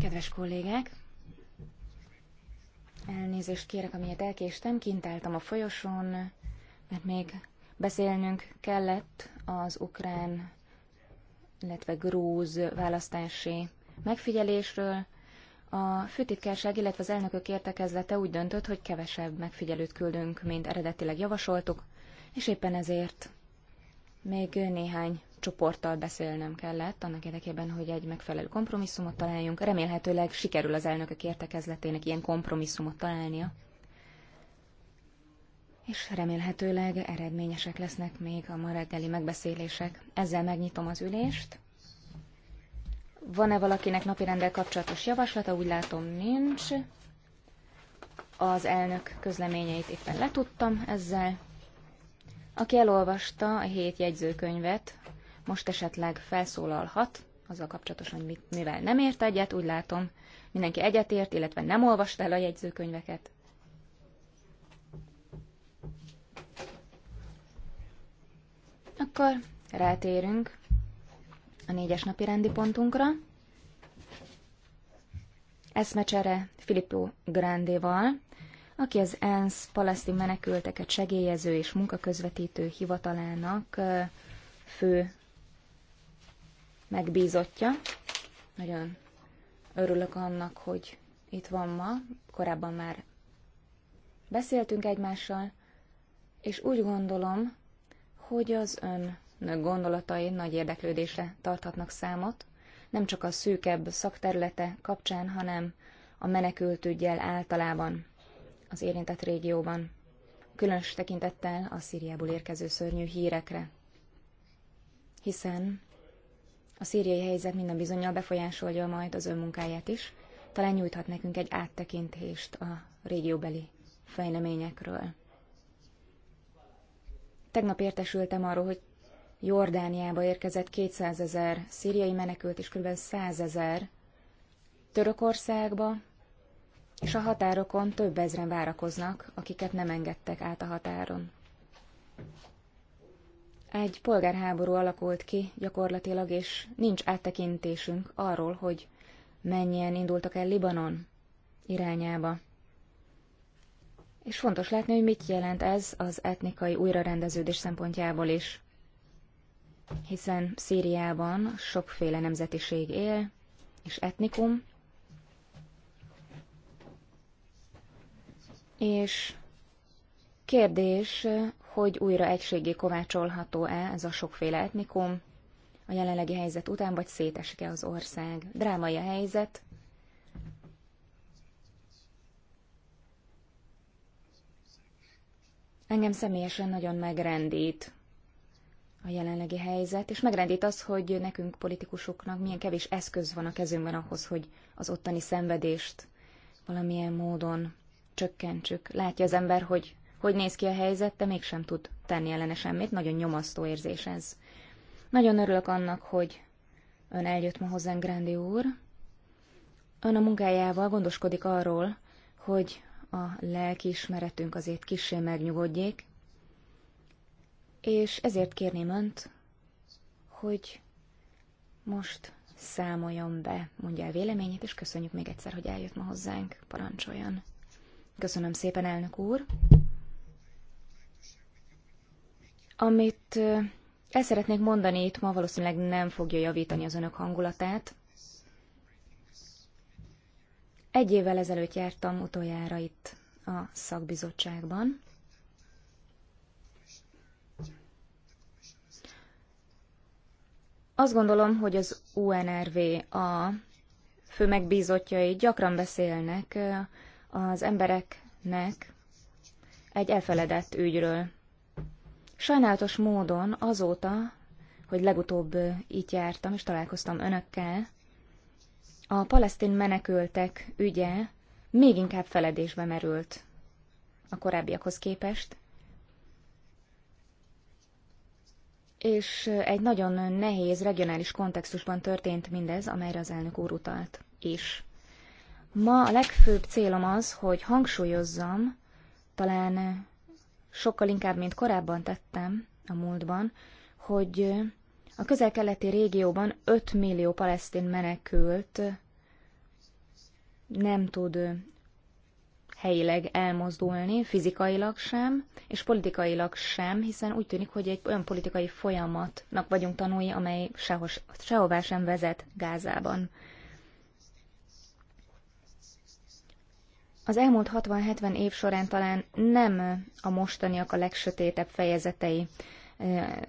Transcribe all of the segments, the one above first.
Kedves kollégák! Elnézést kérek, amiért elkéstem, kint álltam a folyosón, mert még beszélnünk kellett az ukrán, illetve grúz választási megfigyelésről. A főtitkárság, illetve az elnökök értekezlete úgy döntött, hogy kevesebb megfigyelőt küldünk, mint eredetileg javasoltuk, és éppen ezért még néhány csoporttal beszélnem kellett, annak érdekében, hogy egy megfelelő kompromisszumot találjunk. Remélhetőleg sikerül az elnökök értekezletének ilyen kompromisszumot találnia. És remélhetőleg eredményesek lesznek még a ma reggeli megbeszélések. Ezzel megnyitom az ülést. Van-e valakinek napirendel kapcsolatos javaslata? Úgy látom, nincs. Az elnök közleményeit éppen letudtam ezzel. Aki elolvasta a hét jegyzőkönyvet, most esetleg felszólalhat, azzal kapcsolatosan, hogy mit, mivel nem ért egyet, úgy látom, mindenki egyetért, illetve nem olvasta el a jegyzőkönyveket. Akkor rátérünk a négyes napi rendi pontunkra. Eszmecsere Filippo Grandéval, aki az ENSZ palesztin menekülteket segélyező és munkaközvetítő hivatalának fő megbízottja. Nagyon örülök annak, hogy itt van ma. Korábban már beszéltünk egymással, és úgy gondolom, hogy az ön gondolatai nagy érdeklődésre tarthatnak számot, nem csak a szűkebb szakterülete kapcsán, hanem a menekültügyel általában az érintett régióban, különös tekintettel a Szíriából érkező szörnyű hírekre. Hiszen a szíriai helyzet minden bizonyal befolyásolja majd az munkáját is. Talán nyújthat nekünk egy áttekintést a régióbeli fejleményekről. Tegnap értesültem arról, hogy Jordániába érkezett 200 ezer szíriai menekült és kb. 100 ezer Törökországba, és a határokon több ezren várakoznak, akiket nem engedtek át a határon egy polgárháború alakult ki gyakorlatilag, és nincs áttekintésünk arról, hogy mennyien indultak el Libanon irányába. És fontos látni, hogy mit jelent ez az etnikai újrarendeződés szempontjából is. Hiszen Szíriában sokféle nemzetiség él, és etnikum, és kérdés, hogy újra egységé kovácsolható-e ez a sokféle etnikum a jelenlegi helyzet után, vagy szétesik-e az ország. Drámai a helyzet. Engem személyesen nagyon megrendít a jelenlegi helyzet, és megrendít az, hogy nekünk politikusoknak milyen kevés eszköz van a kezünkben ahhoz, hogy az ottani szenvedést valamilyen módon csökkentsük. Látja az ember, hogy hogy néz ki a helyzet, de mégsem tud tenni ellene semmit. Nagyon nyomasztó érzés ez. Nagyon örülök annak, hogy ön eljött ma hozzánk, Grandi úr. Ön a munkájával gondoskodik arról, hogy a lelkiismeretünk azért kissé megnyugodjék, és ezért kérném önt, hogy most számoljon be, mondja el véleményét, és köszönjük még egyszer, hogy eljött ma hozzánk, parancsoljon. Köszönöm szépen, elnök úr! Amit el szeretnék mondani itt ma valószínűleg nem fogja javítani az önök hangulatát. Egy évvel ezelőtt jártam utoljára itt a szakbizottságban. Azt gondolom, hogy az UNRV a fő megbízottjai gyakran beszélnek az embereknek egy elfeledett ügyről. Sajnálatos módon azóta, hogy legutóbb itt jártam és találkoztam önökkel, a palesztin menekültek ügye még inkább feledésbe merült a korábbiakhoz képest, és egy nagyon nehéz regionális kontextusban történt mindez, amelyre az elnök úr utalt is. Ma a legfőbb célom az, hogy hangsúlyozzam, talán sokkal inkább, mint korábban tettem a múltban, hogy a közel-keleti régióban 5 millió palesztin menekült nem tud helyileg elmozdulni, fizikailag sem, és politikailag sem, hiszen úgy tűnik, hogy egy olyan politikai folyamatnak vagyunk tanulni, amely sehos, sehová sem vezet Gázában. Az elmúlt 60-70 év során talán nem a mostaniak a legsötétebb fejezetei,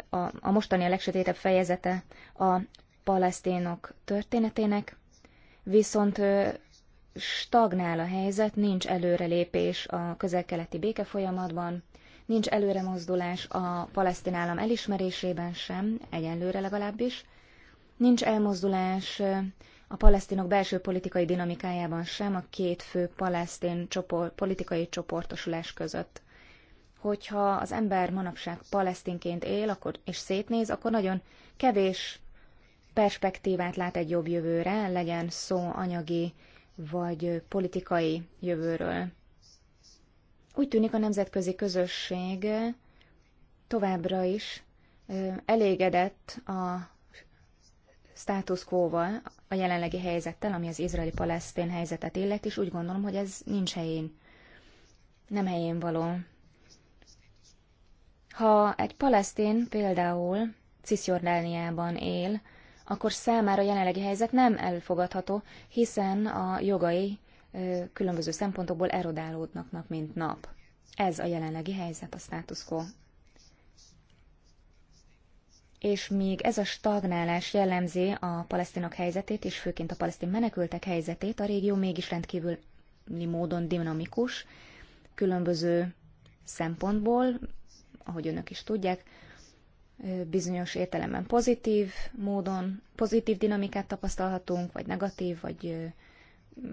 a, a mostani a legsötétebb fejezete a palesztinok történetének, viszont stagnál a helyzet, nincs előrelépés a közel-keleti béke folyamatban, nincs előremozdulás a palesztin állam elismerésében sem, egyenlőre legalábbis, nincs elmozdulás a palesztinok belső politikai dinamikájában sem a két fő palesztin csoport, politikai csoportosulás között. Hogyha az ember manapság palesztinként él akkor, és szétnéz, akkor nagyon kevés perspektívát lát egy jobb jövőre, legyen szó anyagi vagy politikai jövőről. Úgy tűnik a nemzetközi közösség továbbra is elégedett a status quo-val, a jelenlegi helyzettel, ami az izraeli palesztén helyzetet illet, és úgy gondolom, hogy ez nincs helyén. Nem helyén való. Ha egy palesztén például Cisjordániában él, akkor számára a jelenlegi helyzet nem elfogadható, hiszen a jogai ö, különböző szempontokból erodálódnak nap mint nap. Ez a jelenlegi helyzet, a status quo és még ez a stagnálás jellemzi a palesztinok helyzetét, és főként a palesztin menekültek helyzetét, a régió mégis rendkívüli módon dinamikus, különböző szempontból, ahogy önök is tudják, bizonyos értelemben pozitív módon, pozitív dinamikát tapasztalhatunk, vagy negatív, vagy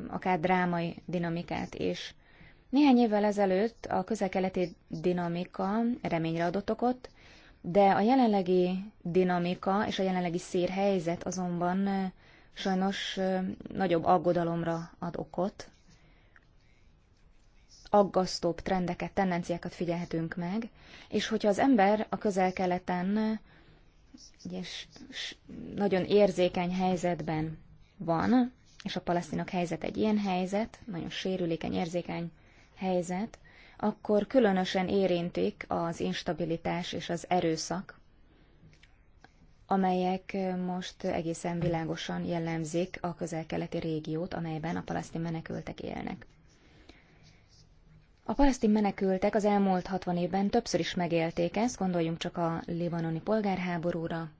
akár drámai dinamikát is. Néhány évvel ezelőtt a közel-keleti dinamika reményre adott okot, de a jelenlegi dinamika és a jelenlegi szérhelyzet azonban sajnos nagyobb aggodalomra ad okot. Aggasztóbb trendeket, tendenciákat figyelhetünk meg, és hogyha az ember a közel-keleten és nagyon érzékeny helyzetben van, és a palesztinok helyzet egy ilyen helyzet, nagyon sérülékeny, érzékeny helyzet, akkor különösen érintik az instabilitás és az erőszak, amelyek most egészen világosan jellemzik a közel-keleti régiót, amelyben a palasztin menekültek élnek. A palasztin menekültek az elmúlt 60 évben többször is megélték ezt, gondoljunk csak a libanoni polgárháborúra,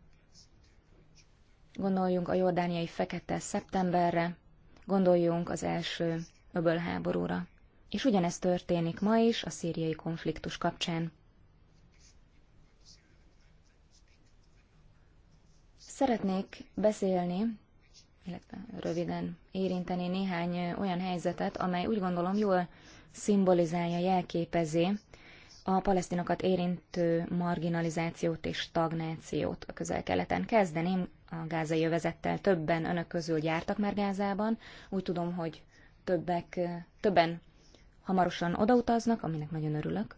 gondoljunk a jordániai fekete szeptemberre, gondoljunk az első öbölháborúra. És ugyanezt történik ma is a szíriai konfliktus kapcsán. Szeretnék beszélni, illetve röviden érinteni néhány olyan helyzetet, amely úgy gondolom jól szimbolizálja, jelképezi a palesztinokat érintő marginalizációt és stagnációt a közel-keleten. Kezdeném a gázai övezettel. Többen önök közül jártak már Gázában. Úgy tudom, hogy többek, többen hamarosan odautaznak, aminek nagyon örülök.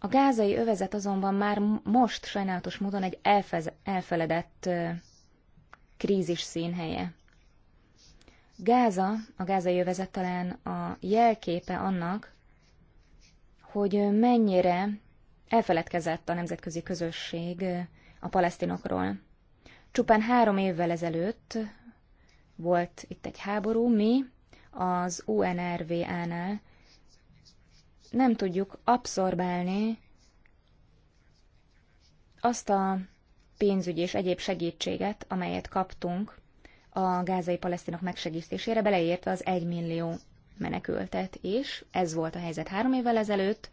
A gázai övezet azonban már most sajnálatos módon egy elfez- elfeledett krízis színhelye. Gáza, a gázai övezet talán a jelképe annak, hogy mennyire elfeledkezett a nemzetközi közösség a palesztinokról. Csupán három évvel ezelőtt volt itt egy háború, mi az UNRVA-nál nem tudjuk abszorbálni azt a pénzügyi és egyéb segítséget, amelyet kaptunk a gázai palesztinok megsegítésére, beleértve az 1 millió menekültet is. Ez volt a helyzet három évvel ezelőtt.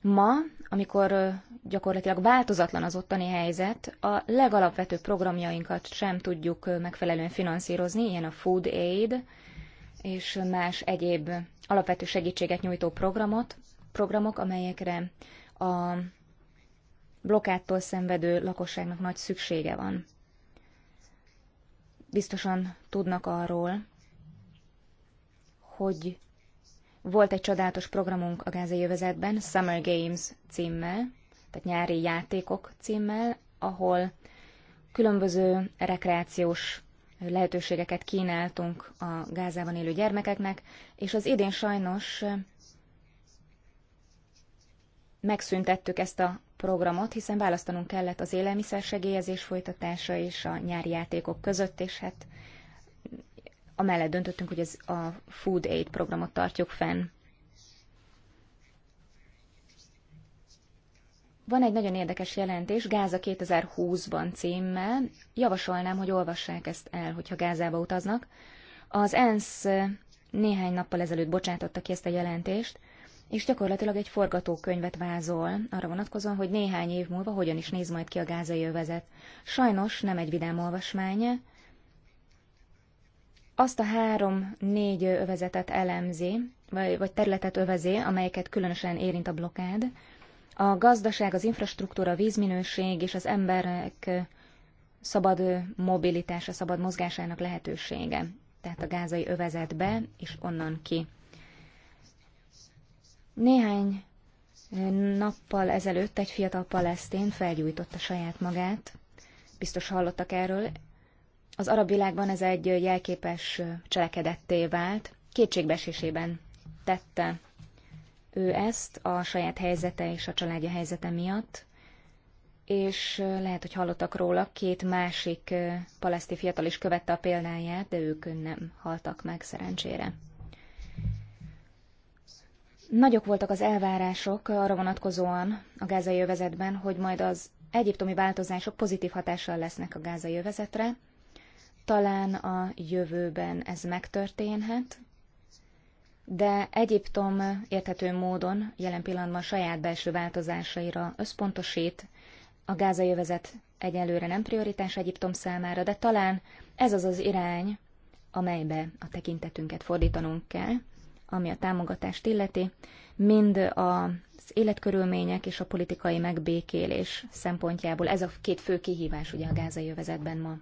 Ma, amikor gyakorlatilag változatlan az ottani helyzet, a legalapvetőbb programjainkat sem tudjuk megfelelően finanszírozni, ilyen a Food Aid, és más egyéb alapvető segítséget nyújtó programot, programok, amelyekre a blokkától szenvedő lakosságnak nagy szüksége van. Biztosan tudnak arról, hogy volt egy csodálatos programunk a gázai jövezetben, Summer Games címmel, tehát nyári játékok címmel, ahol különböző rekreációs lehetőségeket kínáltunk a Gázában élő gyermekeknek, és az idén sajnos megszüntettük ezt a programot, hiszen választanunk kellett az segélyezés folytatása és a nyári játékok között, és hát amellett döntöttünk, hogy ez a Food Aid programot tartjuk fenn. Van egy nagyon érdekes jelentés, Gáza 2020-ban címmel. Javasolnám, hogy olvassák ezt el, hogyha Gázába utaznak. Az ENSZ néhány nappal ezelőtt bocsátotta ki ezt a jelentést, és gyakorlatilag egy forgatókönyvet vázol arra vonatkozóan, hogy néhány év múlva hogyan is néz majd ki a gázai övezet. Sajnos nem egy vidám olvasmány. Azt a három-négy övezetet elemzi, vagy, vagy területet övezi, amelyeket különösen érint a blokád, a gazdaság, az infrastruktúra, a vízminőség és az emberek szabad mobilitása, szabad mozgásának lehetősége, tehát a gázai övezetbe és onnan ki. Néhány nappal ezelőtt egy fiatal palesztén felgyújtotta saját magát, biztos hallottak erről, az arab világban ez egy jelképes cselekedetté vált, kétségbesésében tette ő ezt a saját helyzete és a családja helyzete miatt, és lehet, hogy hallottak róla, két másik paleszti fiatal is követte a példáját, de ők nem haltak meg szerencsére. Nagyok voltak az elvárások arra vonatkozóan a gázai övezetben, hogy majd az egyiptomi változások pozitív hatással lesznek a gázai övezetre. Talán a jövőben ez megtörténhet, de Egyiptom érthető módon jelen pillanatban saját belső változásaira összpontosít, a gázai övezet egyelőre nem prioritás Egyiptom számára, de talán ez az az irány, amelybe a tekintetünket fordítanunk kell, ami a támogatást illeti, mind az életkörülmények és a politikai megbékélés szempontjából. Ez a két fő kihívás ugye a gázai övezetben ma.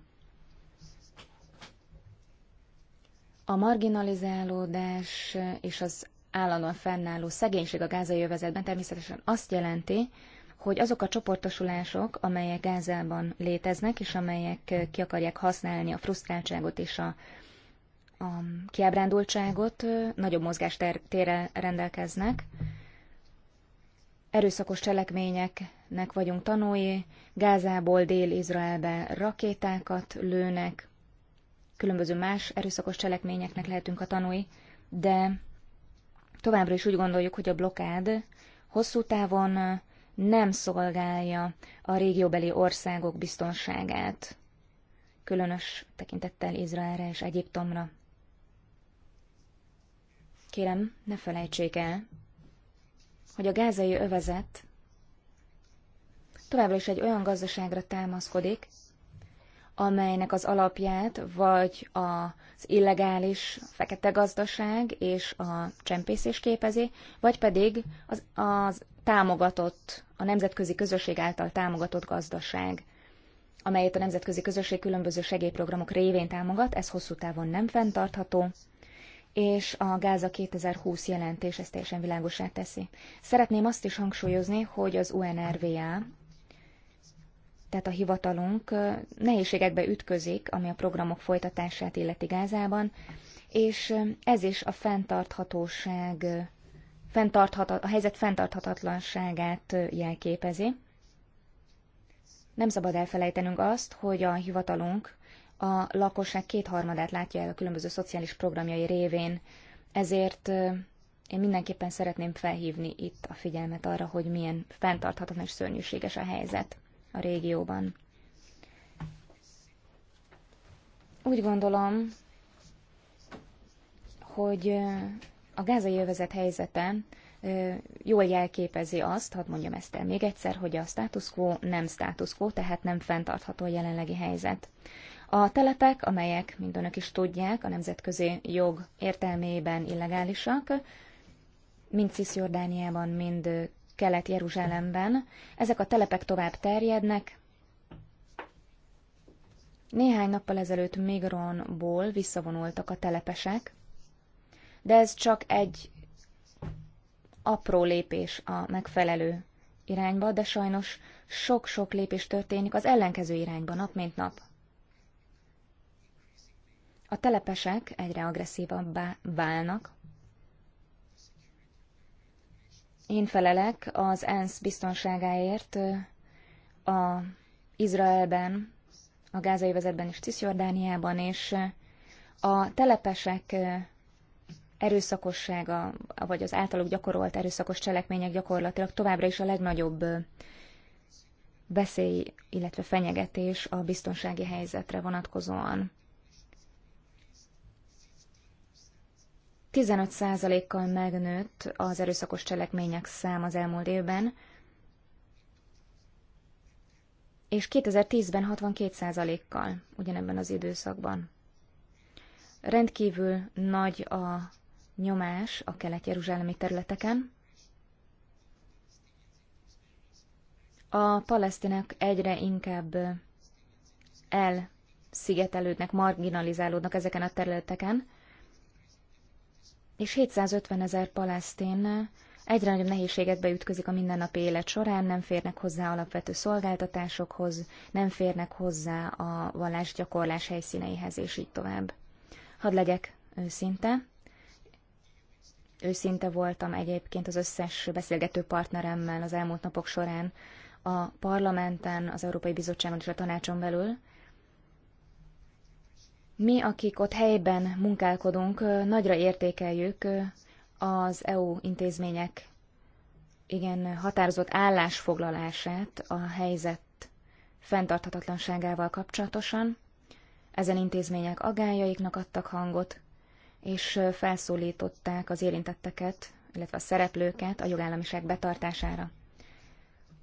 A marginalizálódás és az állandóan fennálló szegénység a gázai övezetben természetesen azt jelenti, hogy azok a csoportosulások, amelyek Gázában léteznek, és amelyek ki akarják használni a frusztráltságot és a, a kiábrándultságot, nagyobb mozgástérre rendelkeznek. Erőszakos cselekményeknek vagyunk tanúi, Gázából Dél-Izraelbe rakétákat lőnek, különböző más erőszakos cselekményeknek lehetünk a tanúi, de továbbra is úgy gondoljuk, hogy a blokád hosszú távon nem szolgálja a régióbeli országok biztonságát, különös tekintettel Izraelre és Egyiptomra. Kérem, ne felejtsék el, hogy a gázai övezet továbbra is egy olyan gazdaságra támaszkodik, amelynek az alapját vagy az illegális fekete gazdaság és a csempészés képezi, vagy pedig az, az támogatott, a nemzetközi közösség által támogatott gazdaság, amelyet a nemzetközi közösség különböző segélyprogramok révén támogat, ez hosszú távon nem fenntartható, és a Gáza 2020 jelentés ezt teljesen világosá teszi. Szeretném azt is hangsúlyozni, hogy az UNRVA, tehát a hivatalunk nehézségekbe ütközik, ami a programok folytatását illeti Gázában, és ez is a fenntarthatóság, fenntarthat, a helyzet fenntarthatatlanságát jelképezi. Nem szabad elfelejtenünk azt, hogy a hivatalunk a lakosság kétharmadát látja el a különböző szociális programjai révén, ezért én mindenképpen szeretném felhívni itt a figyelmet arra, hogy milyen fenntarthatatlan és szörnyűséges a helyzet a régióban. Úgy gondolom, hogy a gázai övezet helyzete jól jelképezi azt, hadd mondjam ezt el még egyszer, hogy a status quo nem status quo, tehát nem fenntartható a jelenlegi helyzet. A telepek, amelyek, mint önök is tudják, a nemzetközi jog értelmében illegálisak, mind Cisjordániában, mind Kelet-Jeruzsálemben. Ezek a telepek tovább terjednek. Néhány nappal ezelőtt Migronból visszavonultak a telepesek, de ez csak egy apró lépés a megfelelő irányba, de sajnos sok-sok lépés történik az ellenkező irányba nap mint nap. A telepesek egyre agresszívabbá válnak, Én felelek az ENSZ biztonságáért a Izraelben, a gázai vezetben és Cisjordániában, és a telepesek erőszakossága, vagy az általuk gyakorolt erőszakos cselekmények gyakorlatilag továbbra is a legnagyobb veszély, illetve fenyegetés a biztonsági helyzetre vonatkozóan. 15%-kal megnőtt az erőszakos cselekmények szám az elmúlt évben, és 2010-ben 62%-kal ugyanebben az időszakban. Rendkívül nagy a nyomás a kelet-jeruzsálemi területeken. A palesztinek egyre inkább elszigetelődnek, marginalizálódnak ezeken a területeken, és 750 ezer palesztén egyre nagyobb nehézségekbe ütközik a mindennapi élet során, nem férnek hozzá alapvető szolgáltatásokhoz, nem férnek hozzá a vallásgyakorlás helyszíneihez, és így tovább. Hadd legyek őszinte. Őszinte voltam egyébként az összes beszélgető partneremmel az elmúlt napok során a parlamenten, az Európai Bizottságon és a tanácson belül, mi, akik ott helyben munkálkodunk, nagyra értékeljük az EU intézmények igen határozott állásfoglalását a helyzet fenntarthatatlanságával kapcsolatosan. Ezen intézmények agályaiknak adtak hangot, és felszólították az érintetteket, illetve a szereplőket a jogállamiság betartására.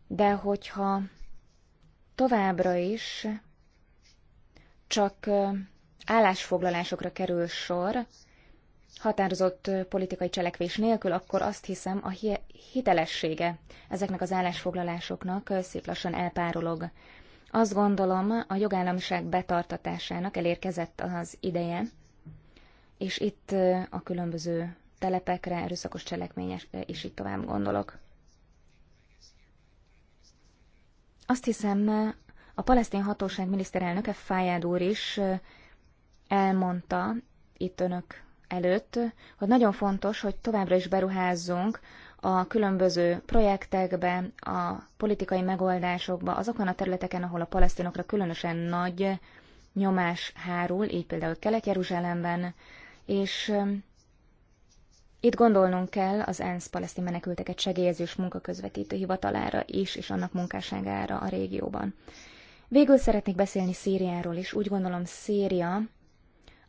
De hogyha továbbra is csak állásfoglalásokra kerül sor, határozott politikai cselekvés nélkül, akkor azt hiszem a hitelessége ezeknek az állásfoglalásoknak szép lassan elpárolog. Azt gondolom, a jogállamiság betartatásának elérkezett az ideje, és itt a különböző telepekre, erőszakos cselekményes is itt tovább gondolok. Azt hiszem, a palesztin hatóság miniszterelnöke Fájád úr is elmondta itt önök előtt, hogy nagyon fontos, hogy továbbra is beruházzunk a különböző projektekbe, a politikai megoldásokba, azokon a területeken, ahol a palesztinokra különösen nagy nyomás hárul, így például Kelet-Jeruzsálemben, és um, itt gondolnunk kell az ENSZ palesztin menekülteket segélyezős munkaközvetítő hivatalára is, és annak munkásságára a régióban. Végül szeretnék beszélni Szíriáról is. Úgy gondolom, Szíria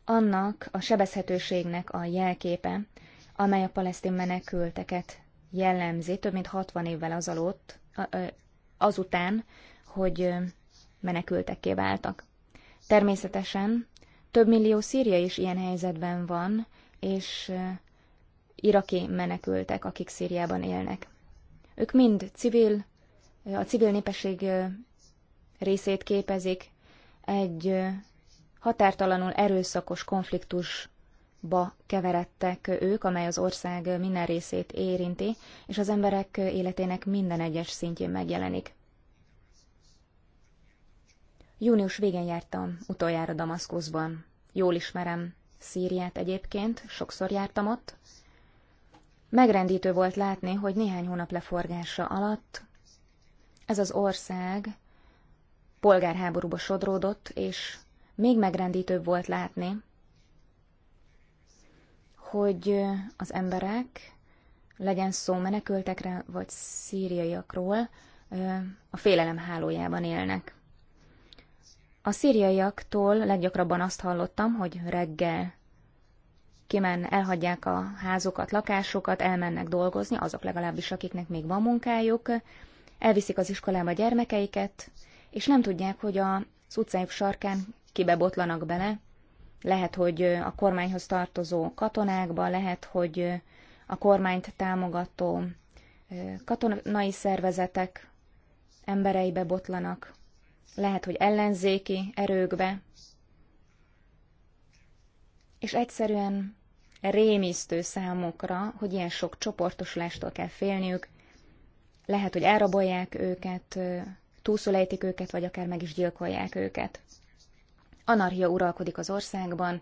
annak a sebezhetőségnek a jelképe, amely a palesztin menekülteket jellemzi több mint 60 évvel azalott, azután, hogy menekültekké váltak. Természetesen több millió szíria is ilyen helyzetben van, és iraki menekültek, akik Szíriában élnek. Ők mind civil, a civil népesség részét képezik, egy határtalanul erőszakos konfliktusba keveredtek ők, amely az ország minden részét érinti, és az emberek életének minden egyes szintjén megjelenik. Június végén jártam utoljára Damaszkuszban. Jól ismerem Szíriát egyébként, sokszor jártam ott. Megrendítő volt látni, hogy néhány hónap leforgása alatt ez az ország polgárháborúba sodródott, és még megrendítőbb volt látni, hogy az emberek, legyen szó menekültekre vagy szíriaiakról, a félelem hálójában élnek. A szíriaiaktól leggyakrabban azt hallottam, hogy reggel kimen, elhagyják a házokat, lakásokat, elmennek dolgozni, azok legalábbis, akiknek még van munkájuk, elviszik az iskolába gyermekeiket, és nem tudják, hogy az utcájuk sarkán kibe botlanak bele. Lehet, hogy a kormányhoz tartozó katonákba, lehet, hogy a kormányt támogató katonai szervezetek embereibe botlanak, lehet, hogy ellenzéki erőkbe, és egyszerűen rémisztő számokra, hogy ilyen sok csoportosulástól kell félniük, lehet, hogy elrabolják őket, túlszulejtik őket, vagy akár meg is gyilkolják őket anarchia uralkodik az országban,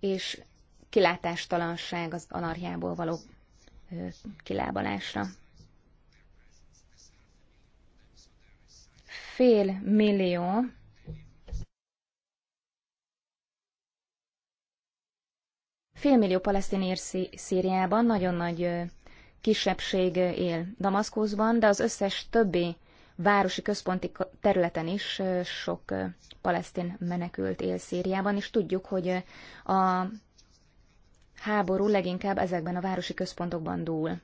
és kilátástalanság az anarchiából való kilábalásra. Fél millió Félmillió palesztin ér Szíriában, nagyon nagy kisebbség él Damaszkuszban, de az összes többi városi központi területen is sok palesztin menekült él Szíriában, és tudjuk, hogy a háború leginkább ezekben a városi központokban dúl.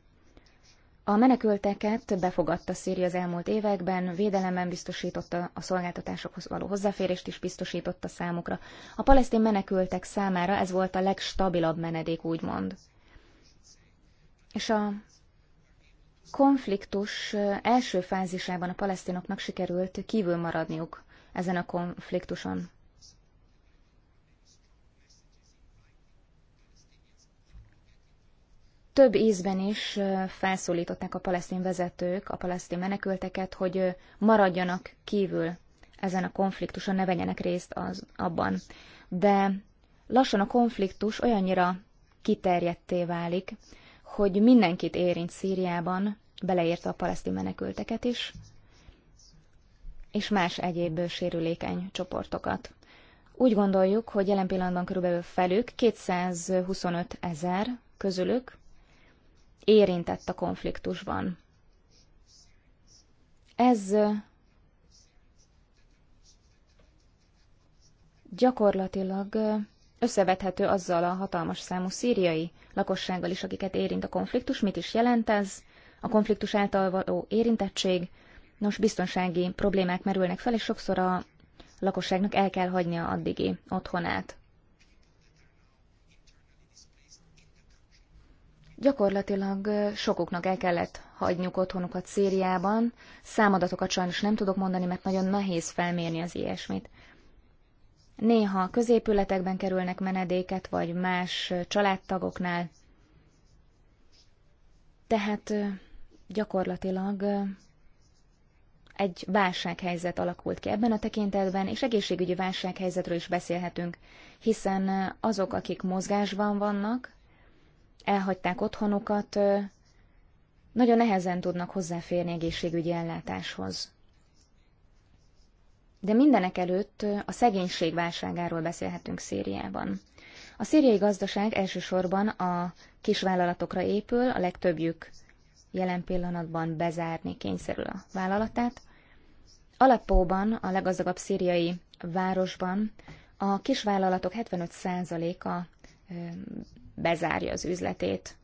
A menekülteket befogadta Szíria az elmúlt években, védelemben biztosította, a szolgáltatásokhoz való hozzáférést is biztosította számukra. A palesztin menekültek számára ez volt a legstabilabb menedék, úgymond. És a konfliktus első fázisában a palesztinoknak sikerült kívül maradniuk ezen a konfliktuson. Több ízben is felszólították a palesztin vezetők, a palesztin menekülteket, hogy maradjanak kívül ezen a konfliktuson, ne vegyenek részt az, abban. De lassan a konfliktus olyannyira kiterjedté válik, hogy mindenkit érint Szíriában, beleértve a palesztin menekülteket is, és más egyéb sérülékeny csoportokat. Úgy gondoljuk, hogy jelen pillanatban körülbelül felük 225 ezer közülük érintett a konfliktusban. Ez gyakorlatilag összevethető azzal a hatalmas számú szíriai lakossággal is, akiket érint a konfliktus. Mit is jelent ez? A konfliktus által való érintettség. Nos, biztonsági problémák merülnek fel, és sokszor a lakosságnak el kell hagynia addigi otthonát. Gyakorlatilag sokuknak el kellett hagyniuk otthonukat Szíriában. Számadatokat sajnos nem tudok mondani, mert nagyon nehéz felmérni az ilyesmit. Néha középületekben kerülnek menedéket, vagy más családtagoknál. Tehát gyakorlatilag egy válsághelyzet alakult ki ebben a tekintetben, és egészségügyi válsághelyzetről is beszélhetünk, hiszen azok, akik mozgásban vannak, elhagyták otthonukat, nagyon nehezen tudnak hozzáférni egészségügyi ellátáshoz de mindenek előtt a szegénység válságáról beszélhetünk Szíriában. A szíriai gazdaság elsősorban a kisvállalatokra épül, a legtöbbjük jelen pillanatban bezárni kényszerül a vállalatát. Aleppóban, a leggazdagabb szíriai városban a kisvállalatok 75%-a bezárja az üzletét.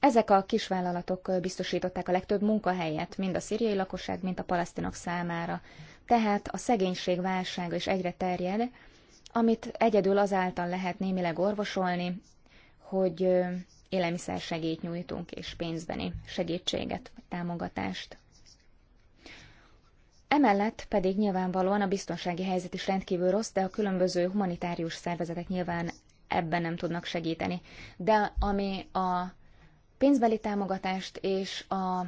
Ezek a kisvállalatok biztosították a legtöbb munkahelyet, mind a szíriai lakosság, mind a palesztinok számára tehát a szegénység válsága is egyre terjed, amit egyedül azáltal lehet némileg orvosolni, hogy élelmiszer segít nyújtunk és pénzbeni segítséget vagy támogatást. Emellett pedig nyilvánvalóan a biztonsági helyzet is rendkívül rossz, de a különböző humanitárius szervezetek nyilván ebben nem tudnak segíteni. De ami a pénzbeli támogatást és a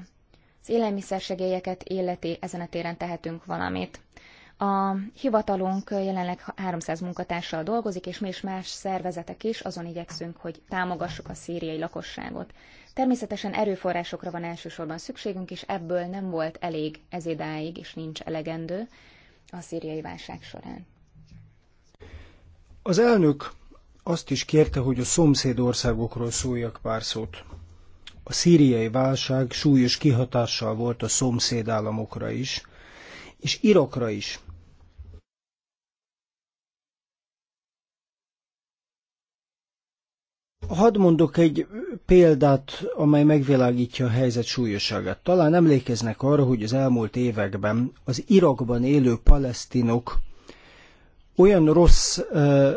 az élelmiszersegélyeket illeti, ezen a téren tehetünk valamit. A hivatalunk jelenleg 300 munkatársal dolgozik, és mi is más szervezetek is azon igyekszünk, hogy támogassuk a szíriai lakosságot. Természetesen erőforrásokra van elsősorban szükségünk, és ebből nem volt elég ez idáig, és nincs elegendő a szíriai válság során. Az elnök azt is kérte, hogy a országokról szóljak pár szót a szíriai válság súlyos kihatással volt a szomszédállamokra is, és Irakra is. Hadd mondok egy példát, amely megvilágítja a helyzet súlyosságát. Talán emlékeznek arra, hogy az elmúlt években az Irakban élő palesztinok olyan rossz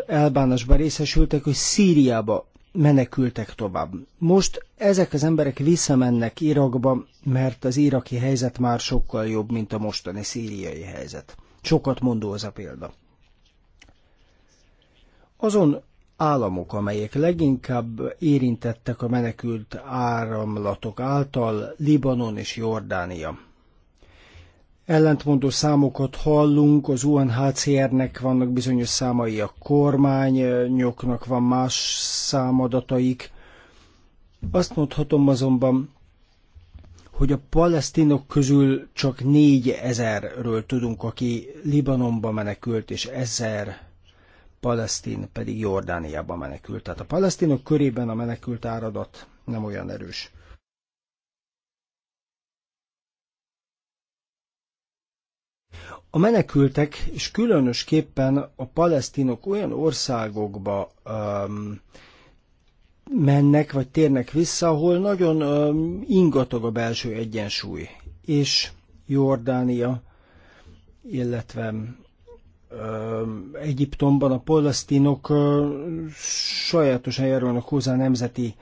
elbánásban részesültek, hogy Szíriába menekültek tovább. Most ezek az emberek visszamennek Irakba, mert az iraki helyzet már sokkal jobb, mint a mostani szíriai helyzet. Sokat mondó az a példa. Azon államok, amelyek leginkább érintettek a menekült áramlatok által, Libanon és Jordánia ellentmondó számokat hallunk, az UNHCR-nek vannak bizonyos számai, a kormányoknak van más számadataik. Azt mondhatom azonban, hogy a palesztinok közül csak négy ezerről tudunk, aki Libanonba menekült, és ezer palesztin pedig Jordániába menekült. Tehát a palesztinok körében a menekült áradat nem olyan erős. A menekültek, és különösképpen a palesztinok olyan országokba um, mennek, vagy térnek vissza, ahol nagyon um, ingatag a belső egyensúly. És Jordánia, illetve Egyiptomban a palesztinok sajátosan járulnak hozzá nemzeti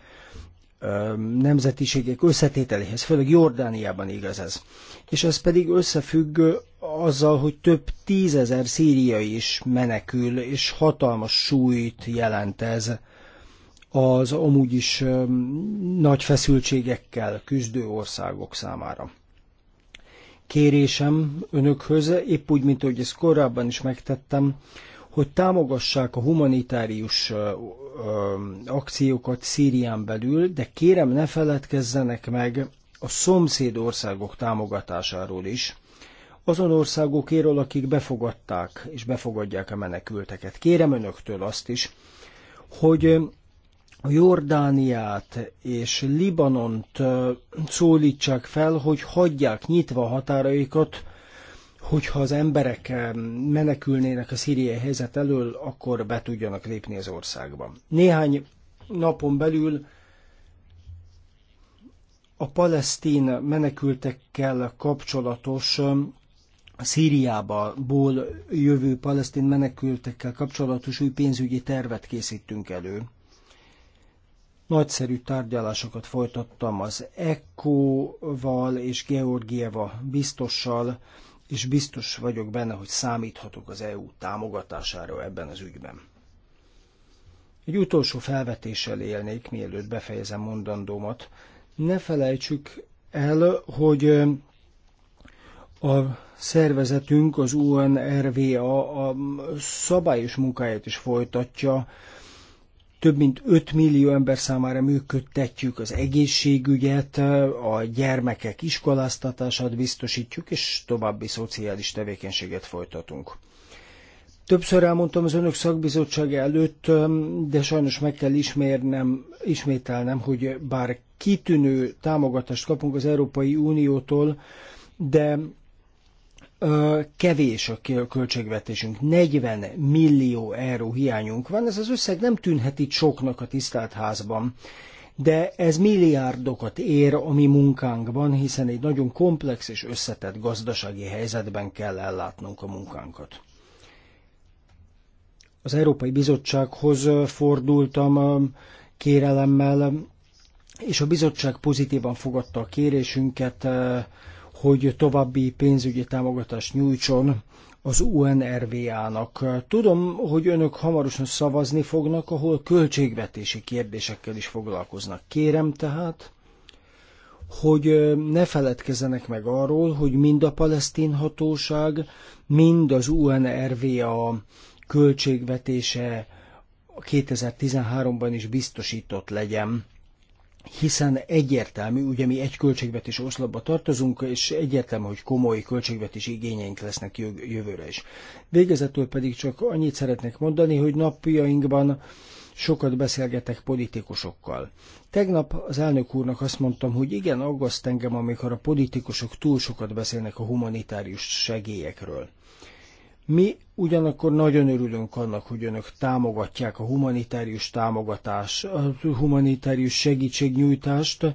nemzetiségek összetételéhez, főleg Jordániában igaz ez. És ez pedig összefügg azzal, hogy több tízezer szíriai is menekül, és hatalmas súlyt jelent ez az amúgy is nagy feszültségekkel küzdő országok számára. Kérésem önökhöz, épp úgy, mint ahogy ezt korábban is megtettem, hogy támogassák a humanitárius akciókat Szírián belül, de kérem ne feledkezzenek meg a szomszéd országok támogatásáról is, azon országokéről, akik befogadták és befogadják a menekülteket. Kérem önöktől azt is, hogy a Jordániát és Libanont szólítsák fel, hogy hagyják nyitva határaikat hogyha az emberek eh, menekülnének a szíriai helyzet elől, akkor be tudjanak lépni az országba. Néhány napon belül a palesztin menekültekkel kapcsolatos eh, Szíriából jövő palesztin menekültekkel kapcsolatos új pénzügyi tervet készítünk elő. Nagyszerű tárgyalásokat folytattam az ECO-val és Georgieva biztossal, és biztos vagyok benne, hogy számíthatok az EU támogatására ebben az ügyben. Egy utolsó felvetéssel élnék, mielőtt befejezem mondandómat. Ne felejtsük el, hogy a szervezetünk, az UNRVA a szabályos munkáját is folytatja, több mint 5 millió ember számára működtetjük az egészségügyet, a gyermekek iskoláztatását biztosítjuk, és további szociális tevékenységet folytatunk. Többször elmondtam az önök szakbizottság előtt, de sajnos meg kell ismérnem, ismételnem, hogy bár kitűnő támogatást kapunk az Európai Uniótól, de kevés a költségvetésünk, 40 millió euró hiányunk van, ez az összeg nem tűnhet itt soknak a tisztelt házban, de ez milliárdokat ér a mi munkánkban, hiszen egy nagyon komplex és összetett gazdasági helyzetben kell ellátnunk a munkánkat. Az Európai Bizottsághoz fordultam kérelemmel, és a bizottság pozitívan fogadta a kérésünket, hogy további pénzügyi támogatást nyújtson az UNRVA-nak. Tudom, hogy önök hamarosan szavazni fognak, ahol költségvetési kérdésekkel is foglalkoznak. Kérem tehát, hogy ne feledkezenek meg arról, hogy mind a palesztin hatóság, mind az UNRVA költségvetése 2013-ban is biztosított legyen hiszen egyértelmű, ugye mi egy költségvetés oszlopba tartozunk, és egyértelmű, hogy komoly költségvetés igényeink lesznek jövőre is. Végezetül pedig csak annyit szeretnék mondani, hogy napjainkban sokat beszélgetek politikusokkal. Tegnap az elnök úrnak azt mondtam, hogy igen, aggaszt engem, amikor a politikusok túl sokat beszélnek a humanitárius segélyekről. Mi ugyanakkor nagyon örülünk annak, hogy önök támogatják a humanitárius támogatás, a humanitárius segítségnyújtást,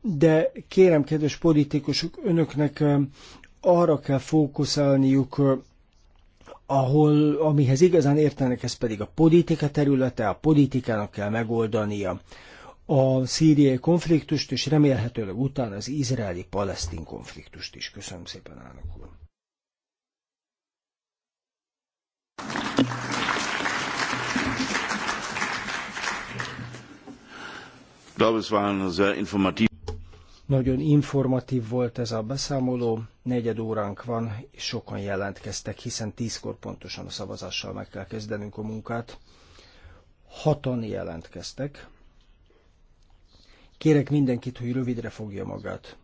de kérem, kedves politikusok, önöknek arra kell fókuszálniuk, ahol, amihez igazán értenek, ez pedig a politika területe, a politikának kell megoldania a szíriai konfliktust, és remélhetőleg utána az izraeli-palesztin konfliktust is. Köszönöm szépen, elnök úr! Nagyon informatív volt ez a beszámoló, negyed óránk van, és sokan jelentkeztek, hiszen tízkor pontosan a szavazással meg kell kezdenünk a munkát. Hatan jelentkeztek. Kérek mindenkit, hogy rövidre fogja magát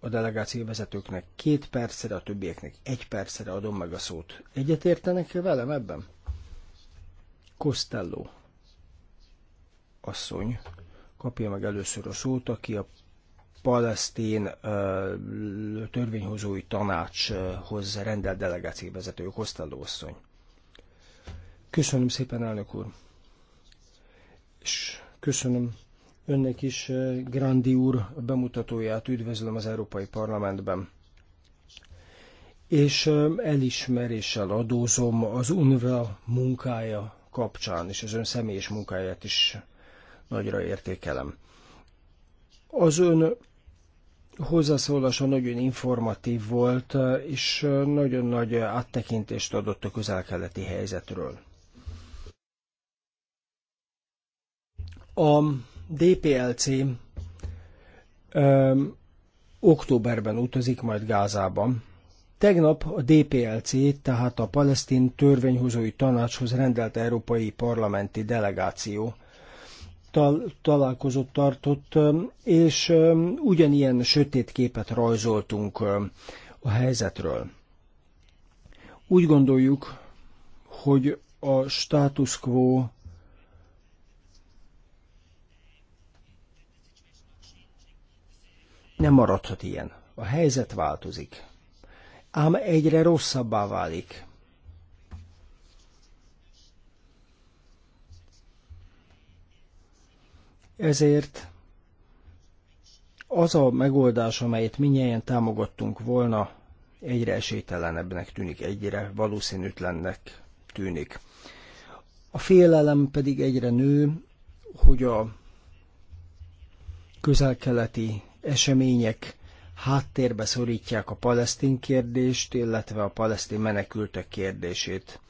a delegáció vezetőknek két percre, a többieknek egy percre adom meg a szót. Egyetértenek-e velem ebben? Costello asszony kapja meg először a szót, aki a palesztén uh, törvényhozói tanácshoz uh, rendelt delegációvezető Costello asszony. Köszönöm szépen, elnök úr! És köszönöm Önnek is, eh, Grandi úr, bemutatóját üdvözlöm az Európai Parlamentben. És eh, elismeréssel adózom az UNRWA munkája kapcsán, és az ön személyes munkáját is nagyra értékelem. Az ön hozzászólása nagyon informatív volt, eh, és nagyon nagy áttekintést adott a közel-keleti helyzetről. A DPLC öm, októberben utazik majd Gázában. Tegnap a DPLC, tehát a Palesztin Törvényhozói Tanácshoz rendelt Európai Parlamenti Delegáció tal- találkozott tartott, és ugyanilyen sötét képet rajzoltunk a helyzetről. Úgy gondoljuk, hogy a status quo Nem maradhat ilyen. A helyzet változik. Ám egyre rosszabbá válik. Ezért az a megoldás, amelyet minnyien támogattunk volna, egyre esélytelenebbnek tűnik, egyre valószínűtlennek tűnik. A félelem pedig egyre nő, hogy a közel-keleti események háttérbe szorítják a palesztin kérdést, illetve a palesztin menekültek kérdését.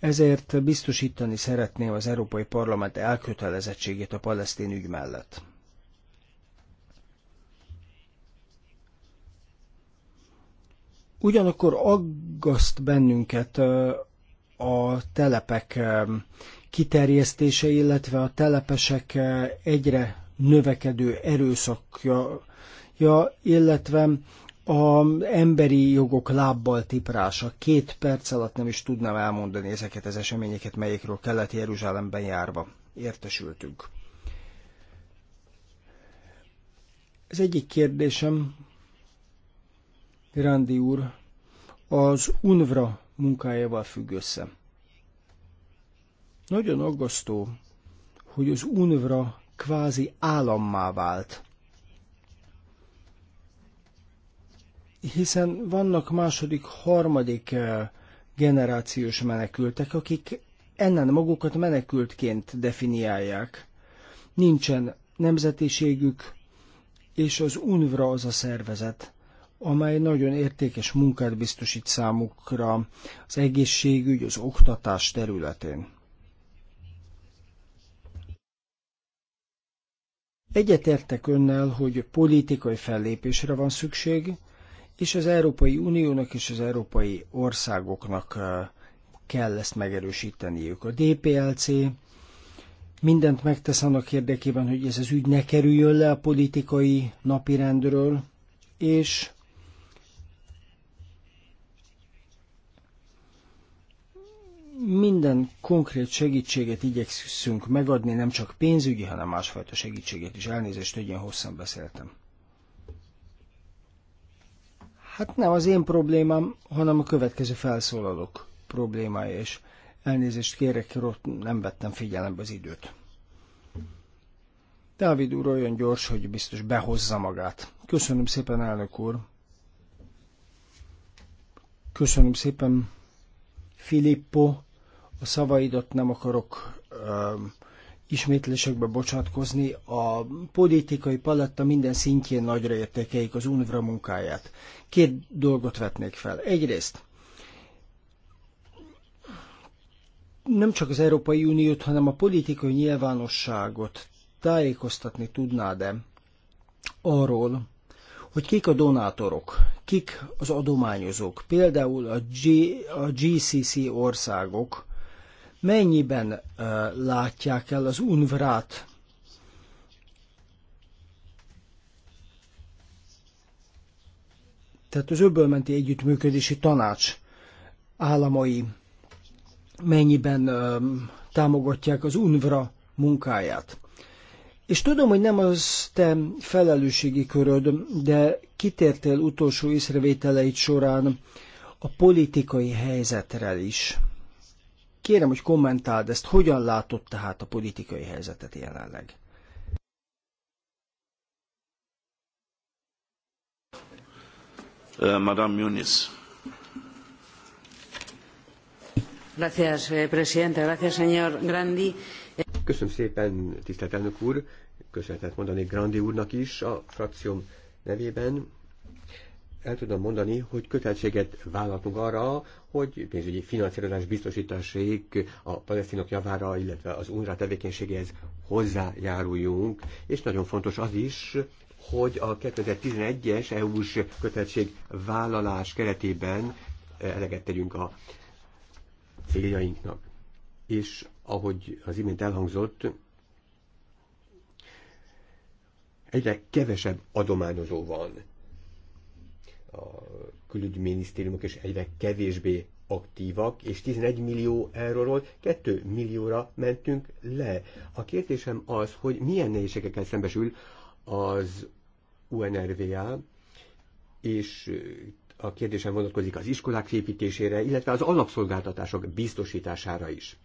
Ezért biztosítani szeretném az Európai Parlament elkötelezettségét a palesztin ügy mellett. Ugyanakkor aggaszt bennünket a telepek kiterjesztése, illetve a telepesek egyre növekedő erőszakja, illetve az emberi jogok lábbal tiprása. Két perc alatt nem is tudnám elmondani ezeket az eseményeket, melyikről kellett Jeruzsálemben járva értesültünk. Az egyik kérdésem, Randi úr, az UNVRA munkájával függ össze. Nagyon aggasztó, hogy az UNVRA kvázi állammá vált. Hiszen vannak második, harmadik eh, generációs menekültek, akik ennen magukat menekültként definiálják. Nincsen nemzetiségük, és az UNVRA az a szervezet, amely nagyon értékes munkát biztosít számukra az egészségügy, az oktatás területén. Egyetértek önnel, hogy politikai fellépésre van szükség, és az Európai Uniónak és az európai országoknak kell ezt megerősíteniük. A DPLC mindent megtesz annak érdekében, hogy ez az ügy ne kerüljön le a politikai napirendről, és minden konkrét segítséget igyekszünk megadni, nem csak pénzügyi, hanem másfajta segítséget is. Elnézést, hogy ilyen hosszan beszéltem. Hát nem az én problémám, hanem a következő felszólalók problémája, és elnézést kérek, nem vettem figyelembe az időt. Dávid úr olyan gyors, hogy biztos behozza magát. Köszönöm szépen, elnök úr. Köszönöm szépen, Filippo, a szavaidat nem akarok um, ismétlésekbe bocsátkozni, a politikai paletta minden szintjén nagyra értékeik az UNVRA munkáját. Két dolgot vetnék fel. Egyrészt nem csak az Európai Uniót, hanem a politikai nyilvánosságot tájékoztatni tudnád-e arról, hogy kik a donátorok, kik az adományozók, például a, G, a GCC országok, mennyiben látják el az UNVRÁT tehát az öbölmenti együttműködési tanács államai mennyiben uh, támogatják az UNVRA munkáját. És tudom, hogy nem az te felelősségi köröd, de kitértél utolsó észrevételeid során a politikai helyzetre is. Kérem, hogy kommentáld ezt, hogyan látod tehát a politikai helyzetet jelenleg? Uh, Madame Muniz. Gracias, eh, presidente. Gracias, señor Grandi. Köszönöm szépen, tisztelt elnök úr. Köszönetet mondani Grandi úrnak is a frakcióm nevében el tudom mondani, hogy kötelességet vállaltunk arra, hogy pénzügyi finanszírozás biztosításig a palesztinok javára, illetve az UNRWA tevékenységéhez hozzájáruljunk, és nagyon fontos az is, hogy a 2011-es EU-s vállalás keretében eh, eleget tegyünk a céljainknak. És ahogy az imént elhangzott, egyre kevesebb adományozó van a külügyminisztériumok is egyre kevésbé aktívak, és 11 millió euróról 2 millióra mentünk le. A kérdésem az, hogy milyen nehézségekkel szembesül az UNRVA, és a kérdésem vonatkozik az iskolák építésére, illetve az alapszolgáltatások biztosítására is.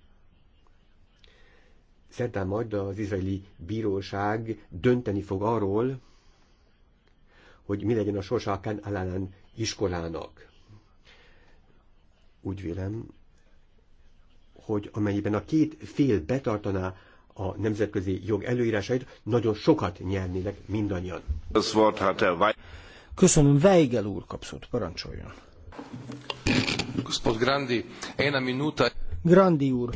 Szerdán majd az izraeli bíróság dönteni fog arról, hogy mi legyen a sorsa Akán Alalán iskolának. Úgy vélem, hogy amennyiben a két fél betartaná a nemzetközi jog előírásait, nagyon sokat nyernének mindannyian. Köszönöm, Weigel úr kapszót, parancsoljon. Grandi, én a minuta. Grandi úr,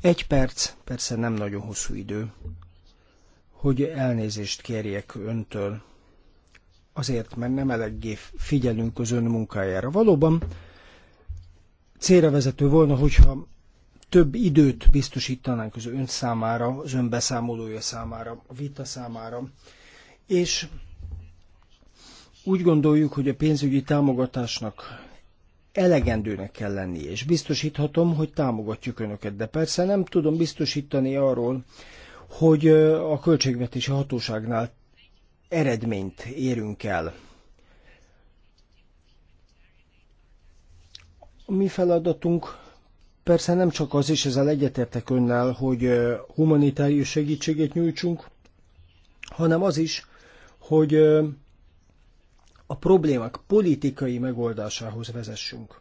egy perc, persze nem nagyon hosszú idő, hogy elnézést kérjek öntől. Azért, mert nem eleggé figyelünk az ön munkájára. Valóban célra vezető volna, hogyha több időt biztosítanánk az ön számára, az ön beszámolója számára, a vita számára, és úgy gondoljuk, hogy a pénzügyi támogatásnak elegendőnek kell lenni, és biztosíthatom, hogy támogatjuk önöket, de persze nem tudom biztosítani arról, hogy a költségvetési hatóságnál eredményt érünk el. A mi feladatunk persze nem csak az is, ezzel egyetértek önnel, hogy humanitárius segítséget nyújtsunk, hanem az is, hogy a problémák politikai megoldásához vezessünk,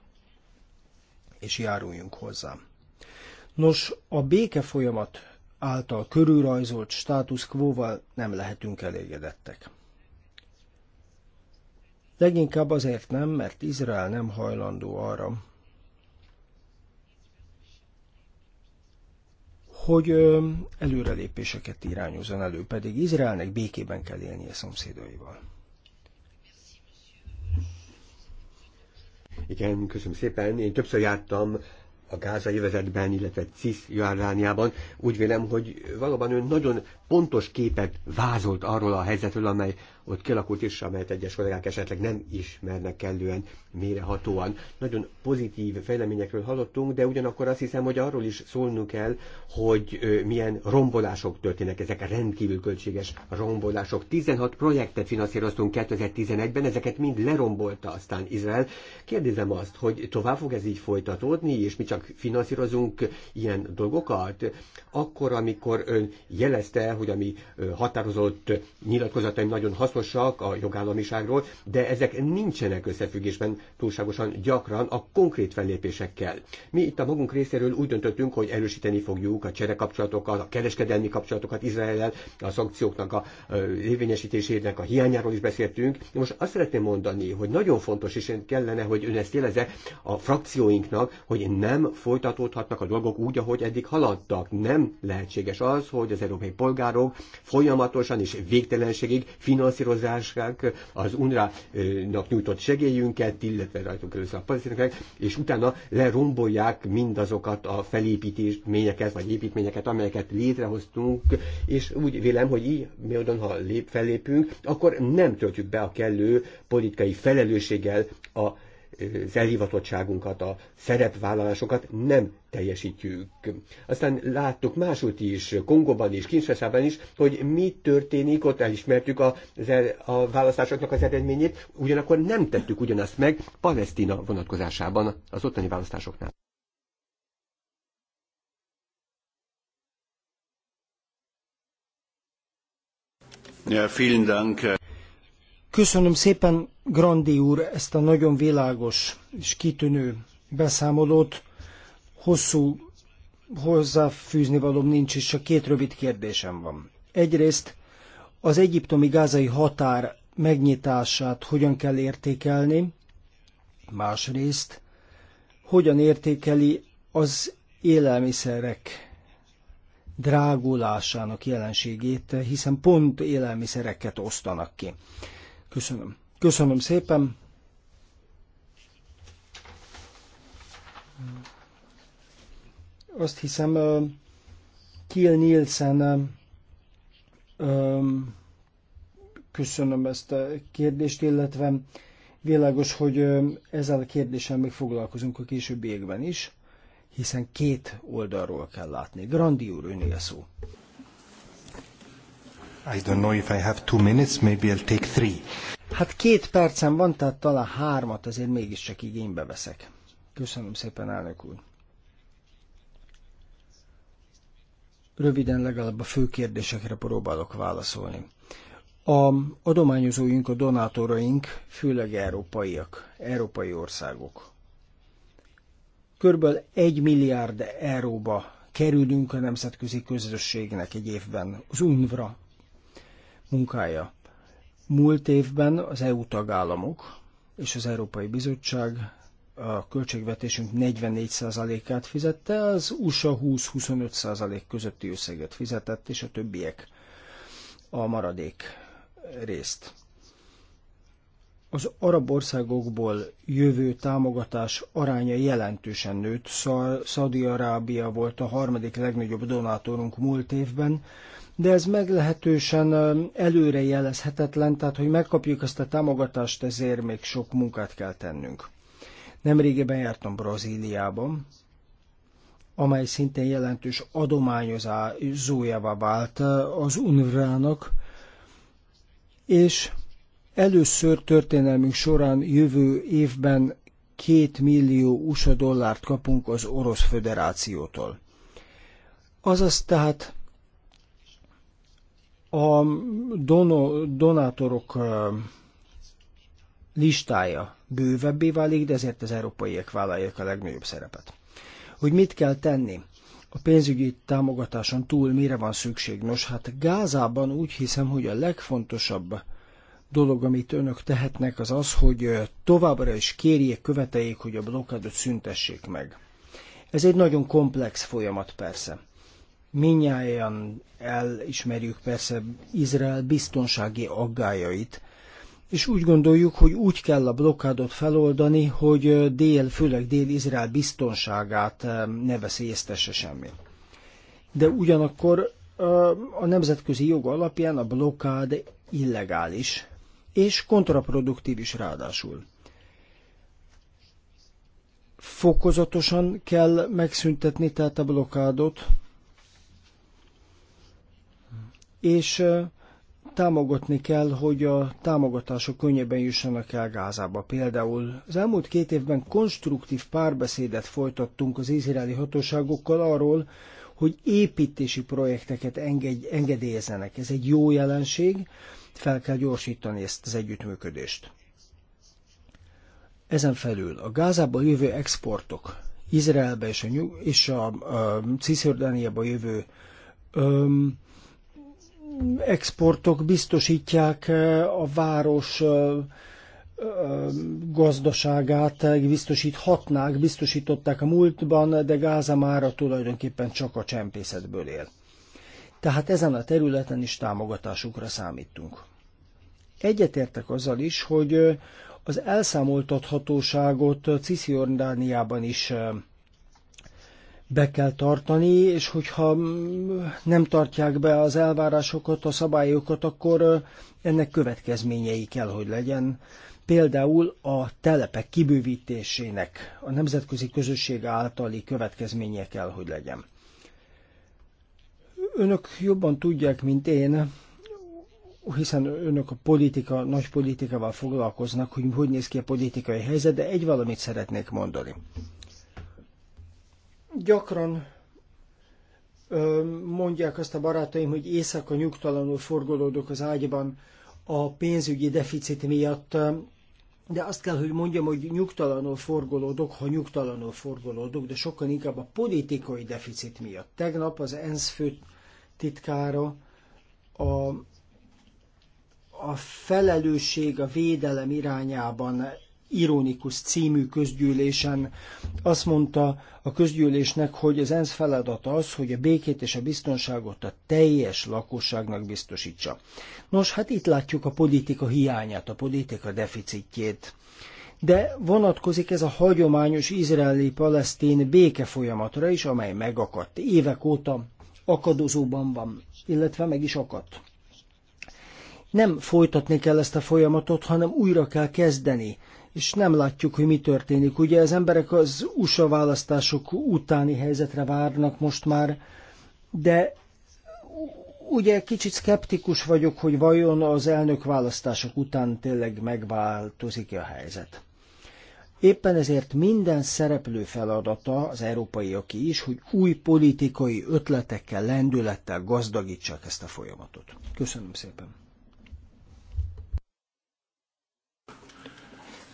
és járuljunk hozzá. Nos, a béke folyamat által körülrajzolt status quo-val nem lehetünk elégedettek. Leginkább azért nem, mert Izrael nem hajlandó arra, hogy előrelépéseket irányozon elő, pedig Izraelnek békében kell élnie szomszédaival. Igen, köszönöm szépen. Én többször jártam a gázai vezetben, illetve CISZ járványában. Úgy vélem, hogy valóban ön nagyon pontos képet vázolt arról a helyzetről, amely ott kialakult is, amelyet egyes kollégák esetleg nem ismernek kellően mérehatóan. Nagyon pozitív fejleményekről hallottunk, de ugyanakkor azt hiszem, hogy arról is szólnunk kell, hogy milyen rombolások történnek, ezek a rendkívül költséges rombolások. 16 projektet finanszíroztunk 2011-ben, ezeket mind lerombolta aztán Izrael. Kérdezem azt, hogy tovább fog ez így folytatódni, és mi csak finanszírozunk ilyen dolgokat? Akkor, amikor ön jelezte, hogy ami határozott nyilatkozataim nagyon hasznos, hasznosak a jogállamiságról, de ezek nincsenek összefüggésben túlságosan gyakran a konkrét fellépésekkel. Mi itt a magunk részéről úgy döntöttünk, hogy erősíteni fogjuk a cserekapcsolatokat, a kereskedelmi kapcsolatokat Izrael a szankcióknak a érvényesítésének a hiányáról is beszéltünk. Most azt szeretném mondani, hogy nagyon fontos, és én kellene, hogy ön ezt jelezze a frakcióinknak, hogy nem folytatódhatnak a dolgok úgy, ahogy eddig haladtak. Nem lehetséges az, hogy az európai polgárok folyamatosan és végtelenségig finanszírozhatnak finanszírozásánk, az UNRWA-nak nyújtott segélyünket, illetve rajtunk keresztül a palesztinokat, és utána lerombolják mindazokat a felépítményeket, vagy építményeket, amelyeket létrehoztunk, és úgy vélem, hogy így módon, ha lép, fellépünk, akkor nem töltjük be a kellő politikai felelősséggel a az elhivatottságunkat, a szerepvállalásokat nem teljesítjük. Aztán láttuk máshogy is, Kongóban is, kinshasa is, hogy mi történik, ott elismertük a, e- a választásoknak az eredményét, ugyanakkor nem tettük ugyanazt meg Palesztina vonatkozásában az ottani választásoknál. Ja, vielen Dank. Köszönöm szépen, Grandi úr, ezt a nagyon világos és kitűnő beszámolót. Hosszú hozzáfűzni valóm nincs, és csak két rövid kérdésem van. Egyrészt az egyiptomi gázai határ megnyitását hogyan kell értékelni, másrészt hogyan értékeli az élelmiszerek drágulásának jelenségét, hiszen pont élelmiszereket osztanak ki. Köszönöm. Köszönöm szépen. Azt hiszem, uh, Kiel Nielsen uh, köszönöm ezt a kérdést, illetve világos, hogy ezzel a kérdéssel még foglalkozunk a későbbiekben is, hiszen két oldalról kell látni. Grandiúr, önél szó. I don't know if I have two minutes, maybe I'll take three. Hát két percem van, tehát talán hármat azért mégiscsak igénybe veszek. Köszönöm szépen, elnök úr. Röviden legalább a fő kérdésekre próbálok válaszolni. A adományozóink, a donátoraink főleg európaiak, európai országok. Körből egy milliárd euróba kerülünk a nemzetközi közösségnek egy évben az UNVRA munkája. Múlt évben az EU tagállamok és az Európai Bizottság a költségvetésünk 44%-át fizette, az USA 20-25% közötti összeget fizetett, és a többiek a maradék részt az arab országokból jövő támogatás aránya jelentősen nőtt. Szaudi-Arábia volt a harmadik legnagyobb donátorunk múlt évben, de ez meglehetősen um, előrejelezhetetlen, tehát hogy megkapjuk ezt a támogatást, ezért még sok munkát kell tennünk. Nemrégiben jártam Brazíliában, amely szintén jelentős adományozójává vált uh, az UNRWA-nak, és Először történelmünk során jövő évben két millió USA dollárt kapunk az Orosz Föderációtól. Azaz tehát a dono, donátorok listája bővebbé válik, de ezért az európaiak vállalják a legnagyobb szerepet. Hogy mit kell tenni? A pénzügyi támogatáson túl mire van szükség? Nos, hát Gázában úgy hiszem, hogy a legfontosabb dolog, amit önök tehetnek, az az, hogy továbbra is kérjék, követeljék, hogy a blokkádot szüntessék meg. Ez egy nagyon komplex folyamat persze. Minnyáján elismerjük persze Izrael biztonsági aggájait, és úgy gondoljuk, hogy úgy kell a blokkádot feloldani, hogy dél, főleg dél-Izrael biztonságát ne veszélyeztesse semmi. De ugyanakkor a nemzetközi jog alapján a blokkád illegális, és kontraproduktív is ráadásul. Fokozatosan kell megszüntetni tehát a blokádot, és támogatni kell, hogy a támogatások könnyebben jussanak el Gázába. Például az elmúlt két évben konstruktív párbeszédet folytattunk az izraeli hatóságokkal arról, hogy építési projekteket engedélyezzenek. Ez egy jó jelenség, fel kell gyorsítani ezt az együttműködést. Ezen felül a Gázába jövő exportok, Izraelbe és a, New- és a Cisjordániába jövő um, exportok biztosítják a város um, gazdaságát biztosíthatnák, biztosították a múltban, de Gáza mára tulajdonképpen csak a csempészetből él tehát ezen a területen is támogatásukra számítunk. Egyetértek azzal is, hogy az elszámoltathatóságot Cisziordániában is be kell tartani, és hogyha mm, nem tartják be az elvárásokat, a szabályokat, akkor ennek következményei kell, hogy legyen. Például a telepek kibővítésének a nemzetközi közösség általi következménye kell, hogy legyen. Önök jobban tudják, mint én, hiszen önök a politika, nagy politikával foglalkoznak, hogy hogy néz ki a politikai helyzet, de egy valamit szeretnék mondani. Gyakran mondják azt a barátaim, hogy éjszaka nyugtalanul forgolódok az ágyban a pénzügyi deficit miatt, de azt kell, hogy mondjam, hogy nyugtalanul forgolódok, ha nyugtalanul forgolódok, de sokkal inkább a politikai deficit miatt. Tegnap az ENSZ főt, titkára, a, a felelősség a védelem irányában ironikus című közgyűlésen azt mondta a közgyűlésnek, hogy az ENSZ feladata az, hogy a békét és a biztonságot a teljes lakosságnak biztosítsa. Nos, hát itt látjuk a politika hiányát, a politika deficitjét. De vonatkozik ez a hagyományos izraeli-palesztin béke folyamatra is, amely megakadt évek óta, akadozóban van, illetve meg is akadt. Nem folytatni kell ezt a folyamatot, hanem újra kell kezdeni, és nem látjuk, hogy mi történik. Ugye az emberek az USA választások utáni helyzetre várnak most már, de ugye kicsit szkeptikus vagyok, hogy vajon az elnök választások után tényleg megváltozik-e a helyzet. Éppen ezért minden szereplő feladata, az aki is, hogy új politikai ötletekkel, lendülettel gazdagítsák ezt a folyamatot. Köszönöm szépen!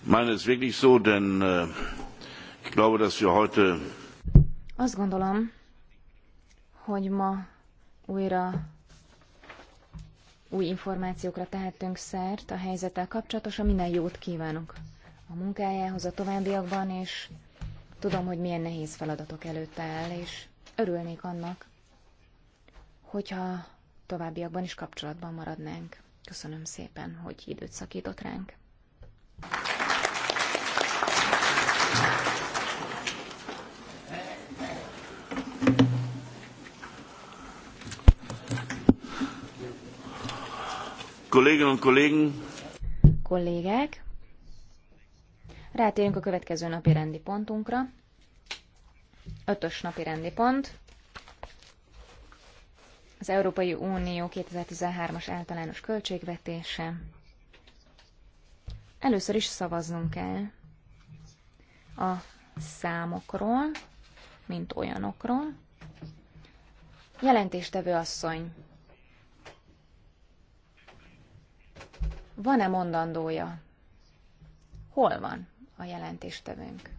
Meine ist wirklich so, denn äh, ich glaube, dass wir heute. Azt gondolom, hogy ma újra új információkra tehetünk szert a helyzettel kapcsolatosan. Minden jót kívánok! a munkájához a továbbiakban, és tudom, hogy milyen nehéz feladatok előtt áll, és örülnék annak, hogyha továbbiakban is kapcsolatban maradnánk. Köszönöm szépen, hogy időt szakított ránk. Kolléginnen und Kollegen! Kollégák! Rátérünk a következő napi rendi pontunkra. Ötös napi rendi pont. Az Európai Unió 2013-as általános költségvetése. Először is szavaznunk kell a számokról, mint olyanokról. Jelentéstevő asszony, van-e mondandója? Hol van? a jelentéstevőnk.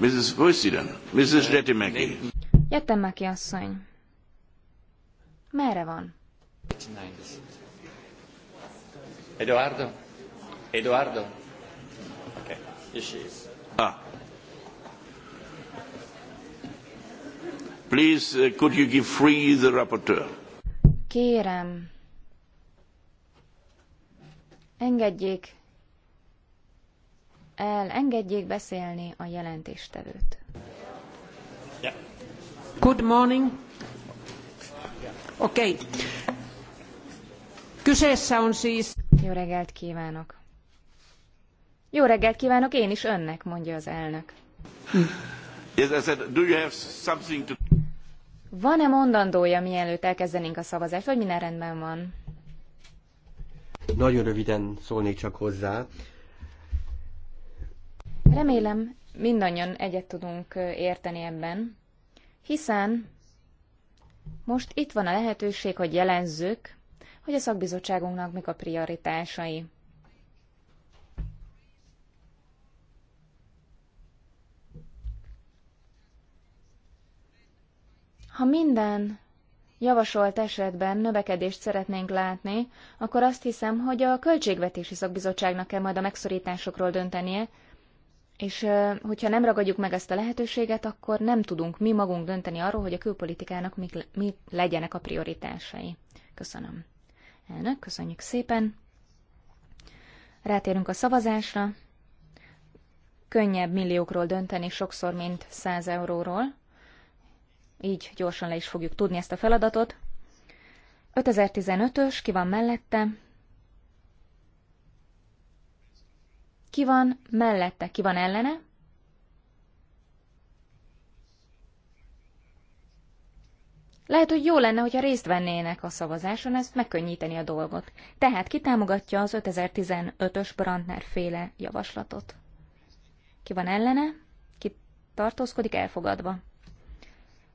Mrs. Voiciden, Mrs. Jettimaki. Jettimaki asszony. Merre van? Eduardo. Eduardo. Okay. Ah. Please, uh, could you give free the rapporteur? Kérem, Engedjék el, engedjék beszélni a jelentéstevőt. Good morning. Oké. Okay. Kyseessä on siis... Jó reggelt kívánok. Jó reggelt kívánok én is önnek, mondja az elnök. Yes, I said, do you have something to... Van-e mondandója, mielőtt elkezdenénk a szavazást, vagy minden rendben van? Nagyon röviden szólnék csak hozzá. Remélem, mindannyian egyet tudunk érteni ebben, hiszen most itt van a lehetőség, hogy jelezzük, hogy a szakbizottságunknak mik a prioritásai. Ha minden javasolt esetben növekedést szeretnénk látni, akkor azt hiszem, hogy a Költségvetési Szakbizottságnak kell majd a megszorításokról döntenie, és hogyha nem ragadjuk meg ezt a lehetőséget, akkor nem tudunk mi magunk dönteni arról, hogy a külpolitikának mi, mi legyenek a prioritásai. Köszönöm. Elnök, köszönjük szépen. Rátérünk a szavazásra. Könnyebb milliókról dönteni sokszor, mint 100 euróról így gyorsan le is fogjuk tudni ezt a feladatot. 5015-ös, ki van mellette? Ki van mellette, ki van ellene? Lehet, hogy jó lenne, hogyha részt vennének a szavazáson, ezt megkönnyíteni a dolgot. Tehát ki támogatja az 5015-ös Brandner féle javaslatot? Ki van ellene? Ki tartózkodik elfogadva?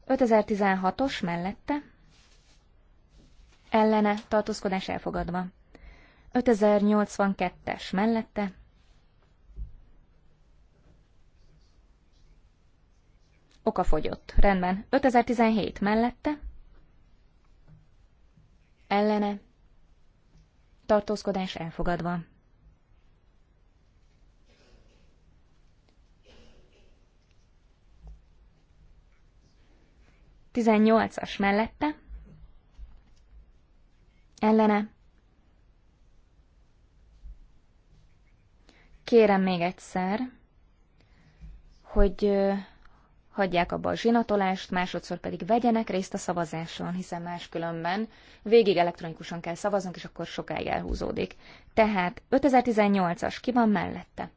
5016-os mellette, ellene tartózkodás elfogadva. 5082-es mellette, Oka fogyott. Rendben. 5017 mellette. Ellene. Tartózkodás elfogadva. 18-as mellette, ellene. Kérem még egyszer, hogy hagyják abba a zsinatolást, másodszor pedig vegyenek részt a szavazáson, hiszen máskülönben végig elektronikusan kell szavaznunk, és akkor sokáig elhúzódik. Tehát 5018-as ki van mellette?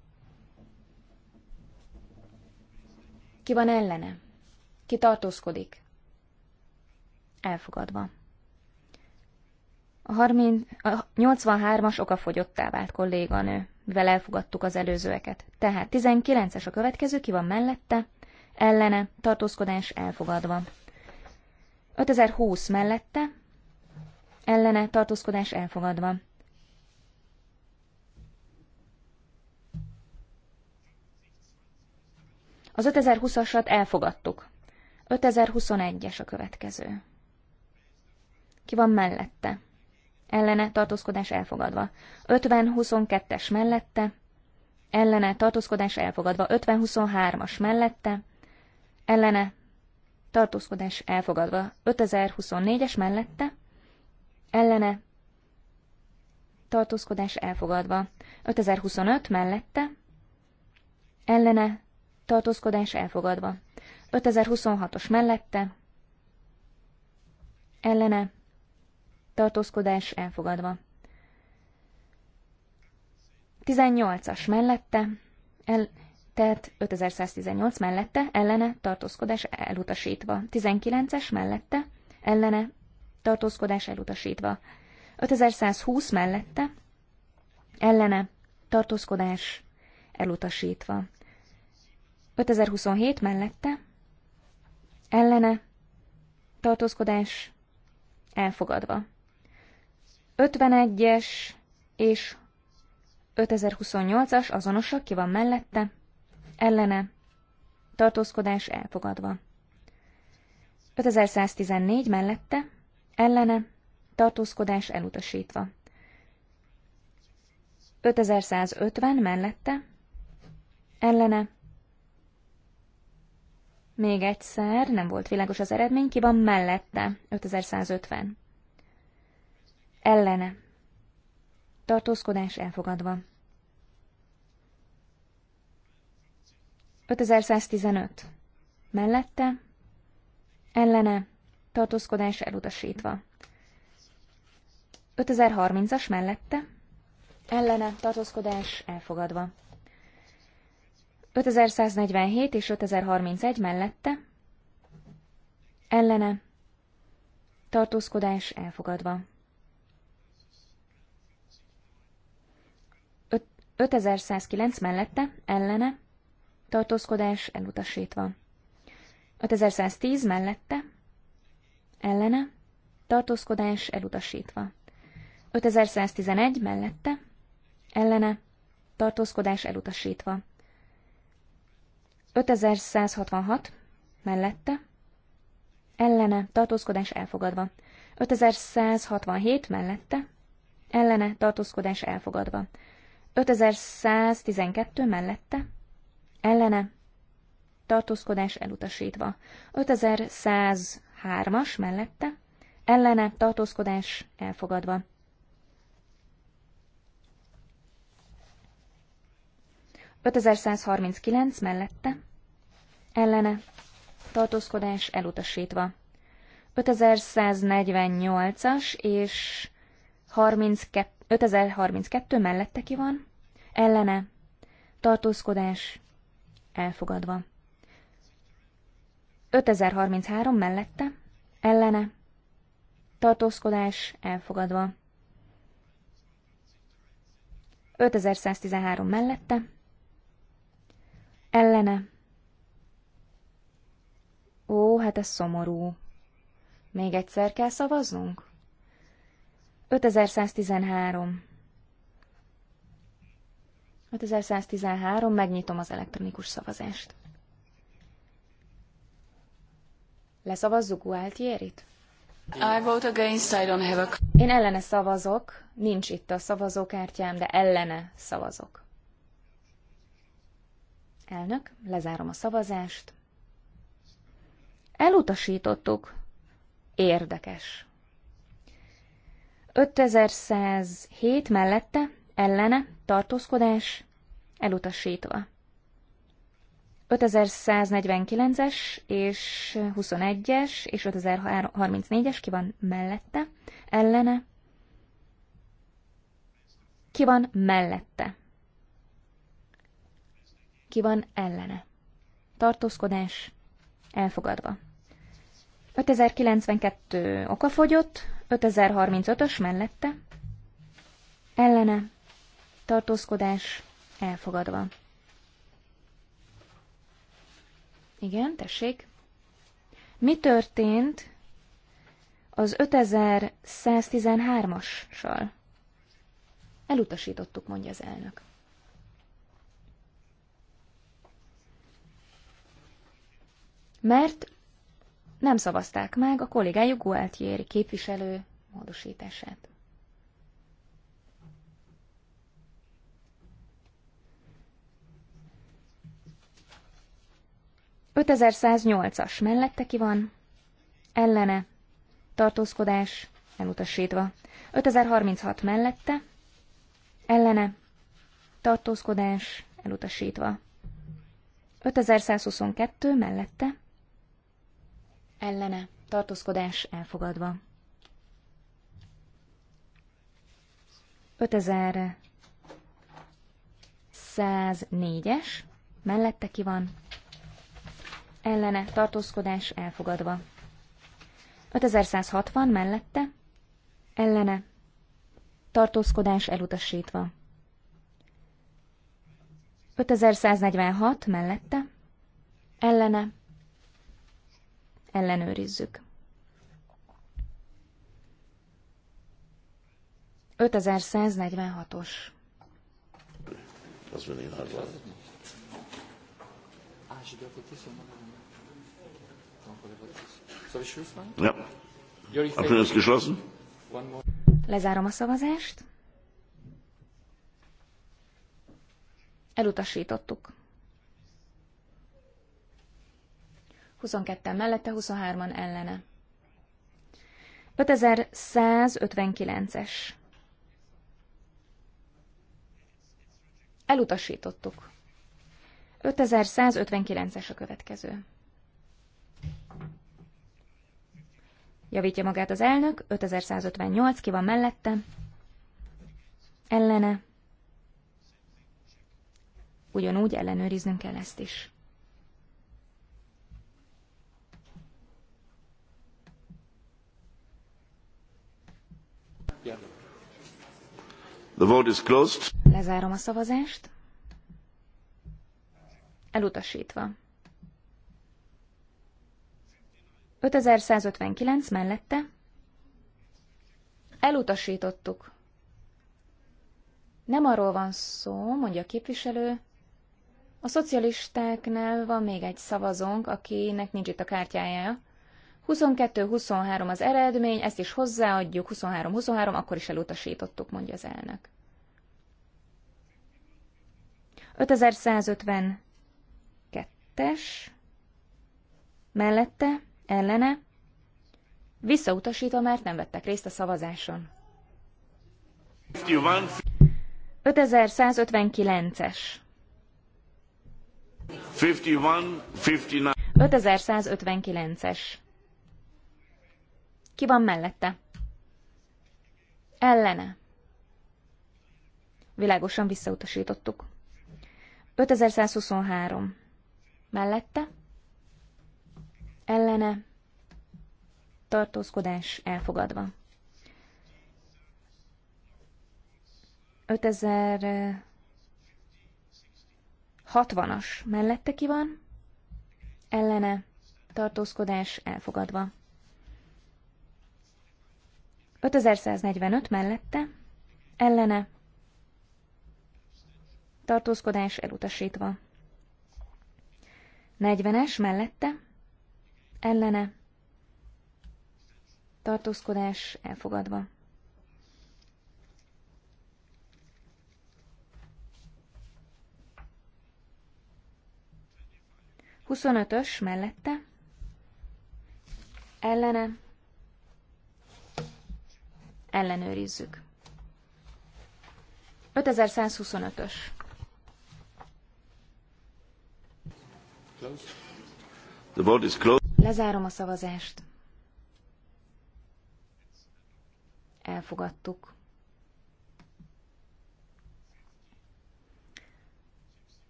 Ki van ellene? Ki tartózkodik? Elfogadva. A, a 83-as okafogyottá vált kolléganő, mivel elfogadtuk az előzőeket. Tehát 19-es a következő, ki van mellette, ellene, tartózkodás elfogadva. 5020 mellette, ellene, tartózkodás elfogadva. Az 5020-asat elfogadtuk. 5021-es a következő. Ki van mellette? Ellene tartózkodás elfogadva. 50-22-es mellette. Ellene tartózkodás elfogadva. 50-23-as mellette. Ellene tartózkodás elfogadva. 5024-es mellette. Ellene tartózkodás elfogadva. 5025 mellette. Ellene tartózkodás elfogadva. 5026-os mellette. Ellene tartózkodás elfogadva. 18-as mellette, el, tehát 5118 mellette, ellene tartózkodás elutasítva. 19-es mellette, ellene tartózkodás elutasítva. 5120 mellette, ellene tartózkodás elutasítva. 5027 mellette, ellene tartózkodás elfogadva. 51-es és 5028-as azonosak, ki van mellette, ellene, tartózkodás elfogadva. 5114 mellette, ellene, tartózkodás elutasítva. 5150 mellette, ellene. Még egyszer, nem volt világos az eredmény, ki van mellette, 5150 ellene. Tartózkodás elfogadva. 5115. Mellette, ellene, tartózkodás elutasítva. 5030-as mellette, ellene, tartózkodás elfogadva. 5147 és 5031 mellette, ellene, tartózkodás elfogadva. 5109 mellette, ellene, tartózkodás elutasítva. 5110 mellette, ellene, tartózkodás elutasítva. 5111 mellette, ellene, tartózkodás elutasítva. 5166 mellette, ellene, tartózkodás elfogadva. 5167 mellette, ellene, tartózkodás elfogadva. 5112 mellette, ellene, tartózkodás elutasítva. 5103-as mellette, ellene, tartózkodás elfogadva. ötezer mellette, ellene, tartózkodás elutasítva. 5148-as és 5032 mellette ki van, ellene, tartózkodás, elfogadva. 5033 mellette, ellene, tartózkodás, elfogadva. 5113 mellette, ellene. Ó, hát ez szomorú. Még egyszer kell szavaznunk? 5113. 5113, megnyitom az elektronikus szavazást. Leszavazzuk Gualtierit? I vote against, I don't have a... Én ellene szavazok, nincs itt a szavazókártyám, de ellene szavazok. Elnök, lezárom a szavazást. Elutasítottuk. Érdekes. 5107 mellette, ellene, tartózkodás, elutasítva. 5149-es és 21-es és 5034-es ki van mellette, ellene, ki van mellette, ki van ellene. Tartózkodás elfogadva. 5092 okafogyott, 5035-ös mellette, ellene, tartózkodás, elfogadva. Igen, tessék. Mi történt az 5113-assal? Elutasítottuk, mondja az elnök. Mert nem szavazták meg a kollégájuk Gualtieri képviselő módosítását. as mellette ki van, ellene, tartózkodás, elutasítva. 5036 mellette, ellene, tartózkodás, elutasítva. 5122 mellette, ellene, tartózkodás elfogadva. 5104-es, mellette ki van, ellene, tartózkodás elfogadva. 5160 mellette, ellene, tartózkodás elutasítva. 5146 mellette, ellene, ellenőrizzük. 5146-os. Az Ja. Lezárom a szavazást. Elutasítottuk. 22-en mellette, 23-an ellene. 5159-es. Elutasítottuk. 5159-es a következő. Javítja magát az elnök, 5158, ki van mellette? Ellene. Ugyanúgy ellenőriznünk kell ezt is. The vote is closed. Lezárom a szavazást. Elutasítva. 5159 mellette. Elutasítottuk. Nem arról van szó, mondja a képviselő. A szocialistáknál van még egy szavazónk, akinek nincs itt a kártyája. 22-23 az eredmény, ezt is hozzáadjuk, 23-23, akkor is elutasítottuk, mondja az elnök. 5152-es, mellette, ellene, visszautasítva, mert nem vettek részt a szavazáson. 5159-es. 5159-es. Ki van mellette? Ellene. Világosan visszautasítottuk. 5123. Mellette? Ellene. Tartózkodás elfogadva. 5060-as mellette ki van? Ellene. Tartózkodás elfogadva. 5145 mellette, ellene, tartózkodás elutasítva. 40-es mellette, ellene, tartózkodás elfogadva. Huszonötös mellette, ellene, ellenőrizzük. 5125-ös. The vote is closed. Lezárom a szavazást. Elfogadtuk.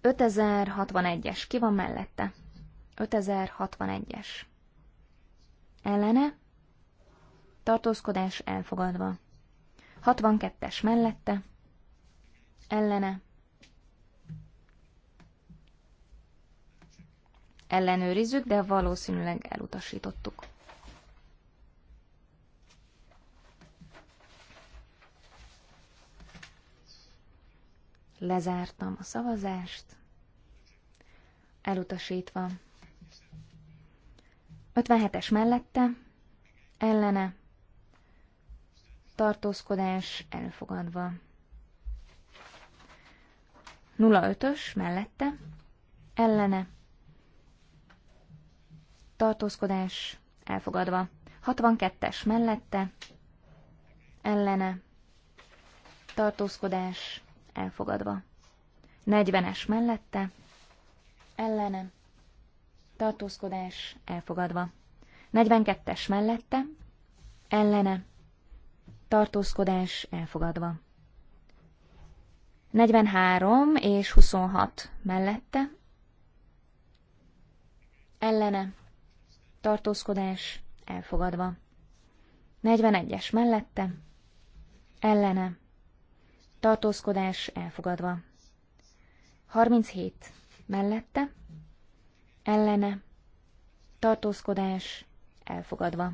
Ötezer es Ki van mellette? Ötezer es Ellene? tartózkodás elfogadva. 62-es mellette, ellene, ellenőrizzük, de valószínűleg elutasítottuk. Lezártam a szavazást, elutasítva. 57-es mellette, ellene, tartózkodás elfogadva. 05-ös mellette, ellene, tartózkodás elfogadva. 62-es mellette, ellene, tartózkodás elfogadva. 40-es mellette, ellene, tartózkodás elfogadva. 42-es mellette, ellene, tartózkodás elfogadva. 43 és 26 mellette, ellene, tartózkodás elfogadva. 41-es mellette, ellene, tartózkodás elfogadva. 37 mellette, ellene, tartózkodás elfogadva.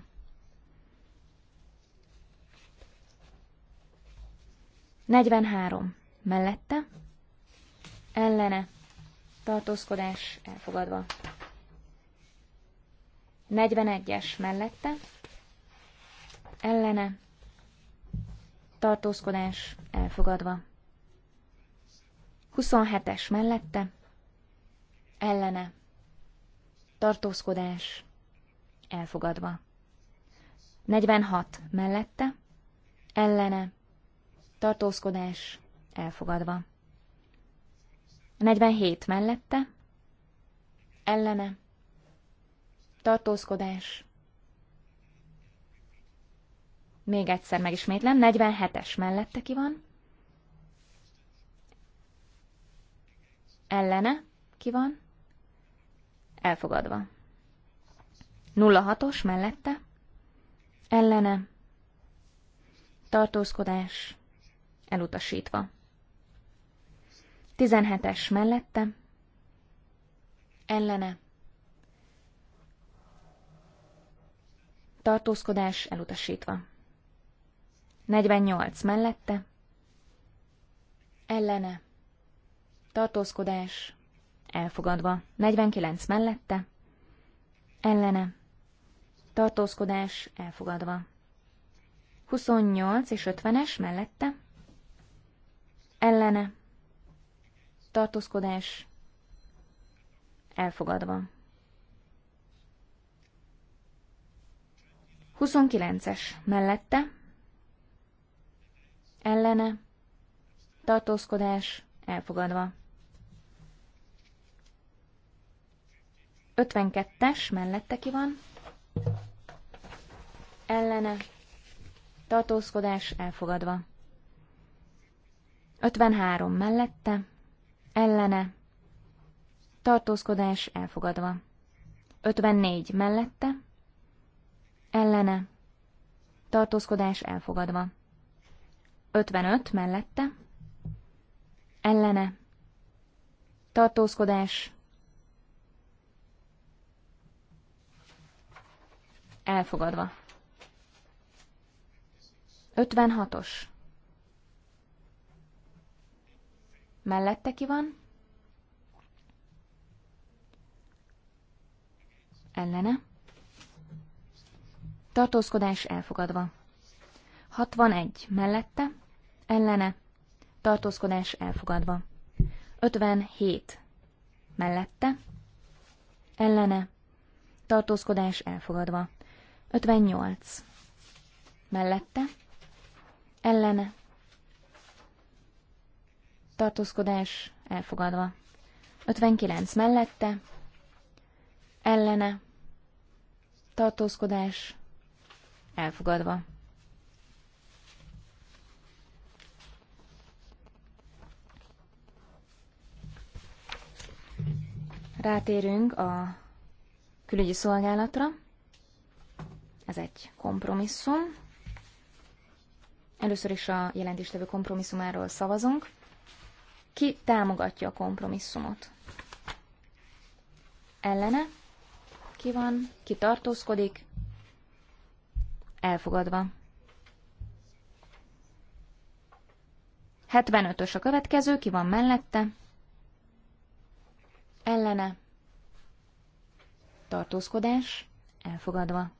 43. Mellette. Ellene. Tartózkodás elfogadva. 41-es mellette. Ellene. Tartózkodás elfogadva. 27-es mellette. Ellene. Tartózkodás elfogadva. 46 mellette. Ellene tartózkodás elfogadva. 47 mellette, ellene, tartózkodás, még egyszer megismétlem, 47-es mellette ki van, ellene ki van, elfogadva. 06-os mellette, ellene, tartózkodás, elutasítva. 17-es mellette, ellene, tartózkodás elutasítva. 48 mellette, ellene, tartózkodás elfogadva. 49 mellette, ellene, tartózkodás elfogadva. 28 és 50-es mellette, ellene, tartózkodás, elfogadva. 29-es mellette, ellene, tartózkodás, elfogadva. 52-es mellette ki van, ellene, tartózkodás, elfogadva. 53 mellette, ellene, tartózkodás elfogadva. 54 mellette, ellene, tartózkodás elfogadva. 55 mellette, ellene, tartózkodás elfogadva. 56-os Mellette ki van? Ellene. Tartózkodás elfogadva. 61. Mellette. Ellene. Tartózkodás elfogadva. 57. Mellette. Ellene. Tartózkodás elfogadva. 58. Mellette. Ellene tartózkodás elfogadva. 59 mellette, ellene, tartózkodás elfogadva. Rátérünk a külügyi szolgálatra. Ez egy kompromisszum. Először is a jelentéstevő kompromisszumáról szavazunk. Ki támogatja a kompromisszumot? Ellene? Ki van? Ki tartózkodik? Elfogadva. 75-ös a következő, ki van mellette? Ellene. Tartózkodás. Elfogadva.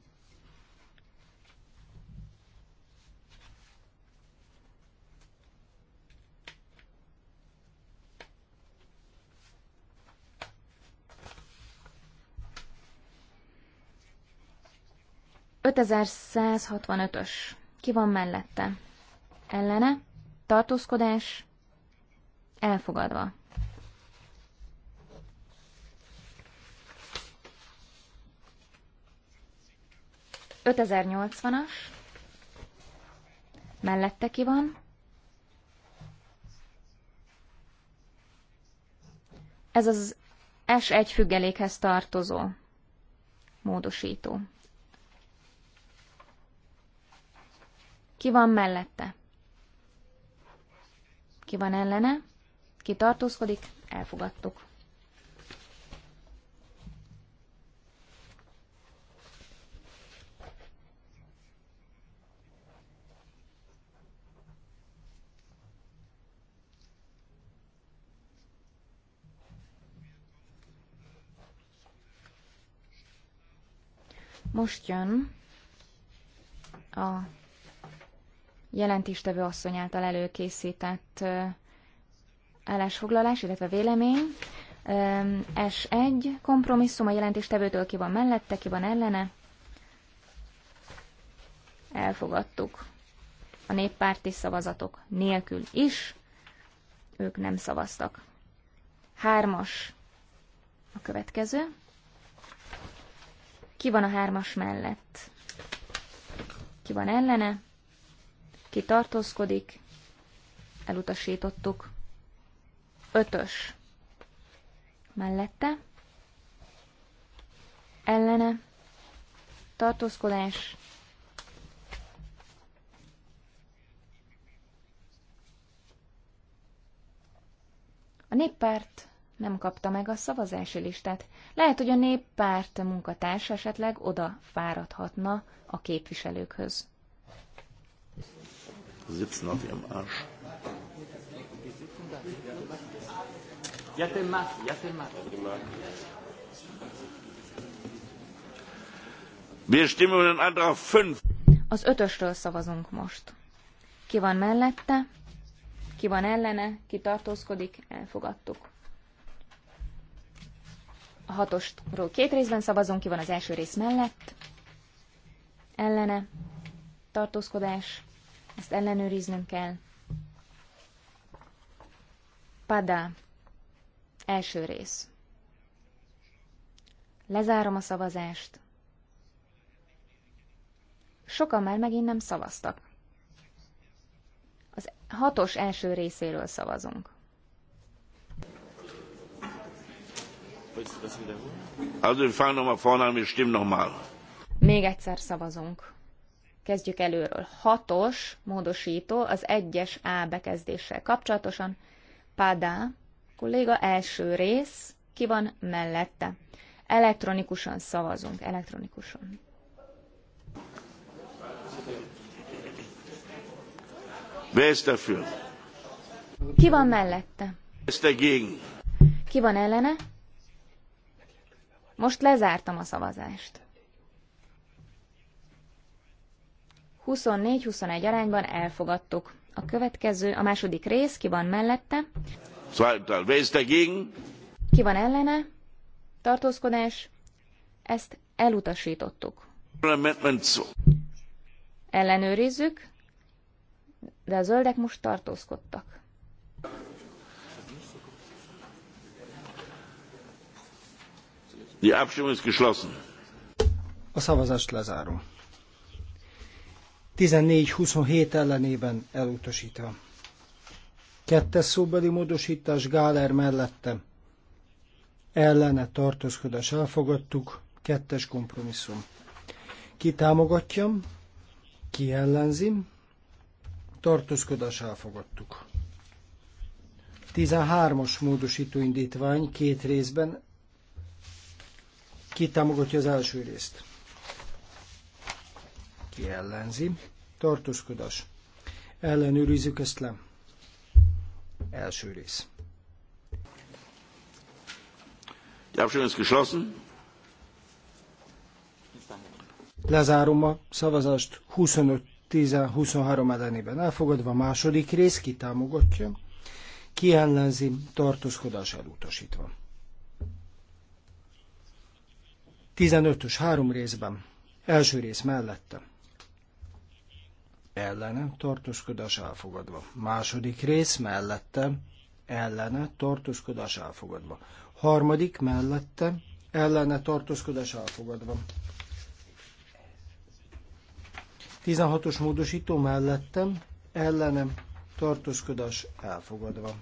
5165-ös. Ki van mellette? Ellene? Tartózkodás? Elfogadva. as Mellette ki van? Ez az S1 függelékhez tartozó módosító. Ki van mellette? Ki van ellene? Ki tartózkodik? Elfogadtuk. Most jön a jelentéstevő asszony által előkészített állásfoglalás, illetve vélemény. S1 kompromisszum a jelentéstevőtől ki van mellette, ki van ellene. Elfogadtuk. A néppárti szavazatok nélkül is ők nem szavaztak. Hármas a következő. Ki van a hármas mellett? Ki van ellene? Ki tartózkodik? Elutasítottuk. Ötös. Mellette. Ellene. Tartózkodás. A néppárt nem kapta meg a szavazási listát. Lehet, hogy a néppárt munkatárs esetleg oda fáradhatna a képviselőkhöz sitzen auf ihrem Arsch. Wir stimmen den Antrag 5. Az ötösről szavazunk most. Ki van mellette, ki van ellene, ki tartózkodik, elfogadtuk. A hatostról két részben szavazunk, ki van az első rész mellett, ellene, tartózkodás, ezt ellenőriznünk kell. Pada. Első rész. Lezárom a szavazást. Sokan már megint nem szavaztak. Az hatos első részéről szavazunk. Also nochmal vorne an, wir stimmen nochmal. Még egyszer szavazunk. Kezdjük előről. Hatos módosító az egyes A bekezdéssel kapcsolatosan. Pada, kolléga, első rész, ki van mellette. Elektronikusan szavazunk, elektronikusan. Westerfield. Ki van mellette? Ki van ellene? Most lezártam a szavazást. 24-21 arányban elfogadtuk. A következő, a második rész, ki van mellette? Ki van ellene? Tartózkodás. Ezt elutasítottuk. Ellenőrizzük, de a zöldek most tartózkodtak. Die Abstimmung ist geschlossen. A szavazást lezárom. 14-27 ellenében elutasítva. Kettes szóbeli módosítás Gáler mellette. Ellene tartózkodás elfogadtuk. Kettes kompromisszum. Ki támogatja, ki ellenzi. Tartózkodás elfogadtuk. 13-as módosítóindítvány indítvány két részben. Ki támogatja az első részt? aki ellenzi. Tartózkodás. Ellenőrizzük ezt le. Első rész. Lezárom a szavazást 25-10-23 ellenében elfogadva. Második rész kitámogatja, ki ellenzi, tartózkodás elutasítva. 15-ös három részben, első rész mellette, ellene tartózkodás elfogadva. Második rész mellette ellene tartózkodás elfogadva. Harmadik mellette ellene tartózkodás elfogadva. 16-os módosító mellettem ellenem tartózkodás elfogadva.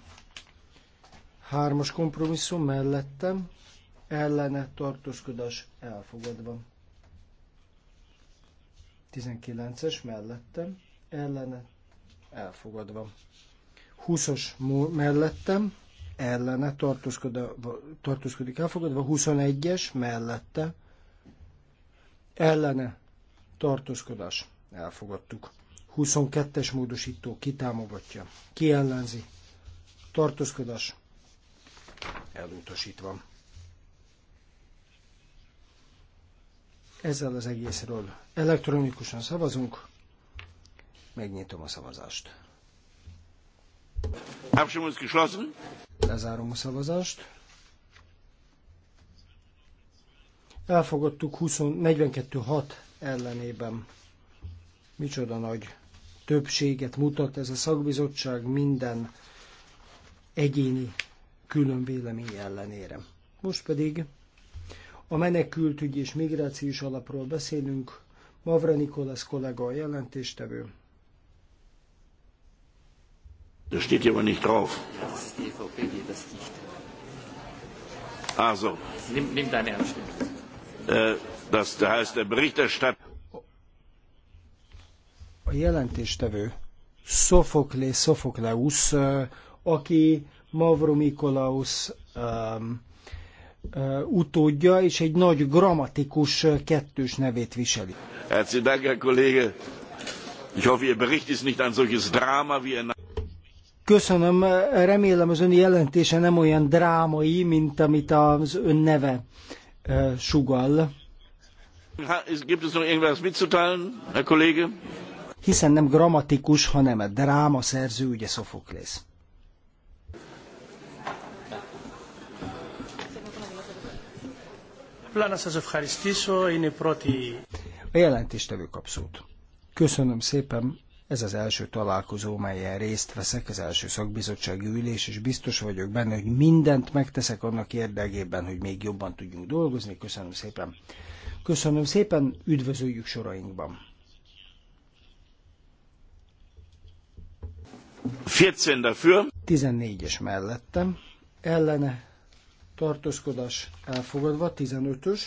Hármas kompromisszum mellettem ellene tartózkodás elfogadva. 19-es mellettem, ellene elfogadva. 20 os mellettem, ellene tartózkodik elfogadva, 21-es mellette, ellene tartózkodás elfogadtuk. 22-es módosító kitámogatja, kiellenzi, tartózkodás elutasítva. Ezzel az egészről elektronikusan szavazunk. Megnyitom a szavazást. Lezárom a szavazást. Elfogadtuk 42-6 ellenében. Micsoda nagy többséget mutat ez a szakbizottság minden egyéni külön vélemény ellenére. Most pedig a menekültügyi és migrációs alapról beszélünk. Mavra Nikolász kollega a jelentéstevő. Das steht hier aber nicht drauf. Also. Nimm, nimm deine Handschrift. Äh, das heißt, der Berichterstatter. A jelentéstevő Sophokles Sophokleus, äh, aki Mavro Mikolaus, ähm, utódja, és egy nagy grammatikus kettős nevét viseli. Herzlichen Dank, Herr Kollege. Ich hoffe, Ihr Bericht ist nicht ein solches Drama wie ein... Köszönöm, remélem az ön jelentése nem olyan drámai, mint amit az ön neve sugal. Gibt es noch irgendwas mitzuteilen, Herr Kollege? Hiszen nem grammatikus, hanem a dráma szerző, ugye Szofoklész. Απλά να σας ευχαριστήσω, είναι η πρώτη... Köszönöm szépen, ez az első találkozó, melyen részt veszek, az első szakbizottsági ülés, és biztos vagyok benne, hogy mindent megteszek annak érdekében, hogy még jobban tudjunk dolgozni. Köszönöm szépen. Köszönöm szépen, üdvözöljük sorainkban. 14 dafür. 14-es mellettem, ellene tartózkodás elfogadva, 15-ös,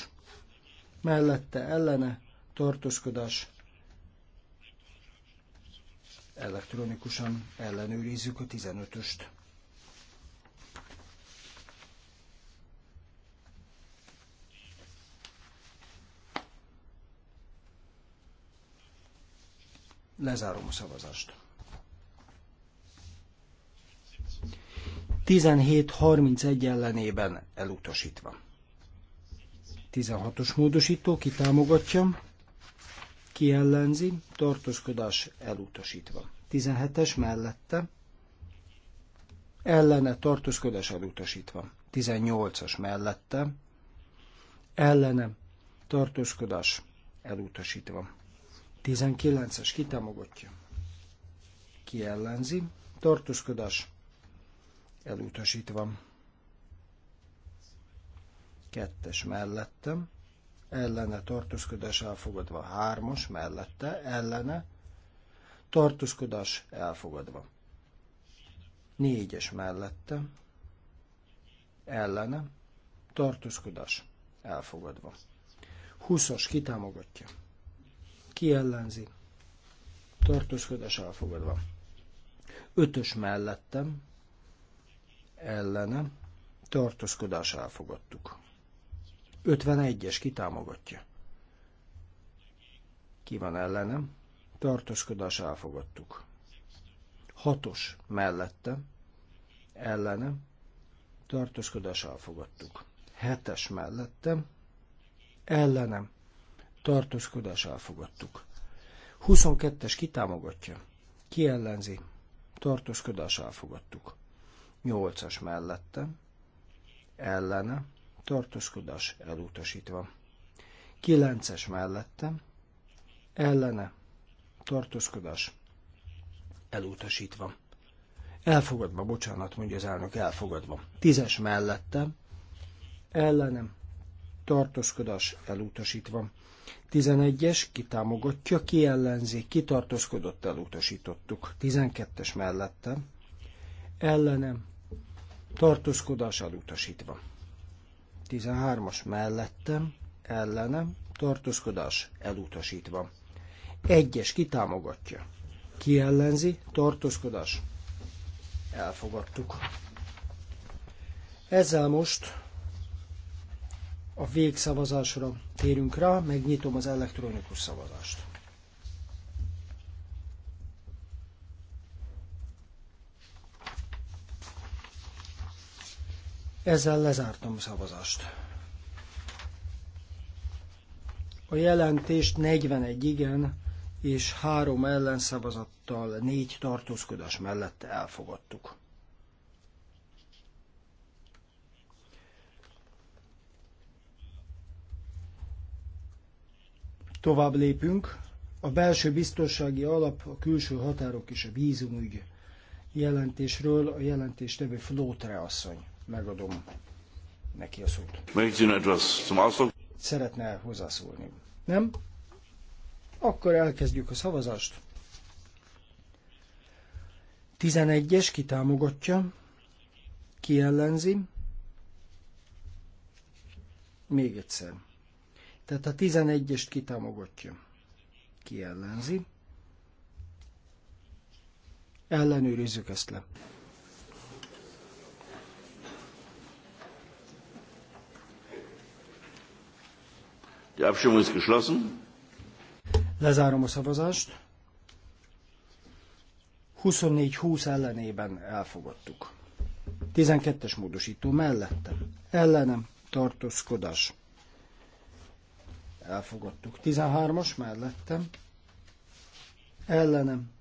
mellette ellene tartózkodás elektronikusan ellenőrizzük a 15-öst. Lezárom a szavazást. 17-31 ellenében elutasítva. 16-os módosító ki támogatja, ki ellenzi, tartózkodás elutasítva. 17-es mellette, ellene tartózkodás elutasítva. 18-as mellette, ellene tartózkodás elutasítva. 19-es kitámogatja, ki ellenzi, tartózkodás elutasítva. Kettes mellettem, ellene tartózkodás elfogadva. Hármas mellette, ellene tartózkodás elfogadva. Négyes mellette, ellene tartózkodás elfogadva. Huszas kitámogatja. Ki ellenzi? Tartózkodás elfogadva. Ötös mellettem, ellene tartózkodás elfogadtuk. 51-es kitámogatja. Ki van ellenem? Tartózkodás elfogadtuk. 6-os mellette, ellenem, tartózkodás elfogadtuk. 7-es mellettem, ellenem, tartózkodás elfogadtuk. 22-es kitámogatja, ki ellenzi, tartózkodás elfogadtuk. Nyolcas mellette, ellene, tartózkodás elutasítva. Kilences mellette, ellene, tartózkodás elutasítva. Elfogadva, bocsánat, mondja az elnök, elfogadva. Tízes mellette, ellenem, tartózkodás elutasítva. Tizenegyes, kitámogatja, ki ellenzi, kitartózkodott, elutasítottuk. Tizenkettes mellette, ellenem, tartózkodás elutasítva. 13-as mellettem, ellenem, tartózkodás elutasítva. Egyes kitámogatja. Ki ellenzi, tartózkodás. Elfogadtuk. Ezzel most a végszavazásra térünk rá, megnyitom az elektronikus szavazást. Ezzel lezártam szavazást. A jelentést 41 igen és 3 ellenszavazattal 4 tartózkodás mellett elfogadtuk. Tovább lépünk. A belső biztonsági alap, a külső határok és a vízumügy jelentésről a jelentéstevő Flótre asszony megadom neki a szót. Szeretne hozzászólni? Nem? Akkor elkezdjük a szavazást. 11-es kitámogatja, ki ellenzi. Még egyszer. Tehát a 11-est kitámogatja, ki ellenzi. Ellenőrizzük ezt le. Die Abstimmung ist geschlossen. Lezárom a szavazást. 24-20 ellenében elfogadtuk. 12-es módosító mellettem. Ellenem tartózkodás. Elfogadtuk. 13-as mellettem. Ellenem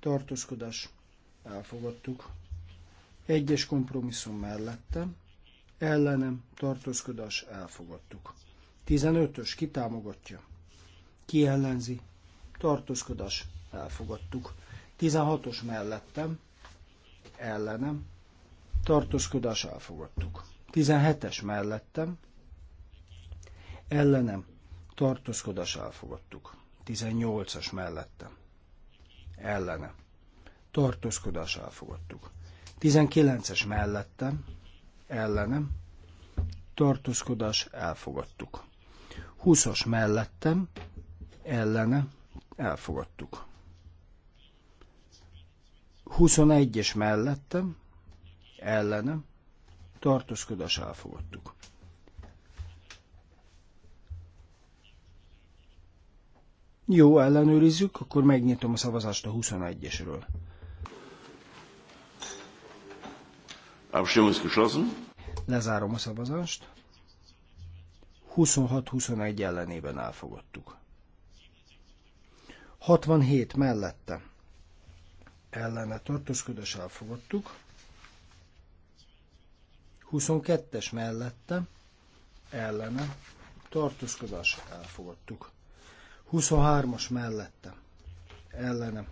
tartózkodás. Elfogadtuk. Egyes kompromisszum mellettem. Ellenem tartózkodás. Elfogadtuk. 15-ös kitámogatja. Ki ellenzi? Tartózkodás. Elfogadtuk. 16-os mellettem. Ellenem. Tartózkodás. Elfogadtuk. 17-es mellettem. Ellenem. Tartózkodás. Elfogadtuk. 18-as mellettem. Ellenem. Tartózkodás. Elfogadtuk. 19-es mellettem. Ellenem tartózkodás elfogadtuk. 20-as mellettem, ellene, elfogadtuk. 21-es mellettem, ellene, tartózkodás elfogadtuk. Jó, ellenőrizzük, akkor megnyitom a szavazást a 21-esről. Lezárom a szavazást. 26-21 ellenében elfogadtuk. 67 mellette ellene tartózkodás elfogadtuk. 22-es mellette ellene tartózkodás elfogadtuk. 23-as mellette ellene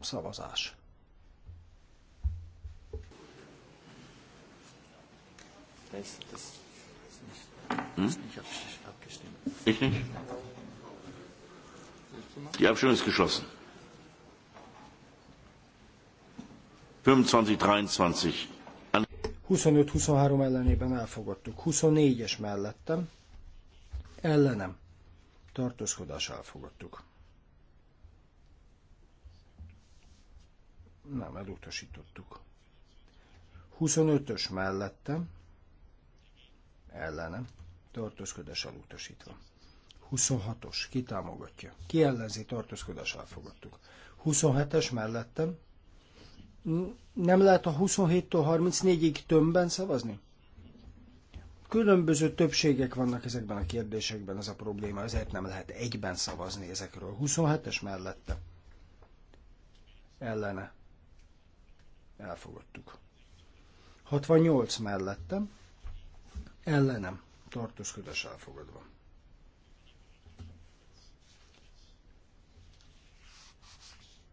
szavazás. Das, das, hm? Ich abgestimmt. Ich nicht? Die Abstimmung ist geschlossen. 25, 23. 25-23 ellenében elfogadtuk. 24-es mellettem. Ellenem. Tartózkodás elfogadtuk. Nem, elutasítottuk. 25-ös mellettem ellenem, tartózkodás elutasítva. 26-os, ki támogatja? Ki ellenzi, tartózkodás elfogadtuk. 27-es mellettem, nem lehet a 27-től 34-ig tömbben szavazni? Különböző többségek vannak ezekben a kérdésekben, ez a probléma, ezért nem lehet egyben szavazni ezekről. 27-es mellette. Ellene. Elfogadtuk. 68 mellettem ellenem tartózkodás elfogadva.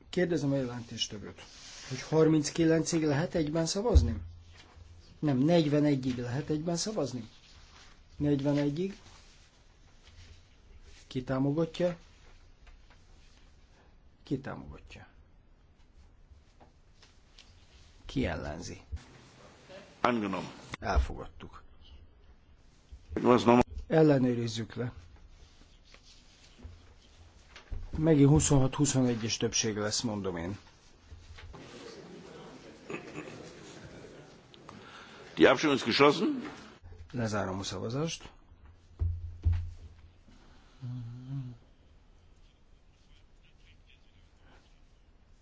Kérdezem a jelentéstevőt, hogy 39-ig lehet egyben szavazni? Nem, 41-ig lehet egyben szavazni? 41-ig. Ki támogatja? Ki támogatja? Ki ellenzi? Angenom. Elfogadtuk. Ellenőrizzük le. Megint 26-21-es többség lesz, mondom én. Die Abstimmung ist geschlossen. Lezárom a szavazást.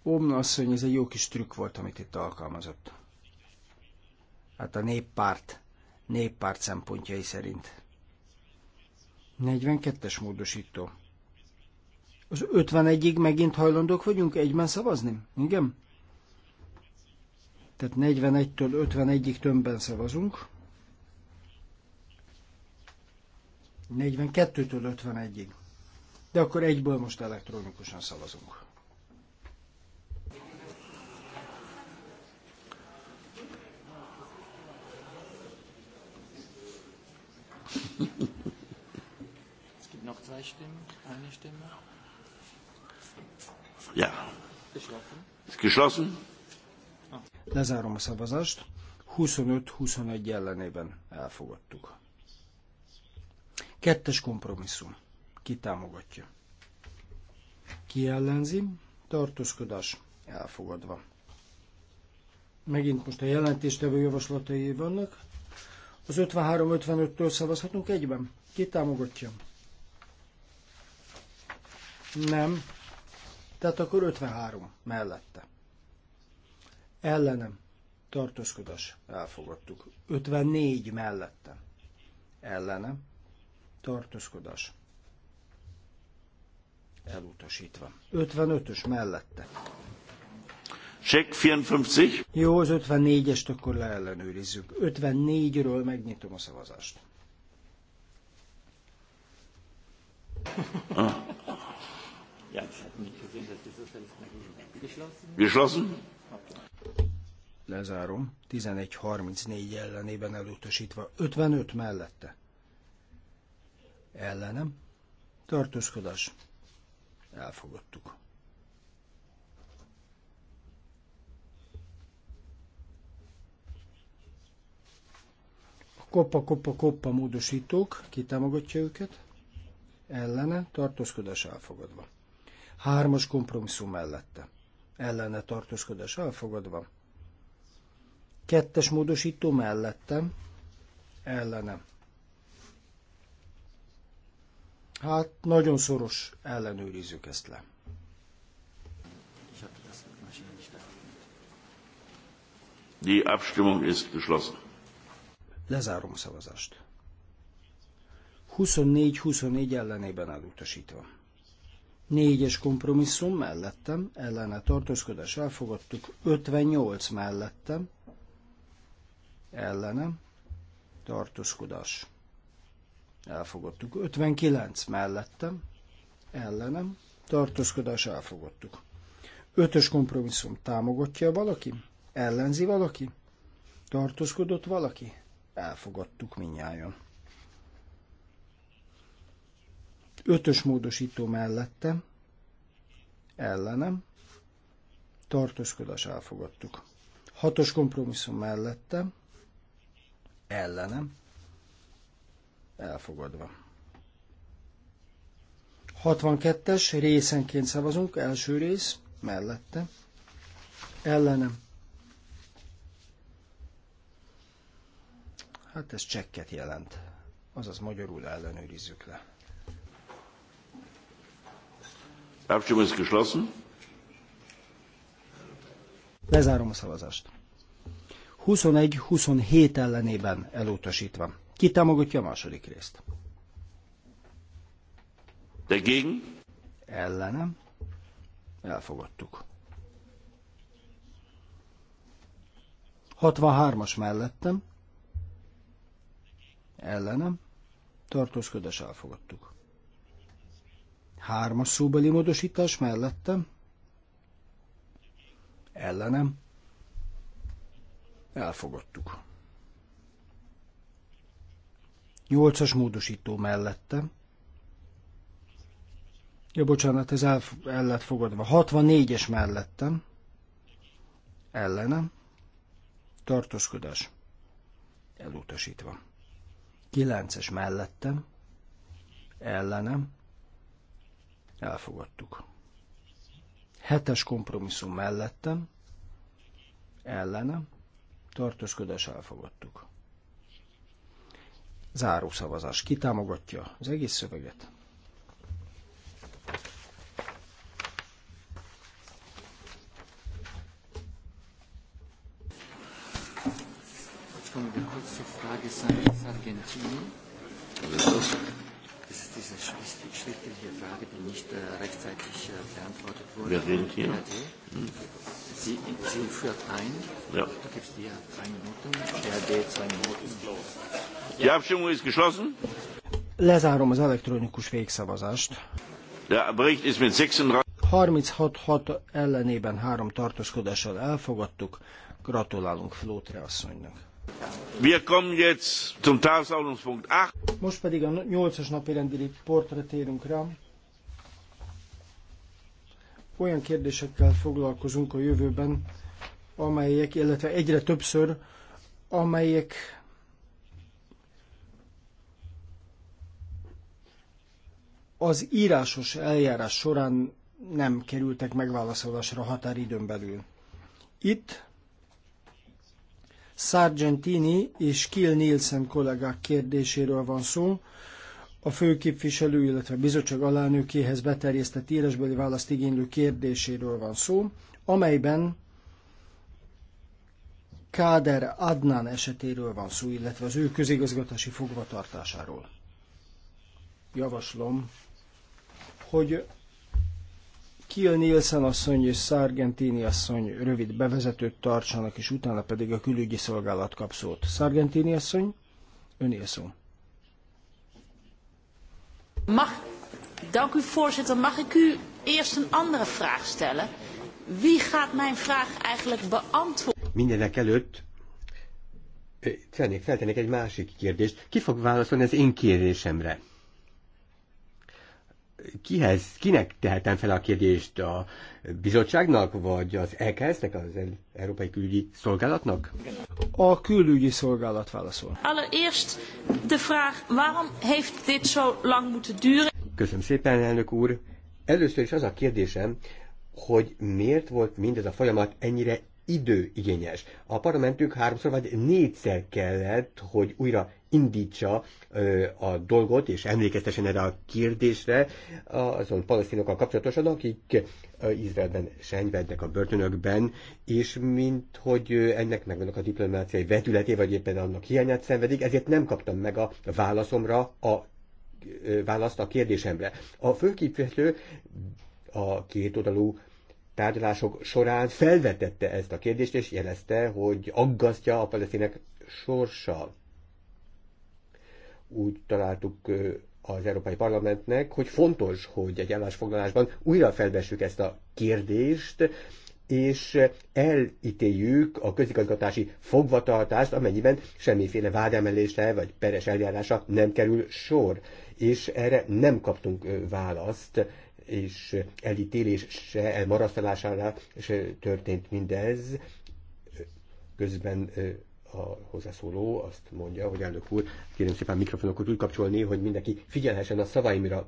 Omna asszony, ez egy jó kis trükk volt, amit itt alkalmazott. Hát a néppárt néppárt szempontjai szerint. 42-es módosító. Az 51-ig megint hajlandók vagyunk egyben szavazni? Igen? Tehát 41-től 51-ig tömbben szavazunk. 42-től 51-ig. De akkor egyből most elektronikusan szavazunk. es gibt noch zwei Stimmen, eine Stimme. Ja. Geschlossen. Ist geschlossen. Ah. Lezárom a szavazást. 25-21 ellenében elfogadtuk. Kettes kompromisszum. Ki támogatja? Ki ellenzi? Tartózkodás elfogadva. Megint most a jelentéstevő javaslatai vannak. Az 53-55-től szavazhatunk egyben? Ki támogatja? Nem. Tehát akkor 53 mellette. Ellenem. Tartózkodás. Elfogadtuk. 54 mellette. Ellenem. Tartózkodás. Elutasítva. 55-ös mellette Check 54. Jó, az 54-est akkor leellenőrizzük. 54-ről megnyitom a szavazást. Ah. Lezárom. 11.34 ellenében elutasítva. 55 mellette. Ellenem. Tartózkodás. Elfogadtuk. koppa, koppa, koppa módosítók, ki támogatja őket, ellene, tartózkodás elfogadva. Hármas kompromisszum mellette, ellene, tartózkodás elfogadva. Kettes módosító mellette, ellene. Hát, nagyon szoros ellenőrizzük ezt le. Die Abstimmung ist geschlossen. Lezárom a szavazást. 24-24 ellenében elutasítva. Négyes kompromisszum mellettem, ellene tartózkodás elfogadtuk, 58 mellettem, ellenem, tartózkodás elfogadtuk, 59 mellettem, ellenem, tartózkodás elfogadtuk. Ötös kompromisszum támogatja valaki? Ellenzi valaki? Tartózkodott valaki? elfogadtuk minnyáján. Ötös módosító mellette, ellenem, tartózkodás elfogadtuk. Hatos kompromisszum mellette, ellenem, elfogadva. 62-es részenként szavazunk, első rész, mellette, ellenem, Hát ez csekket jelent. Azaz magyarul ellenőrizzük le. Lezárom a szavazást. 21-27 ellenében elutasítva. Ki támogatja a második részt? Dagegen? Ellenem. Elfogadtuk. 63-as mellettem ellenem, tartózkodás elfogadtuk. Hármas szóbeli módosítás mellettem, ellenem, elfogadtuk. Nyolcas módosító mellettem, Ja, bocsánat, ez el, el lett fogadva. 64-es mellettem. Ellenem. Tartózkodás. Elutasítva kilences mellettem, ellenem, elfogadtuk. hetes kompromisszum mellettem, ellenem, tartózkodás elfogadtuk. Zárószavazás. Ki támogatja az egész szöveget? Entschuldigung, eine kurze Frage seitens Argentinien. Das ist diese schriftliche Frage, die nicht äh, rechtzeitig äh, beantwortet wurde. Wir reden hier. Mhm. Sie, Sie führt ein. Ja. Du gibst dir drei Minuten, BRD zwei Minuten. Die Abstimmung ist geschlossen. Lezárom az elektronikus végszavazást. Der Bericht ist mit 36... ellenében három tartózkodással elfogadtuk. Gratulálunk Flótre asszonynak. Most pedig a 8-as napi rendi portra térünk rá. Olyan kérdésekkel foglalkozunk a jövőben, amelyek, illetve egyre többször, amelyek az írásos eljárás során nem kerültek megválaszolásra határidőn belül. Itt Sargentini és Kill Nielsen kollégák kérdéséről van szó. A főképviselő, illetve a bizottság alelnökéhez beterjesztett írásbeli választ igénylő kérdéséről van szó, amelyben Káder Adnan esetéről van szó, illetve az ő közigazgatási fogvatartásáról. Javaslom, hogy Kiel Nielsen asszony és Sargentini asszony rövid bevezetőt tartsanak, és utána pedig a külügyi szolgálat kap szót. Sargentini asszony, önél szó. Mag, dank u voorzitter, mag ik u eerst een andere vraag stellen? Wie gaat mijn vraag eigenlijk beantwoorden? Mindenek előtt eh, tennék, feltennék egy másik kérdést. Ki fog válaszolni az én kérdésemre? kihez, kinek tehetem fel a kérdést? A bizottságnak, vagy az eksz az Európai Külügyi Szolgálatnak? A külügyi szolgálat válaszol. Allereerst de vraag, waarom heeft dit zo lang moeten duren? Köszönöm szépen, elnök úr. Először is az a kérdésem, hogy miért volt mindez a folyamat ennyire időigényes. A parlamentünk háromszor vagy négyszer kellett, hogy újra indítsa a dolgot, és emlékeztesen erre a kérdésre azon palesztinokkal kapcsolatosan, akik Izraelben senyvednek a börtönökben, és mint hogy ennek megvannak a diplomáciai vetületé, vagy éppen annak hiányát szenvedik, ezért nem kaptam meg a válaszomra a választ a kérdésemre. A főképviselő a két oldalú tárgyalások során felvetette ezt a kérdést, és jelezte, hogy aggasztja a palesztinek sorsa úgy találtuk az Európai Parlamentnek, hogy fontos, hogy egy állásfoglalásban újra felvessük ezt a kérdést, és elítéljük a közigazgatási fogvatartást, amennyiben semmiféle vádemelésre vagy peres eljárása nem kerül sor. És erre nem kaptunk választ, és elítélés se elmarasztalására se történt mindez. Közben a hozzászóló azt mondja, hogy elnök úr, kérem szépen mikrofonokat úgy kapcsolni, hogy mindenki figyelhessen a szavaimra.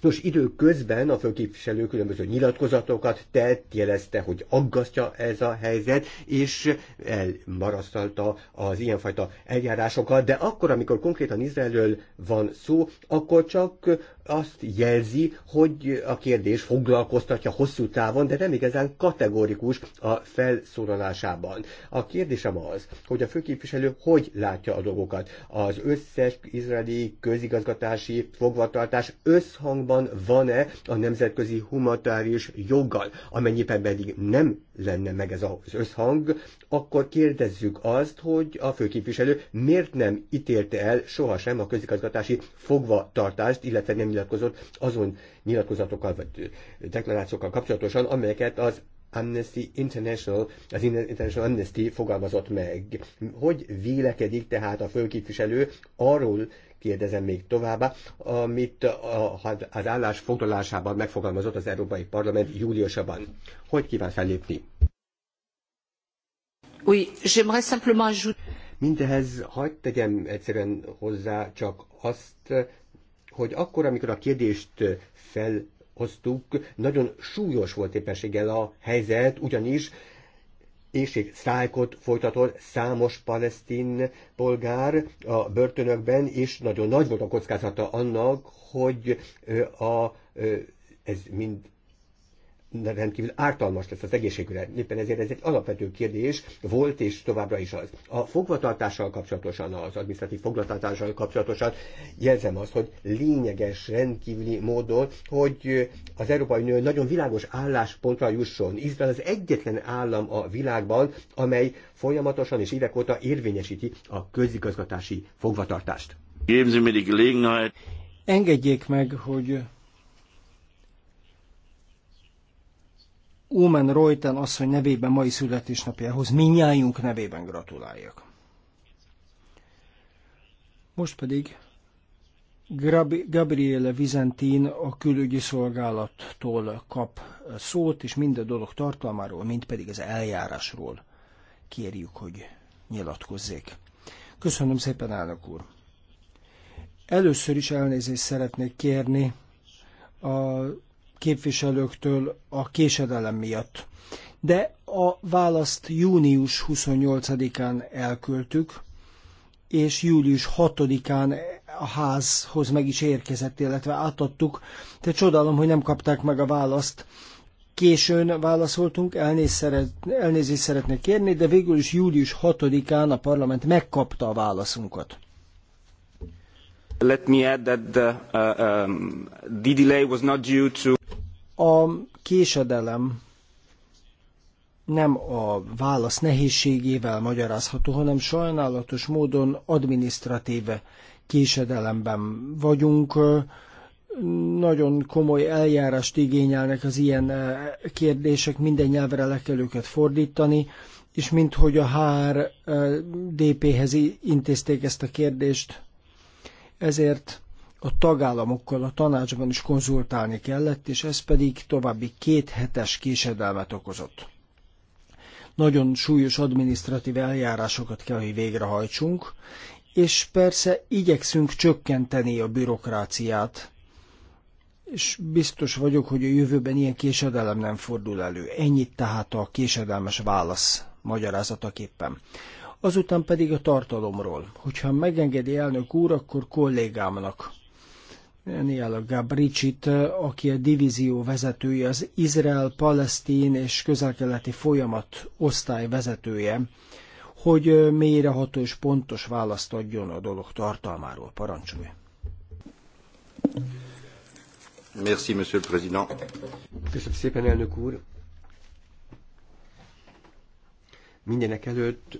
Nos, időközben a főképviselő különböző nyilatkozatokat tett, jelezte, hogy aggasztja ez a helyzet, és elmarasztalta az ilyenfajta eljárásokat, de akkor, amikor konkrétan Izraelről van szó, akkor csak azt jelzi, hogy a kérdés foglalkoztatja hosszú távon, de nem igazán kategórikus a felszólalásában. A kérdésem az, hogy a főképviselő hogy látja a dolgokat. Az összes izraeli közigazgatási fogvatartás összhangban van-e a nemzetközi humanitárius joggal? Amennyiben pedig nem lenne meg ez az összhang, akkor kérdezzük azt, hogy a főképviselő miért nem ítélte el sohasem a közigazgatási fogvatartást, illetve nem nyilatkozott azon nyilatkozatokkal vagy deklarációkkal kapcsolatosan, amelyeket az Amnesty International, az International Amnesty fogalmazott meg. Hogy vélekedik tehát a főképviselő arról, kérdezem még továbbá, amit az állás foglalásában megfogalmazott az Európai Parlament júliusában. Hogy kíván fellépni? Oui, j'aimerais simplement ajouter... Mindehez hagyd tegyem egyszerűen hozzá csak azt, hogy akkor, amikor a kérdést felhoztuk, nagyon súlyos volt éppenséggel a helyzet, ugyanis éjség szájkot folytatott számos palesztin polgár a börtönökben, és nagyon nagy volt a kockázata annak, hogy a, ez mind rendkívül ártalmas lesz az egészségre. Éppen ezért ez egy alapvető kérdés volt, és továbbra is az. A fogvatartással kapcsolatosan, az administratív fogvatartással kapcsolatosan jelzem azt, hogy lényeges rendkívüli módon, hogy az Európai Unió nagyon világos álláspontra jusson. Izrael az egyetlen állam a világban, amely folyamatosan és évek óta érvényesíti a közigazgatási fogvatartást. Engedjék meg, hogy Omen Reuten asszony nevében mai születésnapjához minnyájunk nevében gratuláljak. Most pedig Gabriele Vizentin a külügyi szolgálattól kap szót, és mind a dolog tartalmáról, mind pedig az eljárásról kérjük, hogy nyilatkozzék. Köszönöm szépen, elnök úr! Először is elnézést szeretnék kérni a képviselőktől a késedelem miatt. De a választ június 28-án elküldtük, és július 6-án a házhoz meg is érkezett, illetve átadtuk. Te csodálom, hogy nem kapták meg a választ. Későn válaszoltunk, elnézést, szeret, elnézést szeretnék kérni, de végül is július 6-án a parlament megkapta a válaszunkat. Let me add that the, uh, um, the delay was not due to a késedelem nem a válasz nehézségével magyarázható, hanem sajnálatos módon administratív késedelemben vagyunk. Nagyon komoly eljárást igényelnek az ilyen e, kérdések, minden nyelvre le kell őket fordítani, és minthogy a HR DP-hez intézték ezt a kérdést, ezért a tagállamokkal a tanácsban is konzultálni kellett, és ez pedig további két hetes késedelmet okozott. Nagyon súlyos adminisztratív eljárásokat kell, hogy végrehajtsunk, és persze igyekszünk csökkenteni a bürokráciát, és biztos vagyok, hogy a jövőben ilyen késedelem nem fordul elő. Ennyit tehát a késedelmes válasz magyarázataképpen. Azután pedig a tartalomról. Hogyha megengedi elnök úr, akkor kollégámnak Niala Gabricsit, aki a divízió vezetője, az Izrael-Palesztin és közelkeleti folyamat osztály vezetője, hogy mélyreható és pontos választ adjon a dolog tartalmáról. Parancsolj! Merci, Monsieur le Président. Köszönöm szépen, elnök úr! Mindenek előtt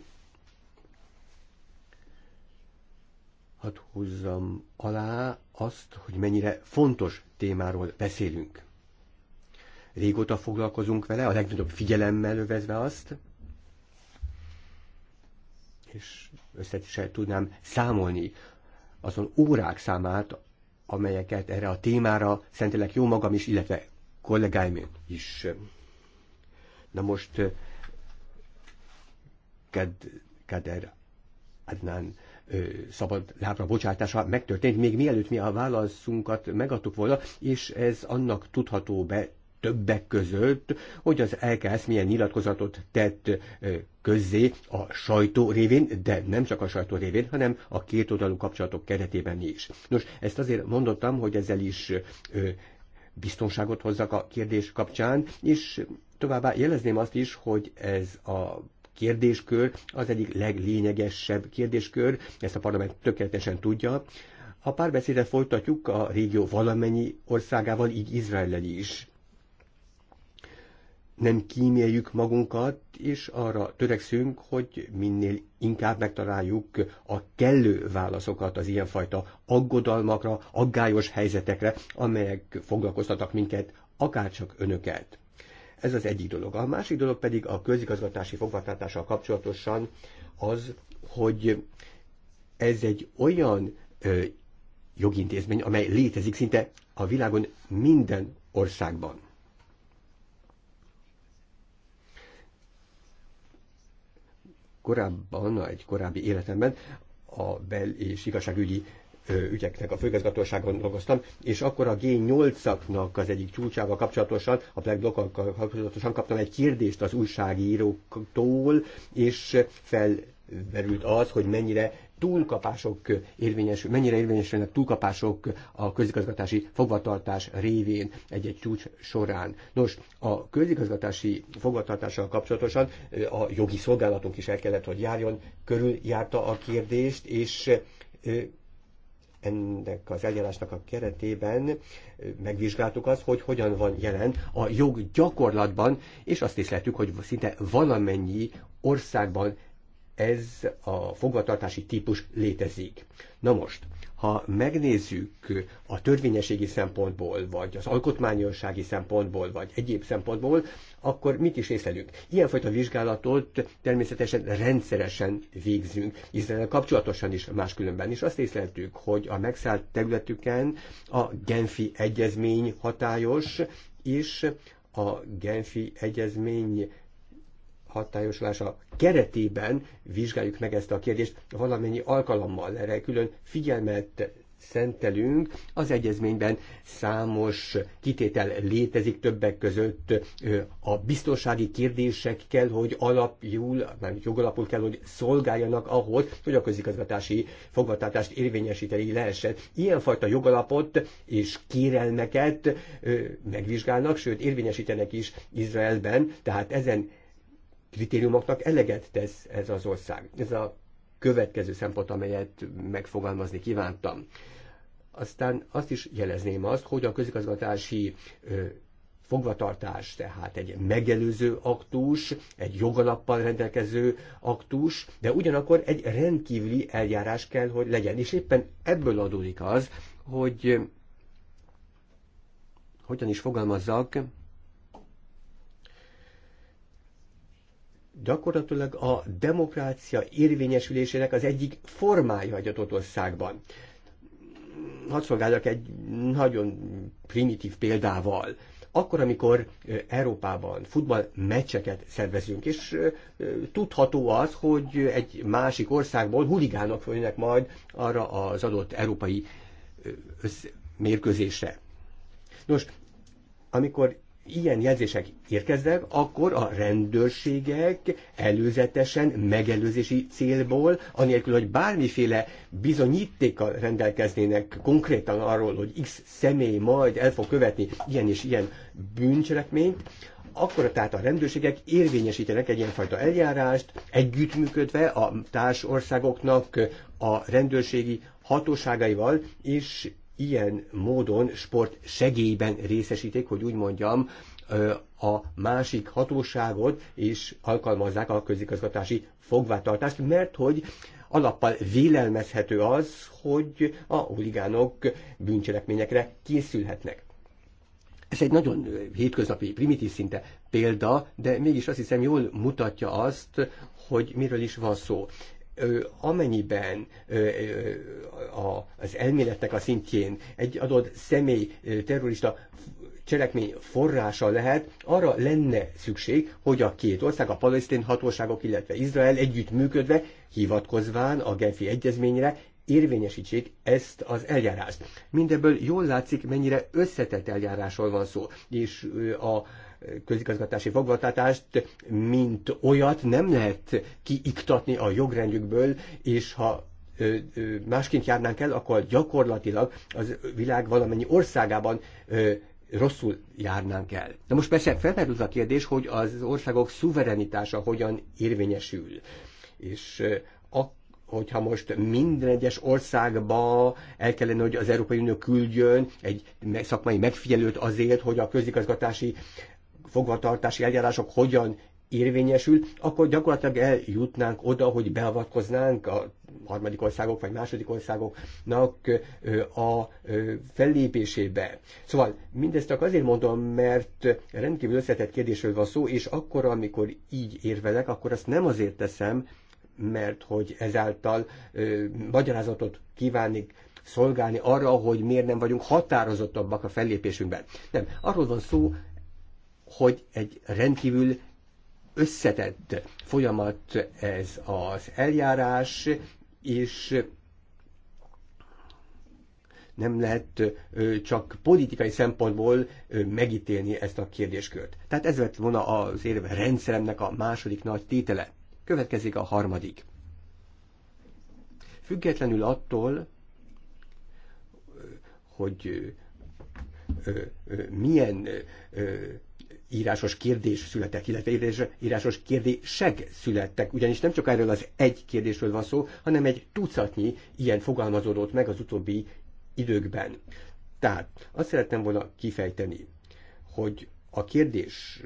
hadd húzzam alá azt, hogy mennyire fontos témáról beszélünk. Régóta foglalkozunk vele, a legnagyobb figyelemmel övezve azt, és össze tudnám számolni azon órák számát, amelyeket erre a témára szentelek jó magam is, illetve kollégáim is. Na most Kader Adnan szabad lábra bocsátása megtörtént, még mielőtt mi a válaszunkat megadtuk volna, és ez annak tudható be többek között, hogy az LKS milyen nyilatkozatot tett közzé a sajtó révén, de nem csak a sajtó révén, hanem a két oldalú kapcsolatok keretében is. Nos, ezt azért mondottam, hogy ezzel is biztonságot hozzak a kérdés kapcsán, és továbbá jelezném azt is, hogy ez a kérdéskör az egyik leglényegesebb kérdéskör, ezt a parlament tökéletesen tudja. A párbeszédet folytatjuk a régió valamennyi országával, így Izraellel is nem kíméljük magunkat, és arra törekszünk, hogy minél inkább megtaláljuk a kellő válaszokat az ilyenfajta aggodalmakra, aggályos helyzetekre, amelyek foglalkoztatnak minket, akárcsak önöket. Ez az egyik dolog. A másik dolog pedig a közigazgatási fogvatartással kapcsolatosan az, hogy ez egy olyan ö, jogintézmény, amely létezik szinte a világon minden országban. Korábban, egy korábbi életemben a bel- és igazságügyi ügyeknek a főgazgatóságon dolgoztam, és akkor a G8-aknak az egyik csúcsával kapcsolatosan, a Black block kapcsolatosan kaptam egy kérdést az újságíróktól, és felverült az, hogy mennyire túlkapások érvényesül, mennyire érvényesülnek túlkapások a közigazgatási fogvatartás révén egy-egy csúcs során. Nos, a közigazgatási fogvatartással kapcsolatosan a jogi szolgálatunk is el kellett, hogy járjon, körüljárta a kérdést, és ennek az eljárásnak a keretében megvizsgáltuk azt, hogy hogyan van jelen a jog gyakorlatban, és azt is lehetjük, hogy szinte valamennyi országban ez a fogvatartási típus létezik. Na most, ha megnézzük a törvényességi szempontból, vagy az alkotmányossági szempontból, vagy egyéb szempontból, akkor mit is észlelünk? Ilyenfajta vizsgálatot természetesen rendszeresen végzünk, hiszen kapcsolatosan is máskülönben is azt észleltük, hogy a megszállt területüken a Genfi egyezmény hatályos, és a Genfi egyezmény hatályosulása keretében vizsgáljuk meg ezt a kérdést valamennyi alkalommal. Erre külön figyelmet szentelünk. Az egyezményben számos kitétel létezik többek között. A biztonsági kérdések kell, hogy alapjul, már jogalapul kell, hogy szolgáljanak ahhoz, hogy a közigazgatási fogvatartást érvényesíteni lehessen. Ilyenfajta jogalapot és kérelmeket megvizsgálnak, sőt érvényesítenek is Izraelben, tehát ezen kritériumoknak eleget tesz ez az ország. Ez a következő szempont, amelyet megfogalmazni kívántam. Aztán azt is jelezném azt, hogy a közigazgatási fogvatartás, tehát egy megelőző aktus, egy jogalappal rendelkező aktus, de ugyanakkor egy rendkívüli eljárás kell, hogy legyen. És éppen ebből adódik az, hogy hogyan is fogalmazzak, gyakorlatilag a demokrácia érvényesülésének az egyik formája egy adott országban hadd szolgáljak egy nagyon primitív példával. Akkor, amikor Európában futballmeccseket szervezünk, és tudható az, hogy egy másik országból huligánok följönnek majd arra az adott európai mérkőzésre. Nos, amikor ilyen jelzések érkeznek, akkor a rendőrségek előzetesen megelőzési célból, anélkül, hogy bármiféle bizonyítékkal rendelkeznének konkrétan arról, hogy X személy majd el fog követni ilyen és ilyen bűncselekményt, akkor tehát a rendőrségek érvényesítenek egy ilyenfajta eljárást, együttműködve a társországoknak a rendőrségi hatóságaival, és ilyen módon sport segélyben részesítik, hogy úgy mondjam, a másik hatóságot, és alkalmazzák a közigazgatási fogvatartást, mert hogy alappal vélelmezhető az, hogy a huligánok bűncselekményekre készülhetnek. Ez egy nagyon hétköznapi, primitív szinte példa, de mégis azt hiszem jól mutatja azt, hogy miről is van szó amennyiben az elméletnek a szintjén egy adott személy terrorista cselekmény forrása lehet, arra lenne szükség, hogy a két ország, a palesztin hatóságok, illetve Izrael együttműködve, hivatkozván a Genfi egyezményre, érvényesítsék ezt az eljárást. Mindebből jól látszik, mennyire összetett eljárásról van szó, és a közigazgatási fogvatartást, mint olyat nem lehet kiiktatni a jogrendjükből, és ha másként járnánk el, akkor gyakorlatilag az világ valamennyi országában rosszul járnánk el. Na most persze felmerül a kérdés, hogy az országok szuverenitása hogyan érvényesül. És a, hogyha most minden egyes országba el kellene, hogy az Európai Unió küldjön egy szakmai megfigyelőt azért, hogy a közigazgatási fogvatartási eljárások hogyan érvényesül, akkor gyakorlatilag eljutnánk oda, hogy beavatkoznánk a harmadik országok vagy második országoknak a fellépésébe. Szóval mindezt csak azért mondom, mert rendkívül összetett kérdésről van szó, és akkor, amikor így érvelek, akkor azt nem azért teszem, mert hogy ezáltal ö, magyarázatot kívánik szolgálni arra, hogy miért nem vagyunk határozottabbak a fellépésünkben. Nem, arról van szó hogy egy rendkívül összetett folyamat ez az eljárás, és nem lehet csak politikai szempontból megítélni ezt a kérdéskört. Tehát ez lett volna az érve rendszeremnek a második nagy tétele. Következik a harmadik. Függetlenül attól, hogy milyen írásos kérdés születtek, illetve írásos kérdések születtek, ugyanis nem csak erről az egy kérdésről van szó, hanem egy tucatnyi ilyen fogalmazódott meg az utóbbi időkben. Tehát azt szerettem volna kifejteni, hogy a kérdés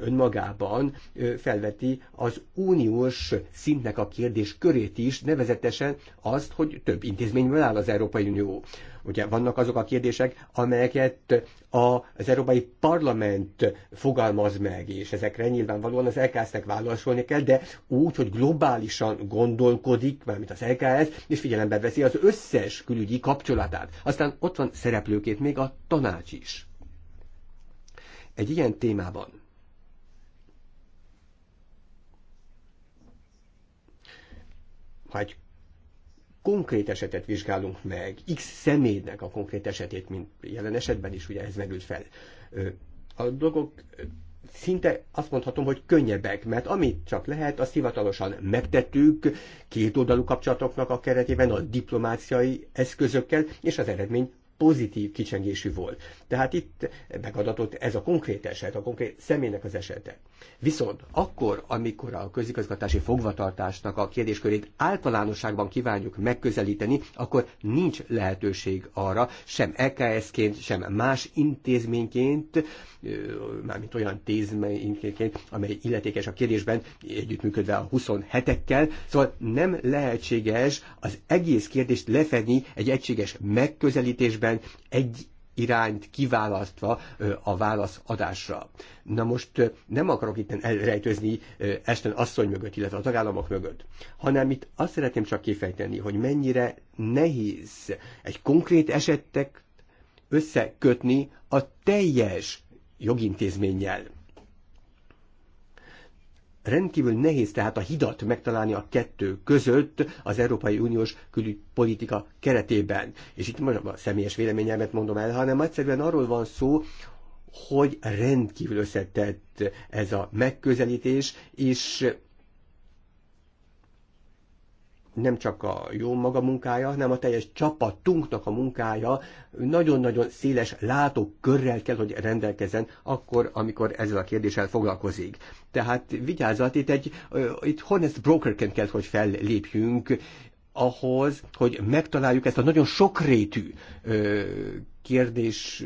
önmagában felveti az uniós szintnek a kérdés körét is, nevezetesen azt, hogy több intézményből áll az Európai Unió. Ugye vannak azok a kérdések, amelyeket az Európai Parlament fogalmaz meg, és ezekre nyilvánvalóan az LKS-nek válaszolni kell, de úgy, hogy globálisan gondolkodik, mármint az LKS, és figyelembe veszi az összes külügyi kapcsolatát. Aztán ott van szereplőként még a tanács is. Egy ilyen témában ha egy konkrét esetet vizsgálunk meg, X személynek a konkrét esetét, mint jelen esetben is ugye ez merült fel. A dolgok szinte azt mondhatom, hogy könnyebbek, mert amit csak lehet, azt hivatalosan megtettük kétoldalú kapcsolatoknak a keretében, a diplomáciai eszközökkel, és az eredmény pozitív kicsengésű volt. Tehát itt megadatott ez a konkrét eset, a konkrét személynek az esete. Viszont akkor, amikor a közigazgatási fogvatartásnak a kérdéskörét általánosságban kívánjuk megközelíteni, akkor nincs lehetőség arra, sem EKS-ként, sem más intézményként, mármint olyan intézményként, amely illetékes a kérdésben, együttműködve a 27-ekkel, szóval nem lehetséges az egész kérdést lefedni egy egységes megközelítésben, kérdésben egy irányt kiválasztva a válaszadásra. Na most nem akarok itt elrejtőzni Esten asszony mögött, illetve a tagállamok mögött, hanem itt azt szeretném csak kifejteni, hogy mennyire nehéz egy konkrét esettek összekötni a teljes jogintézménnyel rendkívül nehéz tehát a hidat megtalálni a kettő között az Európai Uniós külügypolitika keretében. És itt most a személyes véleményemet mondom el, hanem egyszerűen arról van szó, hogy rendkívül összetett ez a megközelítés, és nem csak a jó maga munkája, hanem a teljes csapatunknak a munkája nagyon-nagyon széles látókörrel kell, hogy rendelkezzen akkor, amikor ezzel a kérdéssel foglalkozik. Tehát vigyázat, itt egy itt honest brokerként kell, hogy fellépjünk, ahhoz, hogy megtaláljuk ezt a nagyon sokrétű ö, kérdés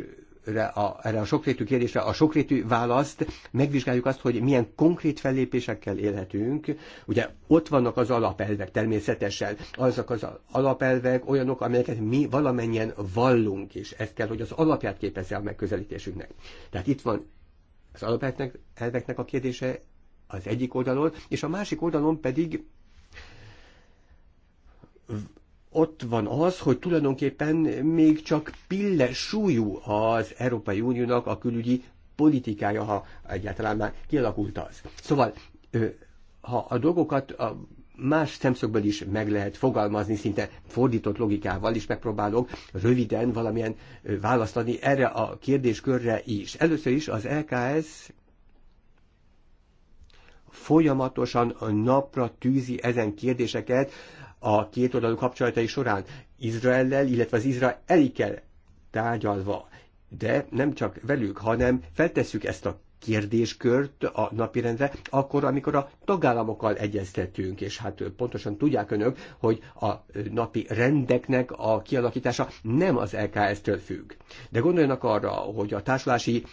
a, erre a sokrétű kérdésre, a sokrétű választ, megvizsgáljuk azt, hogy milyen konkrét fellépésekkel élhetünk. Ugye ott vannak az alapelvek természetesen, azok az alapelvek olyanok, amelyeket mi valamennyien vallunk, és ez kell, hogy az alapját képezze a megközelítésünknek. Tehát itt van az alapelveknek a kérdése az egyik oldalon, és a másik oldalon pedig ott van az, hogy tulajdonképpen még csak pille súlyú az Európai Uniónak a külügyi politikája, ha egyáltalán már kialakult az. Szóval, ha a dolgokat a más szemszögből is meg lehet fogalmazni, szinte fordított logikával is megpróbálok röviden valamilyen választ adni erre a kérdéskörre is. Először is az LKS folyamatosan napra tűzi ezen kérdéseket, a két oldalú kapcsolatai során Izraellel, illetve az izraelikkel tárgyalva. De nem csak velük, hanem feltesszük ezt a kérdéskört a napirendre, akkor, amikor a tagállamokkal egyeztetünk, és hát pontosan tudják önök, hogy a napi rendeknek a kialakítása nem az LKS-től függ. De gondoljanak arra, hogy a társulási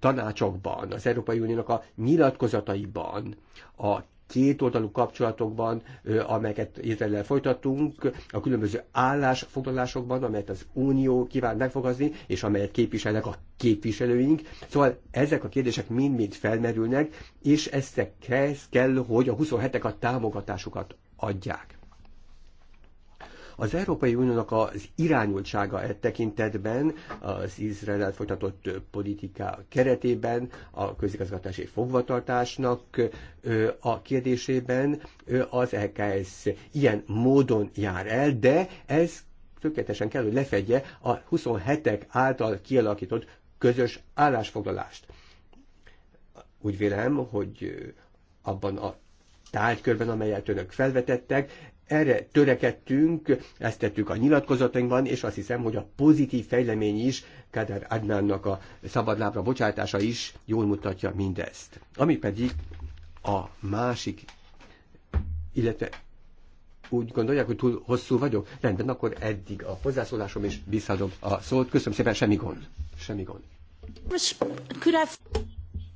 tanácsokban, az Európai Uniónak a nyilatkozataiban a két oldalú kapcsolatokban, amelyeket Izraellel folytatunk, a különböző állásfoglalásokban, amelyet az Unió kíván megfogazni, és amelyet képviselnek a képviselőink. Szóval ezek a kérdések mind-mind felmerülnek, és ezekhez kell, hogy a 27-ek a támogatásukat adják. Az Európai Uniónak az irányultsága e tekintetben az Izrael folytatott politika keretében a közigazgatási fogvatartásnak a kérdésében az EKS ilyen módon jár el, de ez tökéletesen kell, hogy lefedje a 27-ek által kialakított közös állásfoglalást. Úgy vélem, hogy abban a tárgykörben, amelyet önök felvetettek, erre törekedtünk, ezt tettük a nyilatkozatainkban, és azt hiszem, hogy a pozitív fejlemény is, Kader Adnánnak a szabadlábra bocsátása is jól mutatja mindezt. Ami pedig a másik, illetve úgy gondolják, hogy túl hosszú vagyok? Rendben, akkor eddig a hozzászólásom, és visszaadom a szót. Köszönöm szépen, semmi gond. Semmi gond.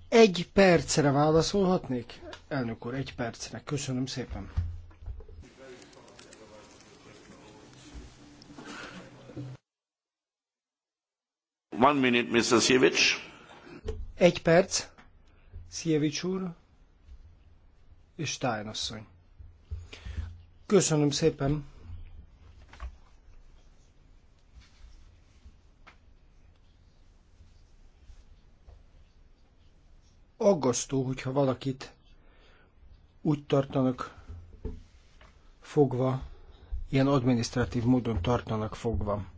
Egy percre válaszolhatnék? Elnök úr, egy percre. Köszönöm szépen. One minute, Mr. Sievics. Egy perc, Sievics úr és Tájnasszony. Köszönöm szépen. Aggasztó, hogyha valakit úgy tartanak fogva, ilyen adminisztratív módon tartanak fogva.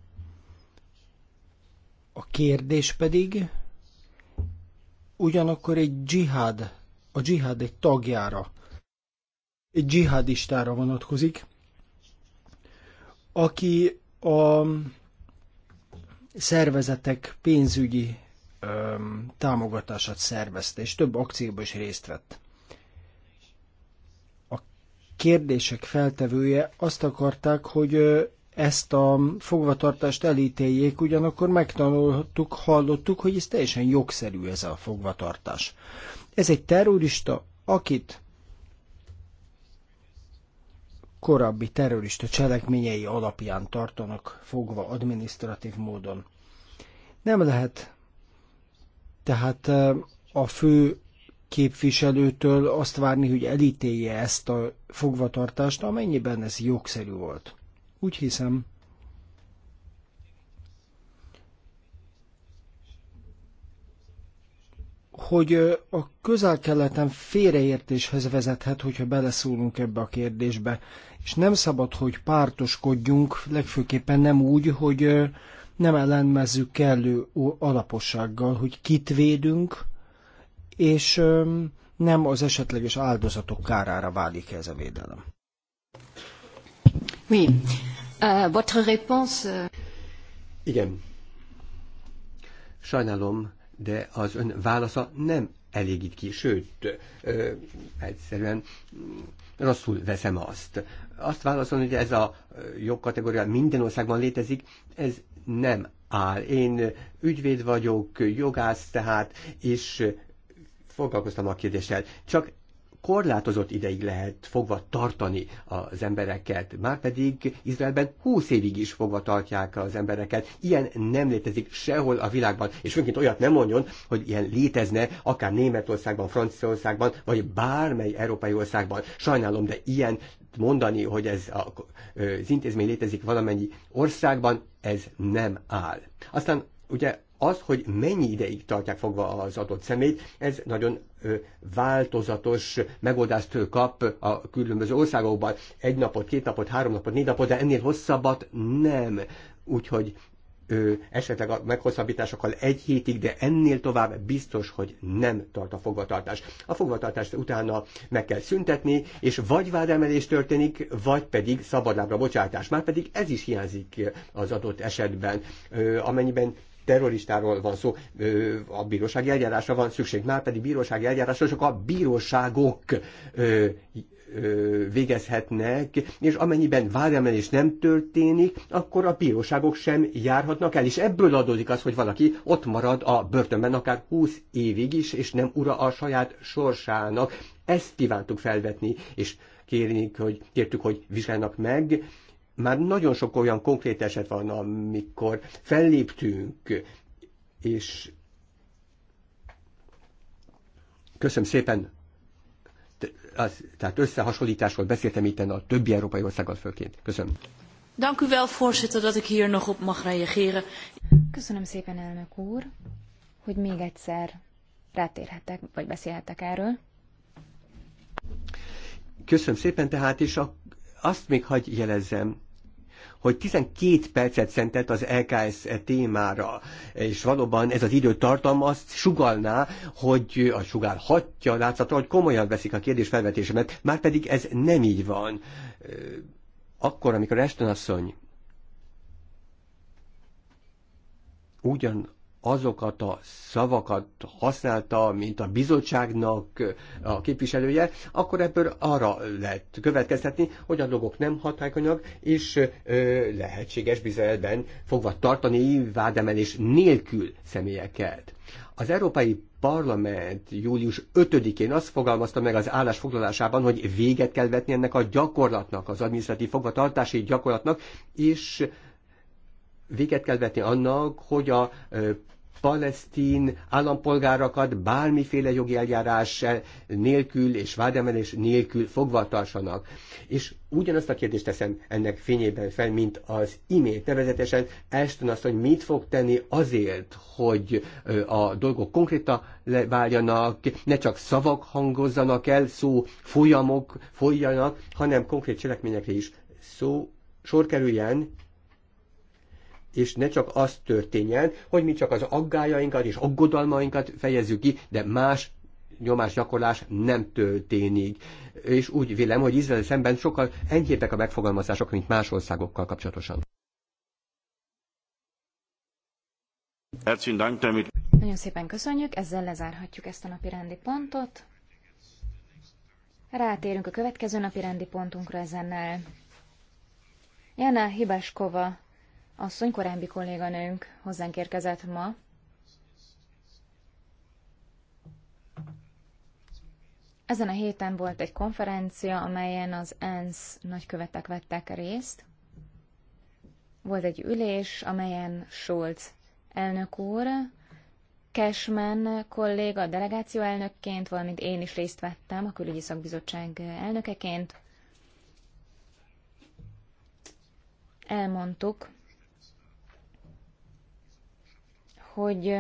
A kérdés pedig ugyanakkor egy dzsihád, a dzsihád egy tagjára, egy dzsihádistára vonatkozik, aki a szervezetek pénzügyi öm, támogatását szervezte, és több akcióba is részt vett. A kérdések feltevője azt akarták, hogy ezt a fogvatartást elítéljék, ugyanakkor megtanultuk, hallottuk, hogy ez teljesen jogszerű ez a fogvatartás. Ez egy terrorista, akit korábbi terrorista cselekményei alapján tartanak fogva administratív módon. Nem lehet tehát eh, a fő képviselőtől azt várni, hogy elítélje ezt a fogvatartást, amennyiben ez jogszerű volt. Úgy hiszem, hogy a közel-keleten félreértéshez vezethet, hogyha beleszólunk ebbe a kérdésbe. És nem szabad, hogy pártoskodjunk, legfőképpen nem úgy, hogy nem ellenmezzük kellő alapossággal, hogy kit védünk, és nem az esetleges áldozatok kárára válik ez a védelem. Oui. Euh, votre réponse... Euh, Igen. Sajnálom, de az ön válasza nem elégít ki, sőt, ö, egyszerűen rosszul veszem azt. Azt válaszol, hogy ez a jogkategória minden országban létezik, ez nem áll. Én ügyvéd vagyok, jogász tehát, és foglalkoztam a kérdéssel. Csak korlátozott ideig lehet fogva tartani az embereket, márpedig Izraelben húsz évig is fogva tartják az embereket. Ilyen nem létezik sehol a világban, és főként olyat nem mondjon, hogy ilyen létezne akár Németországban, Franciaországban, vagy bármely európai országban. Sajnálom, de ilyen mondani, hogy ez a, az intézmény létezik valamennyi országban, ez nem áll. Aztán Ugye az, hogy mennyi ideig tartják fogva az adott szemét, ez nagyon változatos megoldást kap a különböző országokban. Egy napot, két napot, három napot, négy napot, de ennél hosszabbat nem. Úgyhogy ö, esetleg a meghosszabbításokkal egy hétig, de ennél tovább biztos, hogy nem tart a fogvatartás. A fogvatartást utána meg kell szüntetni, és vagy vádemelés történik, vagy pedig szabadlábra bocsátás. Már pedig ez is hiányzik az adott esetben, ö, amennyiben terroristáról van szó, a bírósági eljárásra van szükség, már pedig bírósági eljárásra csak a bíróságok végezhetnek, és amennyiben vádemelés nem történik, akkor a bíróságok sem járhatnak el, és ebből adódik az, hogy valaki ott marad a börtönben akár 20 évig is, és nem ura a saját sorsának. Ezt kívántuk felvetni, és kérni, hogy, kértük, hogy vizsgálnak meg, már nagyon sok olyan konkrét eset van, amikor felléptünk, és köszönöm szépen, az, tehát összehasonlításról beszéltem itt a többi európai országgal főként. Köszönöm. Dank u wel, voorzitter, dat ik hier nog op mag reageren. Köszönöm szépen, elnök úr, hogy még egyszer rátérhetek, vagy beszélhetek erről. Köszönöm szépen, tehát, és a, azt még hagy jelezzem, hogy 12 percet szentett az LKS témára, és valóban ez az időtartam azt sugalná, hogy a sugálhatja látszata, hogy komolyan veszik a kérdés felvetésemet, már pedig ez nem így van. Akkor, amikor Ashton asszony ugyan azokat a szavakat használta, mint a bizottságnak eh, a képviselője, akkor ebből arra lehet következtetni, hogy a dolgok nem hatákonyak, és ö, eh, lehetséges bizonyban fogva tartani vádemelés nélkül személyeket. Az Európai Parlament július 5-én azt fogalmazta meg az állásfoglalásában, hogy véget kell vetni ennek a gyakorlatnak, az adminisztratív fogvatartási gyakorlatnak, és véget kell vetni annak, hogy a palesztin állampolgárakat bármiféle jogi eljárás nélkül és vádemelés nélkül fogva tartsanak. És ugyanazt a kérdést teszem ennek fényében fel, mint az imént. Nevezetesen Ashton azt, hogy mit fog tenni azért, hogy a dolgok konkrétan váljanak, ne csak szavak hangozzanak el, szó folyamok folyjanak, hanem konkrét cselekményekre is szó sor kerüljen, és ne csak az történjen, hogy mi csak az aggájainkat és aggodalmainkat fejezzük ki, de más nyomásgyakorlás nem történik. És úgy vélem, hogy Izrael szemben sokkal enyhébbek a megfogalmazások, mint más országokkal kapcsolatosan. Nagyon szépen köszönjük, ezzel lezárhatjuk ezt a napi rendi pontot. Rátérünk a következő napi rendi pontunkra ezennel. Jana Hibáskova asszony, korábbi kolléganőnk hozzánk érkezett ma. Ezen a héten volt egy konferencia, amelyen az ENSZ nagykövetek vettek részt. Volt egy ülés, amelyen Schulz elnök úr, Cashman kolléga a delegáció elnökként, valamint én is részt vettem a külügyi szakbizottság elnökeként. Elmondtuk, hogy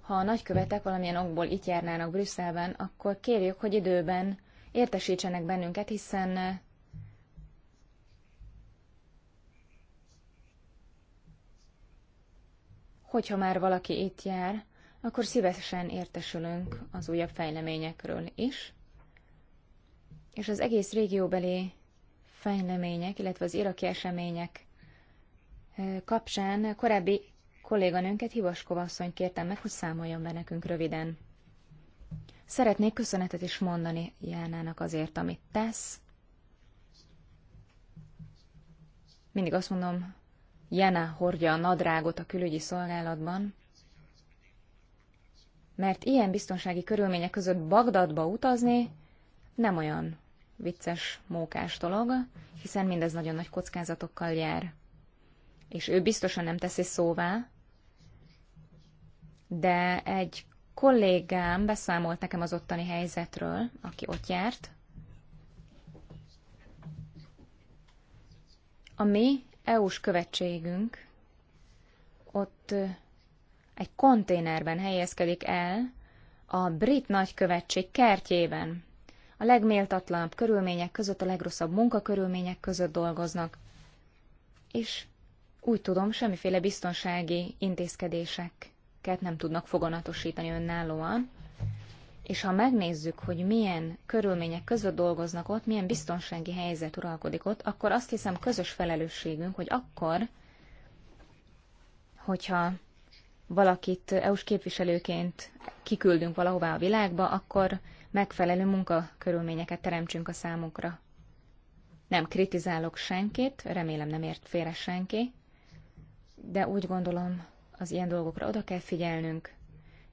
ha a nagykövetek valamilyen okból itt járnának Brüsszelben, akkor kérjük, hogy időben értesítsenek bennünket, hiszen hogyha már valaki itt jár, akkor szívesen értesülünk az újabb fejleményekről is. És az egész régióbeli fejlemények, illetve az iraki események kapcsán korábbi kolléganőnket, Hivaskova asszony kértem meg, hogy számoljon be nekünk röviden. Szeretnék köszönetet is mondani Jánának azért, amit tesz. Mindig azt mondom, Jana hordja a nadrágot a külügyi szolgálatban, mert ilyen biztonsági körülmények között Bagdadba utazni nem olyan vicces, mókás dolog, hiszen mindez nagyon nagy kockázatokkal jár. És ő biztosan nem teszi szóvá, de egy kollégám beszámolt nekem az ottani helyzetről, aki ott járt. A mi EU-s követségünk ott egy konténerben helyezkedik el a brit nagykövetség kertjében. A legméltatlanabb körülmények között, a legrosszabb munkakörülmények között dolgoznak, és úgy tudom, semmiféle biztonsági intézkedések ezeket nem tudnak foganatosítani önállóan. És ha megnézzük, hogy milyen körülmények között dolgoznak ott, milyen biztonsági helyzet uralkodik ott, akkor azt hiszem közös felelősségünk, hogy akkor, hogyha valakit EU-s képviselőként kiküldünk valahová a világba, akkor megfelelő munkakörülményeket teremtsünk a számukra. Nem kritizálok senkit, remélem nem ért félre senki, de úgy gondolom, az ilyen dolgokra oda kell figyelnünk,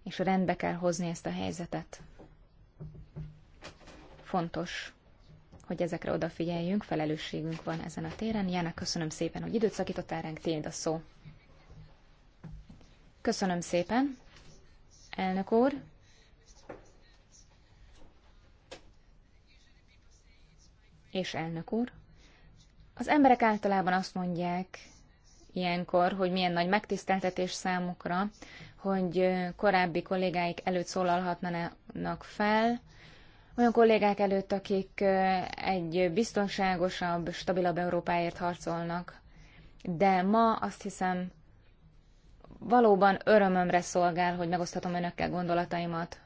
és rendbe kell hozni ezt a helyzetet. Fontos, hogy ezekre odafigyeljünk, felelősségünk van ezen a téren. Jána, köszönöm szépen, hogy időt szakítottál ránk, tiéd a szó. Köszönöm szépen, elnök úr. És elnök úr. Az emberek általában azt mondják, ilyenkor, hogy milyen nagy megtiszteltetés számukra, hogy korábbi kollégáik előtt szólalhatnának fel, olyan kollégák előtt, akik egy biztonságosabb, stabilabb Európáért harcolnak. De ma azt hiszem, valóban örömömre szolgál, hogy megoszthatom önökkel gondolataimat.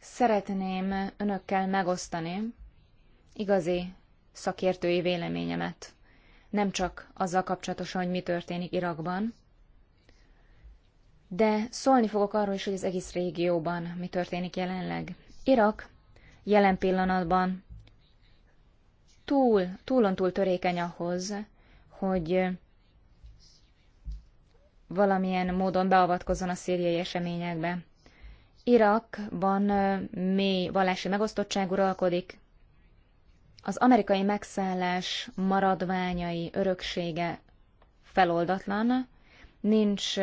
Szeretném önökkel megosztani, igazi szakértői véleményemet, nem csak azzal kapcsolatosan, hogy mi történik Irakban, de szólni fogok arról is, hogy az egész régióban mi történik jelenleg. Irak jelen pillanatban túl, túlon túl törékeny ahhoz, hogy valamilyen módon beavatkozzon a szíriai eseményekbe. Irakban mély vallási megosztottság uralkodik, az amerikai megszállás maradványai, öröksége feloldatlan, nincs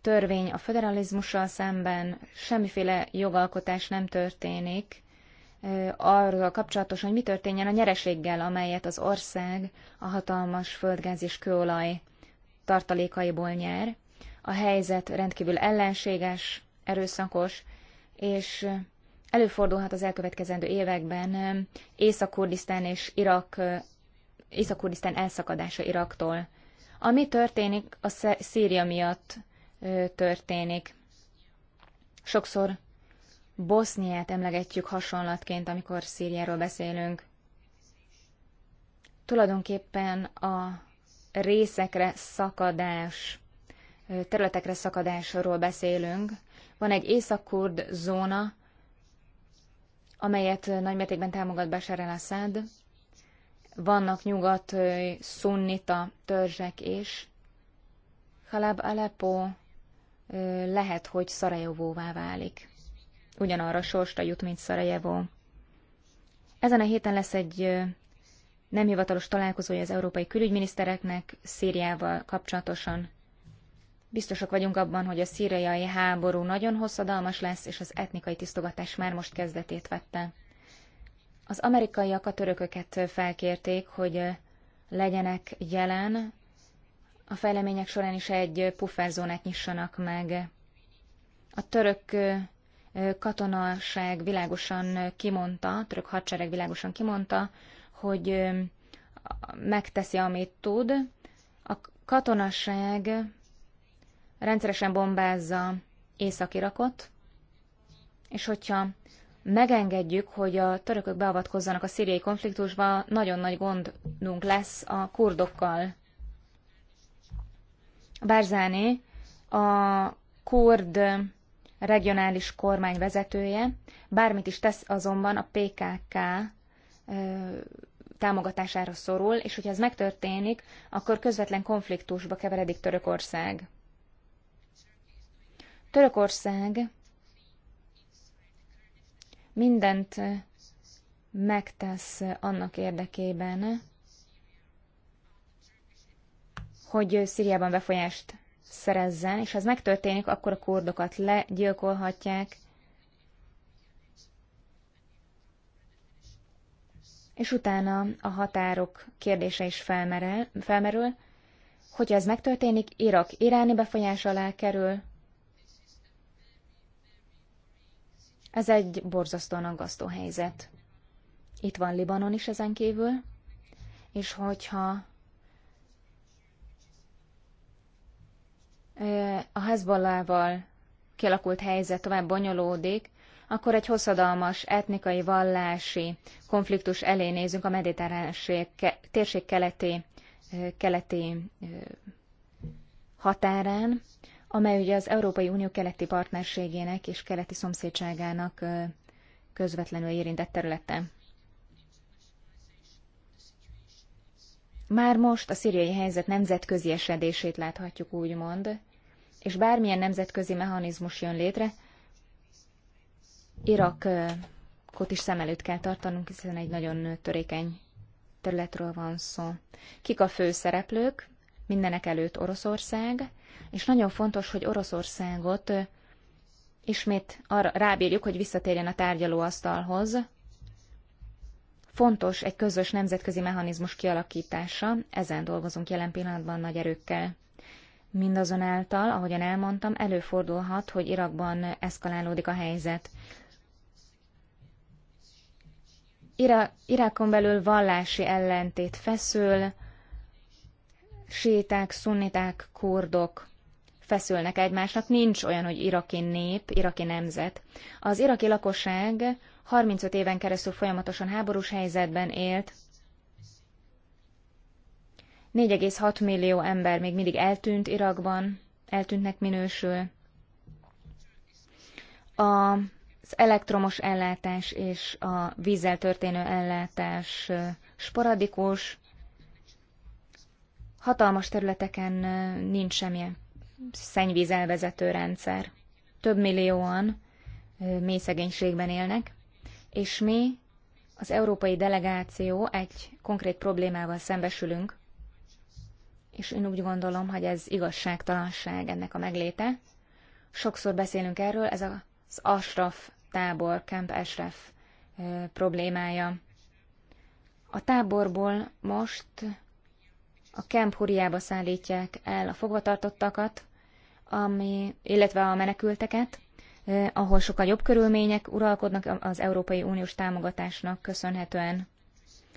törvény a federalizmussal szemben, semmiféle jogalkotás nem történik arról kapcsolatosan, hogy mi történjen a nyereséggel, amelyet az ország a hatalmas földgáz és kőolaj tartalékaiból nyer. A helyzet rendkívül ellenséges, erőszakos, és Előfordulhat az elkövetkezendő években um, Észak-Kurdisztán és Irak, uh, Észak-Kurdisztán elszakadása Iraktól. Ami történik, a Szíria miatt uh, történik. Sokszor Boszniát emlegetjük hasonlatként, amikor Szíriáról beszélünk. Tulajdonképpen a részekre szakadás, uh, területekre szakadásról beszélünk. Van egy Észak-Kurd zóna, amelyet eh, nagymértékben támogat Bashar al-Assad. Vannak nyugat eh, szunnita törzsek is. Halab Aleppo eh, lehet, hogy Szarajevóvá válik. Ugyanarra sorsra jut, mint Szarajevó. Ezen a héten lesz egy nem hivatalos találkozója az európai külügyminisztereknek Szíriával kapcsolatosan. Biztosak vagyunk abban, hogy a szíriai háború nagyon hosszadalmas lesz, és az etnikai tisztogatás már most kezdetét vette. Az amerikaiak a törököket felkérték, hogy legyenek jelen, a fejlemények során is egy pufferzónát nyissanak meg. A török katonaság világosan kimondta, a török hadsereg világosan kimondta, hogy megteszi, amit tud. A katonaság rendszeresen bombázza Észak-Irakot, és hogyha megengedjük, hogy a törökök beavatkozzanak a szíriai konfliktusba, nagyon nagy gondunk lesz a kurdokkal. Barzáné a kurd regionális kormány vezetője, bármit is tesz azonban a PKK támogatására szorul, és hogyha ez megtörténik, akkor közvetlen konfliktusba keveredik Törökország. Törökország mindent megtesz annak érdekében, hogy Szíriában befolyást szerezzen, és ha ez megtörténik, akkor a kurdokat legyilkolhatják, és utána a határok kérdése is felmerül. Hogyha ez megtörténik, Irak iráni befolyás alá kerül, Ez egy borzasztóan aggasztó helyzet. Itt van Libanon is ezen kívül, és hogyha a Hezbollával kialakult helyzet tovább bonyolódik, akkor egy hosszadalmas etnikai vallási konfliktus elé nézünk a mediterrán térség keleti, keleti határán, amely ugye az Európai Unió keleti partnerségének és keleti szomszédságának közvetlenül érintett területe. Már most a szíriai helyzet nemzetközi esedését láthatjuk, úgymond, és bármilyen nemzetközi mechanizmus jön létre, Irakot is szem előtt kell tartanunk, hiszen egy nagyon törékeny területről van szó. Kik a fő szereplők? Mindenek előtt Oroszország, és nagyon fontos, hogy Oroszországot ismét arra rábírjuk, hogy visszatérjen a tárgyalóasztalhoz. Fontos egy közös nemzetközi mechanizmus kialakítása, ezen dolgozunk jelen pillanatban nagy erőkkel. Mindazonáltal, ahogyan elmondtam, előfordulhat, hogy Irakban eszkalálódik a helyzet. Ira- Irákon belül vallási ellentét feszül, séták, szunniták, kurdok, feszülnek egymásnak, nincs olyan, hogy iraki nép, iraki nemzet. Az iraki lakosság 35 éven keresztül folyamatosan háborús helyzetben élt, 4,6 millió ember még mindig eltűnt Irakban, eltűntnek minősül. Az elektromos ellátás és a vízzel történő ellátás sporadikus, hatalmas területeken nincs semmilyen szennyvízelvezető rendszer. Több millióan mély szegénységben élnek, és mi, az európai delegáció egy konkrét problémával szembesülünk, és én úgy gondolom, hogy ez igazságtalanság ennek a megléte. Sokszor beszélünk erről, ez az Ashraf tábor, Camp Ashraf problémája. A táborból most a Camp Huriába szállítják el a fogvatartottakat, ami, illetve a menekülteket, ahol sokkal jobb körülmények uralkodnak az Európai Uniós támogatásnak köszönhetően.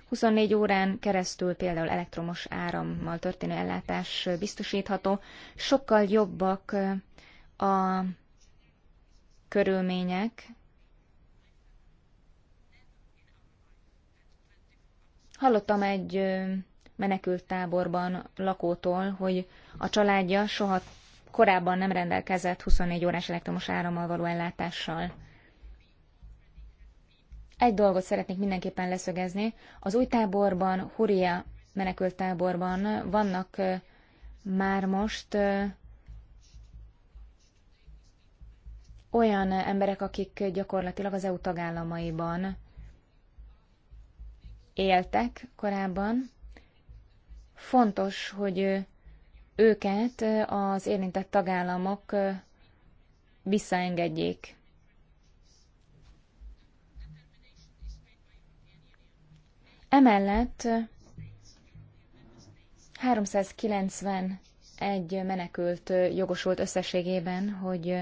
24 órán keresztül például elektromos árammal történő ellátás biztosítható, sokkal jobbak a körülmények. Hallottam egy menekült táborban lakótól, hogy a családja soha korábban nem rendelkezett 24 órás elektromos árammal való ellátással. Egy dolgot szeretnék mindenképpen leszögezni. Az új táborban, Huria menekült táborban vannak már most olyan emberek, akik gyakorlatilag az EU tagállamaiban éltek korábban. Fontos, hogy őket az érintett tagállamok visszaengedjék. Emellett 391 menekült jogosult összességében, hogy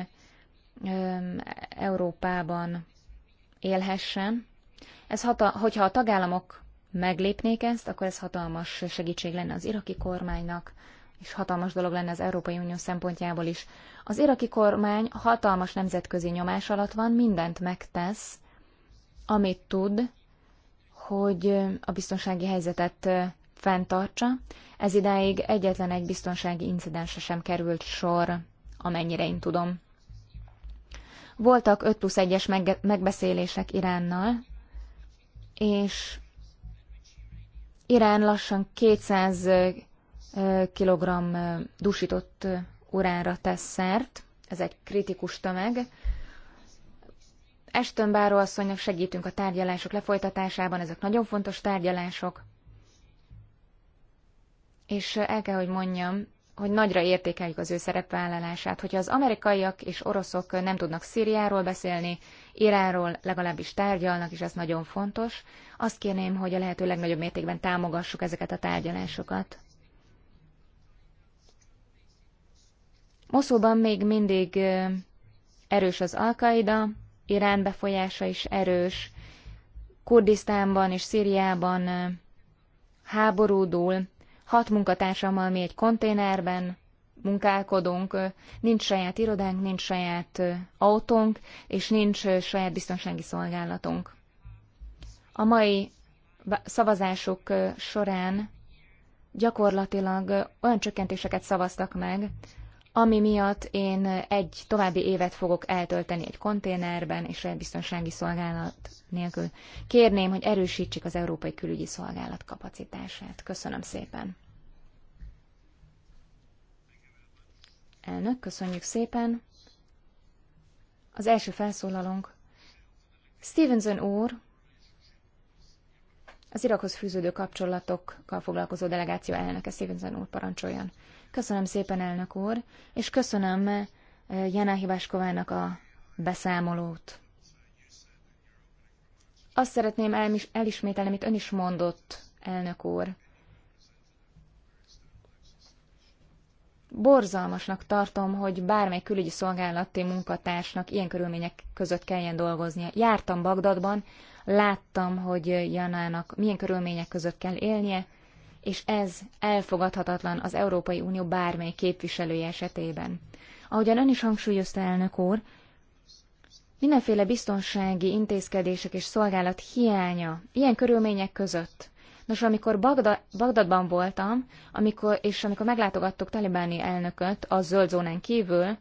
Európában élhessen. Ez hata, hogyha a tagállamok meglépnék ezt, akkor ez hatalmas segítség lenne az iraki kormánynak, és hatalmas dolog lenne az Európai Unió szempontjából is. Az iraki kormány hatalmas nemzetközi nyomás alatt van, mindent megtesz, amit tud, hogy a biztonsági helyzetet fenntartsa. Ez idáig egyetlen egy biztonsági incidensre sem került sor, amennyire én tudom. Voltak 5 plusz 1-es megbeszélések Iránnal, és Irán lassan 200 kg dusított uránra tesz szert, ez egy kritikus tömeg. Estön Báró asszonynak segítünk a tárgyalások lefolytatásában, ezek nagyon fontos tárgyalások. És el kell, hogy mondjam, hogy nagyra értékeljük az ő szerepvállalását. Hogyha az amerikaiak és oroszok nem tudnak Szíriáról beszélni, Iránról legalábbis tárgyalnak, és ez nagyon fontos, azt kérném, hogy a lehető legnagyobb mértékben támogassuk ezeket a tárgyalásokat. Moszóban még mindig erős az Alkaida, Irán befolyása is erős, Kurdisztánban és Szíriában háborúdul, hat munkatársammal mi egy konténerben munkálkodunk, nincs saját irodánk, nincs saját autónk, és nincs saját biztonsági szolgálatunk. A mai szavazások során gyakorlatilag olyan csökkentéseket szavaztak meg, ami miatt én egy további évet fogok eltölteni egy konténerben, és a biztonsági szolgálat nélkül. Kérném, hogy erősítsék az Európai Külügyi Szolgálat kapacitását. Köszönöm szépen. Elnök, köszönjük szépen. Az első felszólalónk Stevenson úr, az Irakhoz fűződő kapcsolatokkal foglalkozó delegáció elnöke Stevenson úr parancsoljon. Köszönöm szépen, elnök úr, és köszönöm eh, Jana Hibáskovának a beszámolót. Azt szeretném elismételni, amit ön is mondott, elnök úr. Borzalmasnak tartom, hogy bármely külügyi szolgálati munkatársnak ilyen körülmények között kelljen dolgoznia. Jártam Bagdadban, láttam, hogy Janának milyen körülmények között kell élnie, és ez elfogadhatatlan az Európai Unió bármely képviselője esetében. Ahogyan ön is hangsúlyozta, elnök úr, mindenféle biztonsági intézkedések és szolgálat hiánya ilyen körülmények között. Nos, amikor Bagda- Bagdadban voltam, amikor, és amikor meglátogattuk talibáni elnököt a zöld zónán kívül,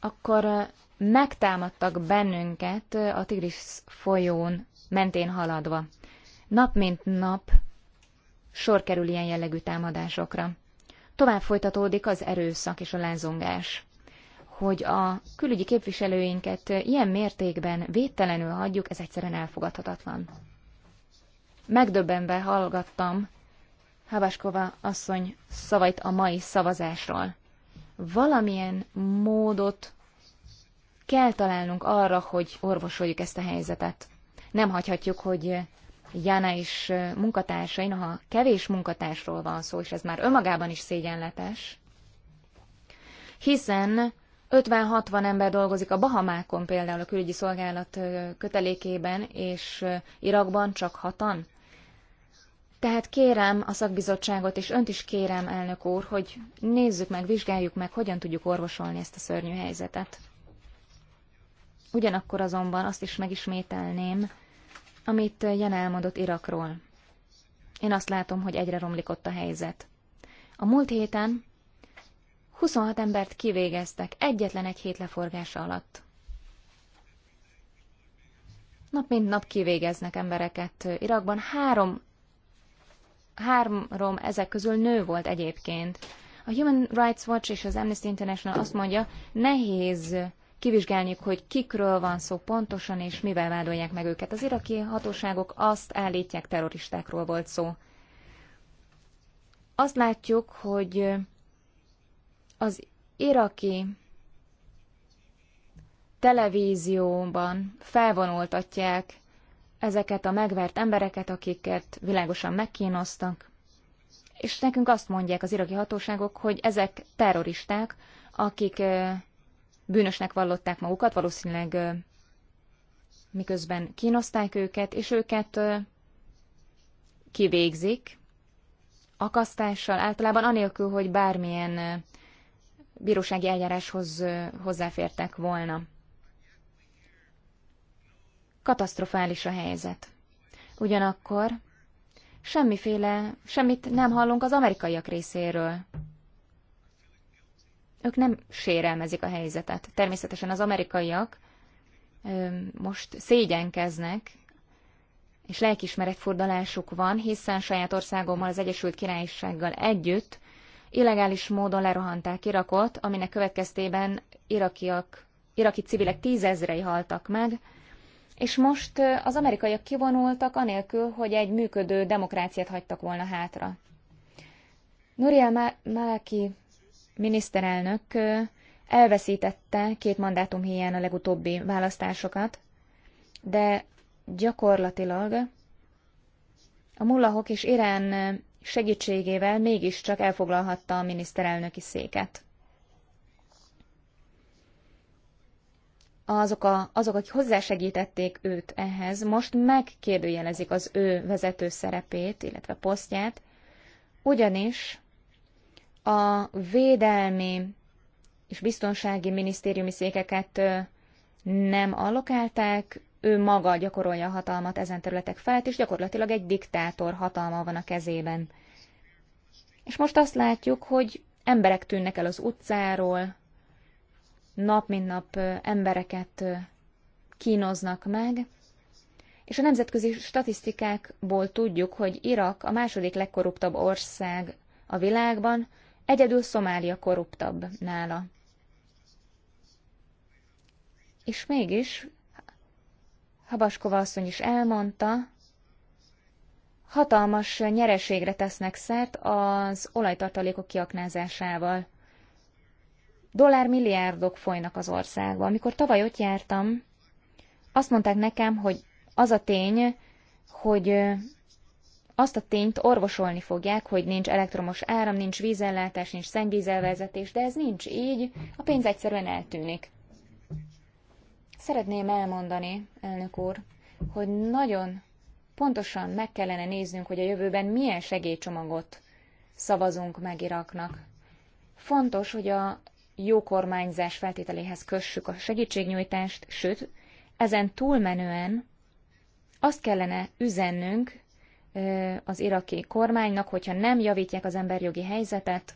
akkor megtámadtak bennünket a Tigris folyón mentén haladva. Nap mint nap sor kerül ilyen jellegű támadásokra. Tovább folytatódik az erőszak és a lázongás. Hogy a külügyi képviselőinket ilyen mértékben védtelenül hagyjuk, ez egyszerűen elfogadhatatlan. Megdöbbenve hallgattam Habaskova asszony szavait a mai szavazásról. Valamilyen módot kell találnunk arra, hogy orvosoljuk ezt a helyzetet. Nem hagyhatjuk, hogy Jána és munkatársain, ha kevés munkatársról van szó, és ez már önmagában is szégyenletes, hiszen 50-60 ember dolgozik a Bahamákon például a külügyi szolgálat kötelékében, és Irakban csak hatan. Tehát kérem a szakbizottságot, és önt is kérem, elnök úr, hogy nézzük meg, vizsgáljuk meg, hogyan tudjuk orvosolni ezt a szörnyű helyzetet. Ugyanakkor azonban azt is megismételném, amit Jen elmondott Irakról. Én azt látom, hogy egyre romlik ott a helyzet. A múlt héten 26 embert kivégeztek egyetlen egy hét leforgása alatt. Nap mint nap kivégeznek embereket Irakban. Három, három ezek közül nő volt egyébként. A Human Rights Watch és az Amnesty International azt mondja, nehéz kivizsgálniuk, hogy kikről van szó pontosan, és mivel vádolják meg őket. Az iraki hatóságok azt állítják, terroristákról volt szó. Azt látjuk, hogy az iraki televízióban felvonultatják ezeket a megvert embereket, akiket világosan megkínoztak, és nekünk azt mondják az iraki hatóságok, hogy ezek terroristák, akik bűnösnek vallották magukat, valószínűleg miközben kínozták őket, és őket kivégzik, akasztással, általában anélkül, hogy bármilyen bírósági eljáráshoz hozzáfértek volna. Katasztrofális a helyzet. Ugyanakkor semmiféle, semmit nem hallunk az amerikaiak részéről. Ők nem sérelmezik a helyzetet. Természetesen az amerikaiak most szégyenkeznek, és lelkismeretfordulásuk van, hiszen saját országommal, az Egyesült Királysággal együtt illegális módon lerohanták Irakot, aminek következtében irakiak, iraki civilek tízezrei haltak meg, és most az amerikaiak kivonultak, anélkül, hogy egy működő demokráciát hagytak volna hátra. Nuriel Malaki miniszterelnök elveszítette két mandátum héján a legutóbbi választásokat, de gyakorlatilag a mullahok és Irán segítségével mégiscsak elfoglalhatta a miniszterelnöki széket. Azok, a, azok, akik hozzásegítették őt ehhez, most megkérdőjelezik az ő vezető szerepét, illetve posztját, ugyanis a védelmi és biztonsági minisztériumi székeket nem allokálták, ő maga gyakorolja a hatalmat ezen területek felett, és gyakorlatilag egy diktátor hatalma van a kezében. És most azt látjuk, hogy emberek tűnnek el az utcáról, nap mint nap embereket kínoznak meg, és a nemzetközi statisztikákból tudjuk, hogy Irak a második legkorruptabb ország a világban, Egyedül Szomália korruptabb nála. És mégis, Habaskova asszony is elmondta, hatalmas nyereségre tesznek szert az olajtartalékok kiaknázásával. Dollármilliárdok folynak az országba. Amikor tavaly ott jártam, azt mondták nekem, hogy az a tény, hogy azt a tényt orvosolni fogják, hogy nincs elektromos áram, nincs vízellátás, nincs szennyvízelvezetés, de ez nincs így, a pénz egyszerűen eltűnik. Szeretném elmondani, elnök úr, hogy nagyon pontosan meg kellene néznünk, hogy a jövőben milyen segélycsomagot szavazunk meg Iraknak. Fontos, hogy a jó kormányzás feltételéhez kössük a segítségnyújtást, sőt, ezen túlmenően azt kellene üzennünk, az iraki kormánynak, hogyha nem javítják az emberjogi helyzetet,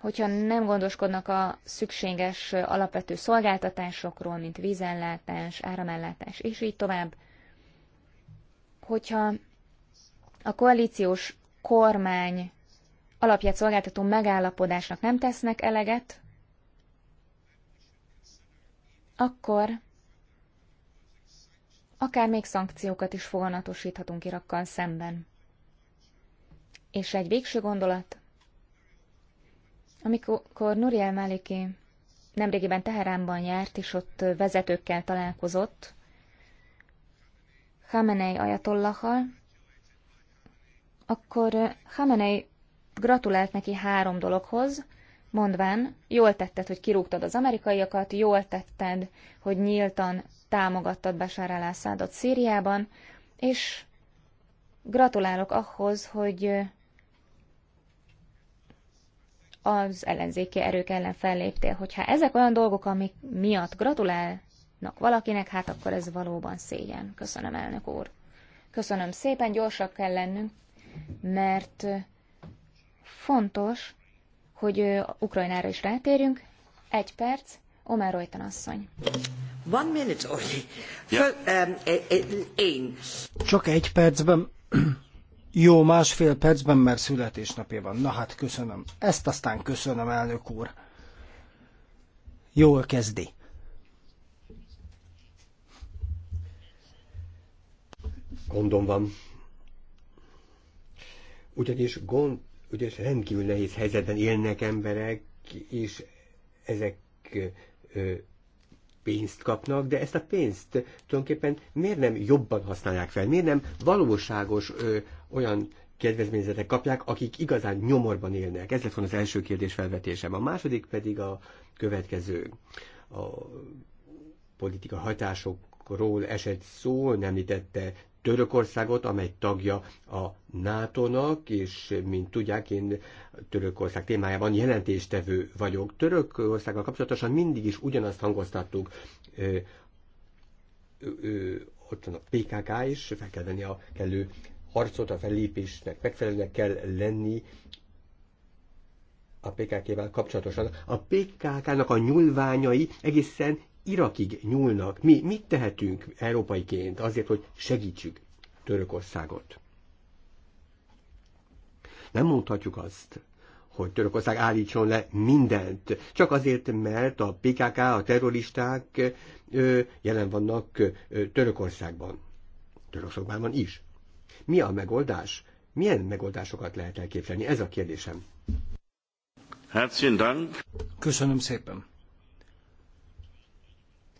hogyha nem gondoskodnak a szükséges alapvető szolgáltatásokról, mint vízellátás, áramellátás, és így tovább, hogyha a koalíciós kormány alapját szolgáltató megállapodásnak nem tesznek eleget, akkor akár még szankciókat is foganatosíthatunk Irakkal szemben. És egy végső gondolat. Amikor Nuriel Maliki nemrégiben Teheránban járt, és ott vezetőkkel találkozott, Hamenei ajatollahal, akkor Hamenei gratulált neki három dologhoz, mondván, jól tetted, hogy kirúgtad az amerikaiakat, jól tetted, hogy nyíltan támogattad Bashar al-Assadot Szíriában, és gratulálok ahhoz, hogy az ellenzéki erők ellen felléptél. Hogyha ezek olyan dolgok, amik miatt gratulálnak valakinek, hát akkor ez valóban szégyen. Köszönöm, elnök úr. Köszönöm szépen, gyorsak kell lennünk, mert fontos, hogy Ukrajnára is rátérjünk. Egy perc, Omer Rojtan asszony. One minute only. Yeah. Föl, um, eh, eh, én. Csak egy percben. Jó, másfél percben, mert születésnapja van. Na hát köszönöm. Ezt aztán köszönöm, elnök úr. Jól kezdi. Gondom van. Ugyanis gond ugye rendkívül nehéz helyzetben élnek emberek, és ezek ö, pénzt kapnak, de ezt a pénzt tulajdonképpen miért nem jobban használják fel, miért nem valóságos ö, olyan kedvezményzetek kapják, akik igazán nyomorban élnek. Ez lett volna az első kérdés felvetésem. A második pedig a következő. A politika hatásokról esett szó, nem említette Törökországot, amely tagja a NATO-nak, és mint tudják, én Törökország témájában jelentéstevő vagyok. Törökországgal kapcsolatosan mindig is ugyanazt hangoztattuk, ö, ö, ott van a PKK is, fel kell venni a kellő harcot, a fellépésnek megfelelőnek kell lenni, a PKK-vel kapcsolatosan. A PKK-nak a nyúlványai egészen Irakig nyúlnak. Mi mit tehetünk európaiként azért, hogy segítsük Törökországot? Nem mondhatjuk azt, hogy Törökország állítson le mindent, csak azért, mert a PKK, a terroristák jelen vannak Törökországban. Törökországban is. Mi a megoldás? Milyen megoldásokat lehet elképzelni? Ez a kérdésem. Dank. Köszönöm szépen.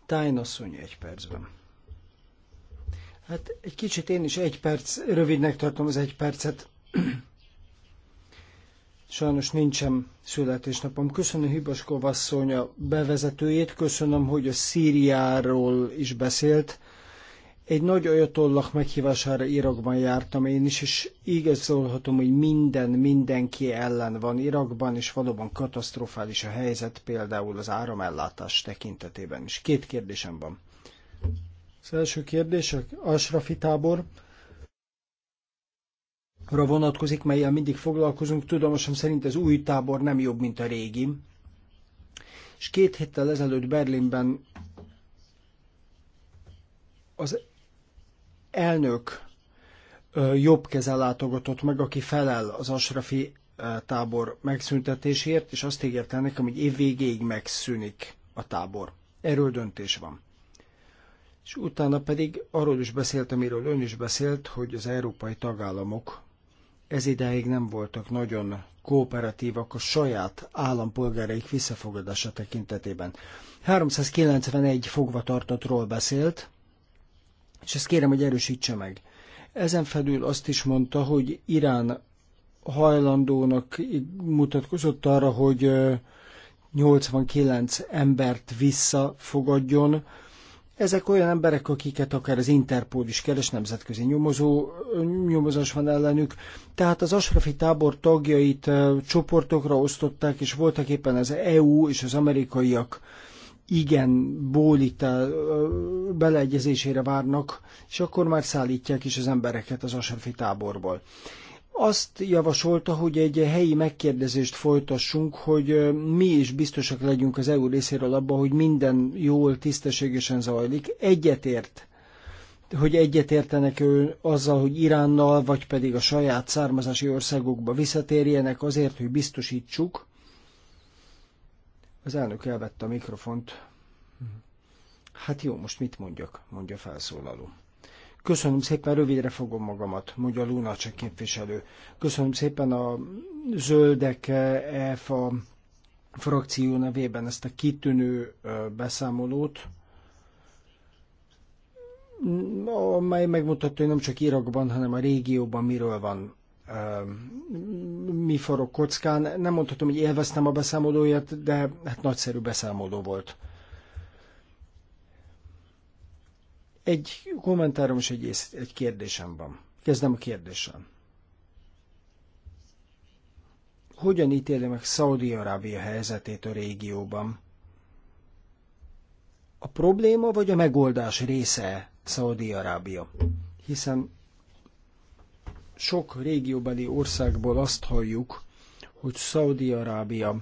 Tájnasszony egy percben. Hát egy kicsit én is egy perc, rövidnek tartom az egy percet. Sajnos nincsen születésnapom. Köszönöm Hibaskov asszony a bevezetőjét, köszönöm, hogy a Szíriáról is beszélt. Egy nagy ajatollak meghívására Irakban jártam én is, és igazolhatom, hogy minden mindenki ellen van Irakban, és valóban katasztrofális a helyzet, például az áramellátás tekintetében is. Két kérdésem van. Az első kérdés, Asrafi tábor arra vonatkozik, melyel mindig foglalkozunk. Tudomosom szerint az új tábor nem jobb, mint a régi. És két héttel ezelőtt Berlinben az elnök jobb kezel látogatott meg, aki felel az Asrafi tábor megszüntetésért, és azt ígérte nekem, hogy év végéig megszűnik a tábor. Erről döntés van. És utána pedig arról is beszélt, amiről ön is beszélt, hogy az európai tagállamok ez ideig nem voltak nagyon kooperatívak a saját állampolgáraik visszafogadása tekintetében. 391 fogvatartottról beszélt, és ezt kérem, hogy erősítse meg. Ezen felül azt is mondta, hogy Irán hajlandónak mutatkozott arra, hogy 89 embert visszafogadjon. Ezek olyan emberek, akiket akár az Interpol is keres, nemzetközi nyomozó, nyomozás van ellenük. Tehát az Asrafi tábor tagjait csoportokra osztották, és voltak éppen az EU és az amerikaiak igen bólita beleegyezésére várnak, és akkor már szállítják is az embereket az Asafi táborból. Azt javasolta, hogy egy helyi megkérdezést folytassunk, hogy mi is biztosak legyünk az EU részéről abban, hogy minden jól, tisztességesen zajlik. Egyetért hogy egyetértenek ő azzal, hogy Iránnal, vagy pedig a saját származási országokba visszatérjenek azért, hogy biztosítsuk, az elnök elvette a mikrofont. Hát jó, most mit mondjak, mondja felszólaló. Köszönöm szépen, rövidre fogom magamat, mondja Luna csak képviselő. Köszönöm szépen a zöldek EFA frakció nevében ezt a kitűnő e, beszámolót, amely megmutatta, hogy nem csak Irakban, hanem a régióban miről van mi forog kockán. Nem mondhatom, hogy élveztem a beszámolóját, de hát nagyszerű beszámoló volt. Egy kommentárom és egy, ész, egy kérdésem van. Kezdem a kérdéssel. Hogyan ítéli meg Szaudi-Arábia helyzetét a régióban? A probléma vagy a megoldás része Szaudi-Arábia? Hiszen sok régióbeli országból azt halljuk, hogy Szaudi-Arábia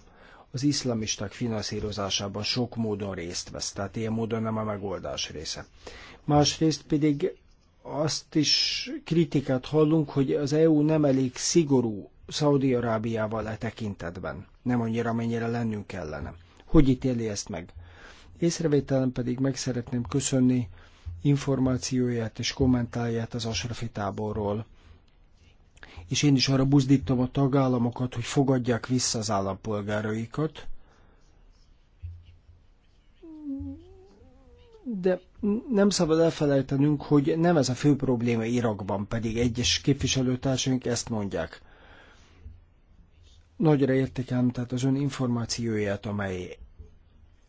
az iszlamisták finanszírozásában sok módon részt vesz, tehát ilyen módon nem a megoldás része. Másrészt pedig azt is kritikát hallunk, hogy az EU nem elég szigorú Szaudi-Arábiával e tekintetben. Nem annyira, mennyire lennünk kellene. Hogy ítéli ezt meg? Észrevételem pedig meg szeretném köszönni információját és kommentálját az Asrafi táborról és én is arra buzdítom a tagállamokat, hogy fogadják vissza az állampolgáraikat. De nem szabad elfelejtenünk, hogy nem ez a fő probléma Irakban, pedig egyes képviselőtársaink ezt mondják. Nagyra értékelem tehát az ön információját, amely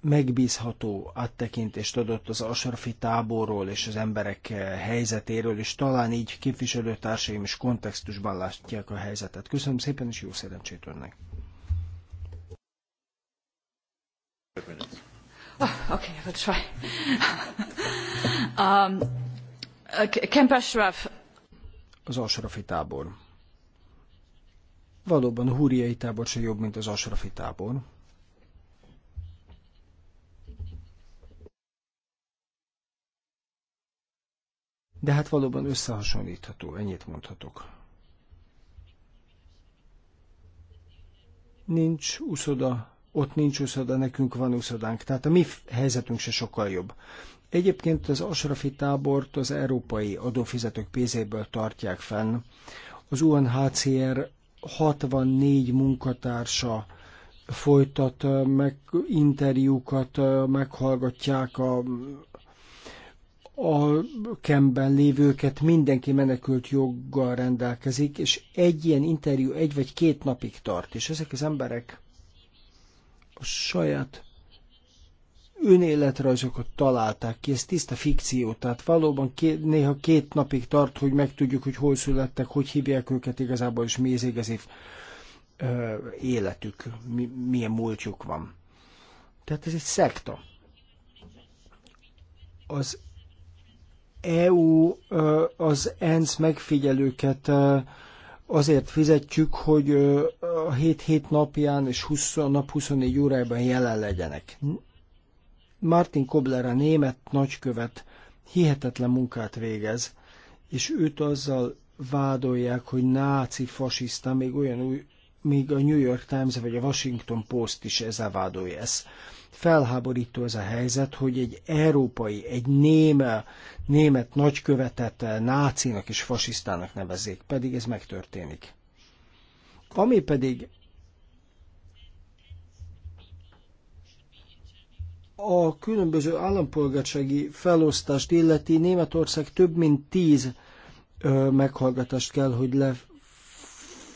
megbízható áttekintést adott az Asarfi táborról és az emberek eh, helyzetéről, és talán így képviselőtársaim is kontextusban látják a helyzetet. Köszönöm szépen, és jó szerencsét önnek! Oh, okay, I'll try. um, Camp eh, Ashraf. Az Asrafi tábor. Valóban a húriai tábor se jobb, mint az Asrafi tábor. de hát valóban összehasonlítható, ennyit mondhatok. Nincs uszoda, ott nincs uszoda, nekünk van uszodánk, tehát a mi helyzetünk se sokkal jobb. Egyébként az Asrafi tábort az európai adófizetők pénzéből tartják fenn. Az UNHCR 64 munkatársa folytat meg interjúkat, meghallgatják a a kemben lévőket mindenki menekült joggal rendelkezik, és egy ilyen interjú egy vagy két napig tart, és ezek az emberek a saját önéletrajzokat találták ki, ez tiszta fikció, tehát valóban két, néha két napig tart, hogy megtudjuk, hogy hol születtek, hogy hívják őket igazából, és mi az igazi életük, mi, milyen múltjuk van. Tehát ez egy szekta. Az EU, az ENSZ megfigyelőket azért fizetjük, hogy a 7-7 napján és 20 nap 24 órában jelen legyenek. Martin Kobler, a német nagykövet hihetetlen munkát végez, és őt azzal vádolják, hogy náci fasiszta, még olyan új még a New York Times vagy a Washington Post is ezzel vádolja ezt. Felháborító ez a helyzet, hogy egy európai, egy néme, német nagykövetet nácinak és fasisztának nevezzék, pedig ez megtörténik. Ami pedig a különböző állampolgársági felosztást illeti Németország több mint tíz meghallgatást kell, hogy le,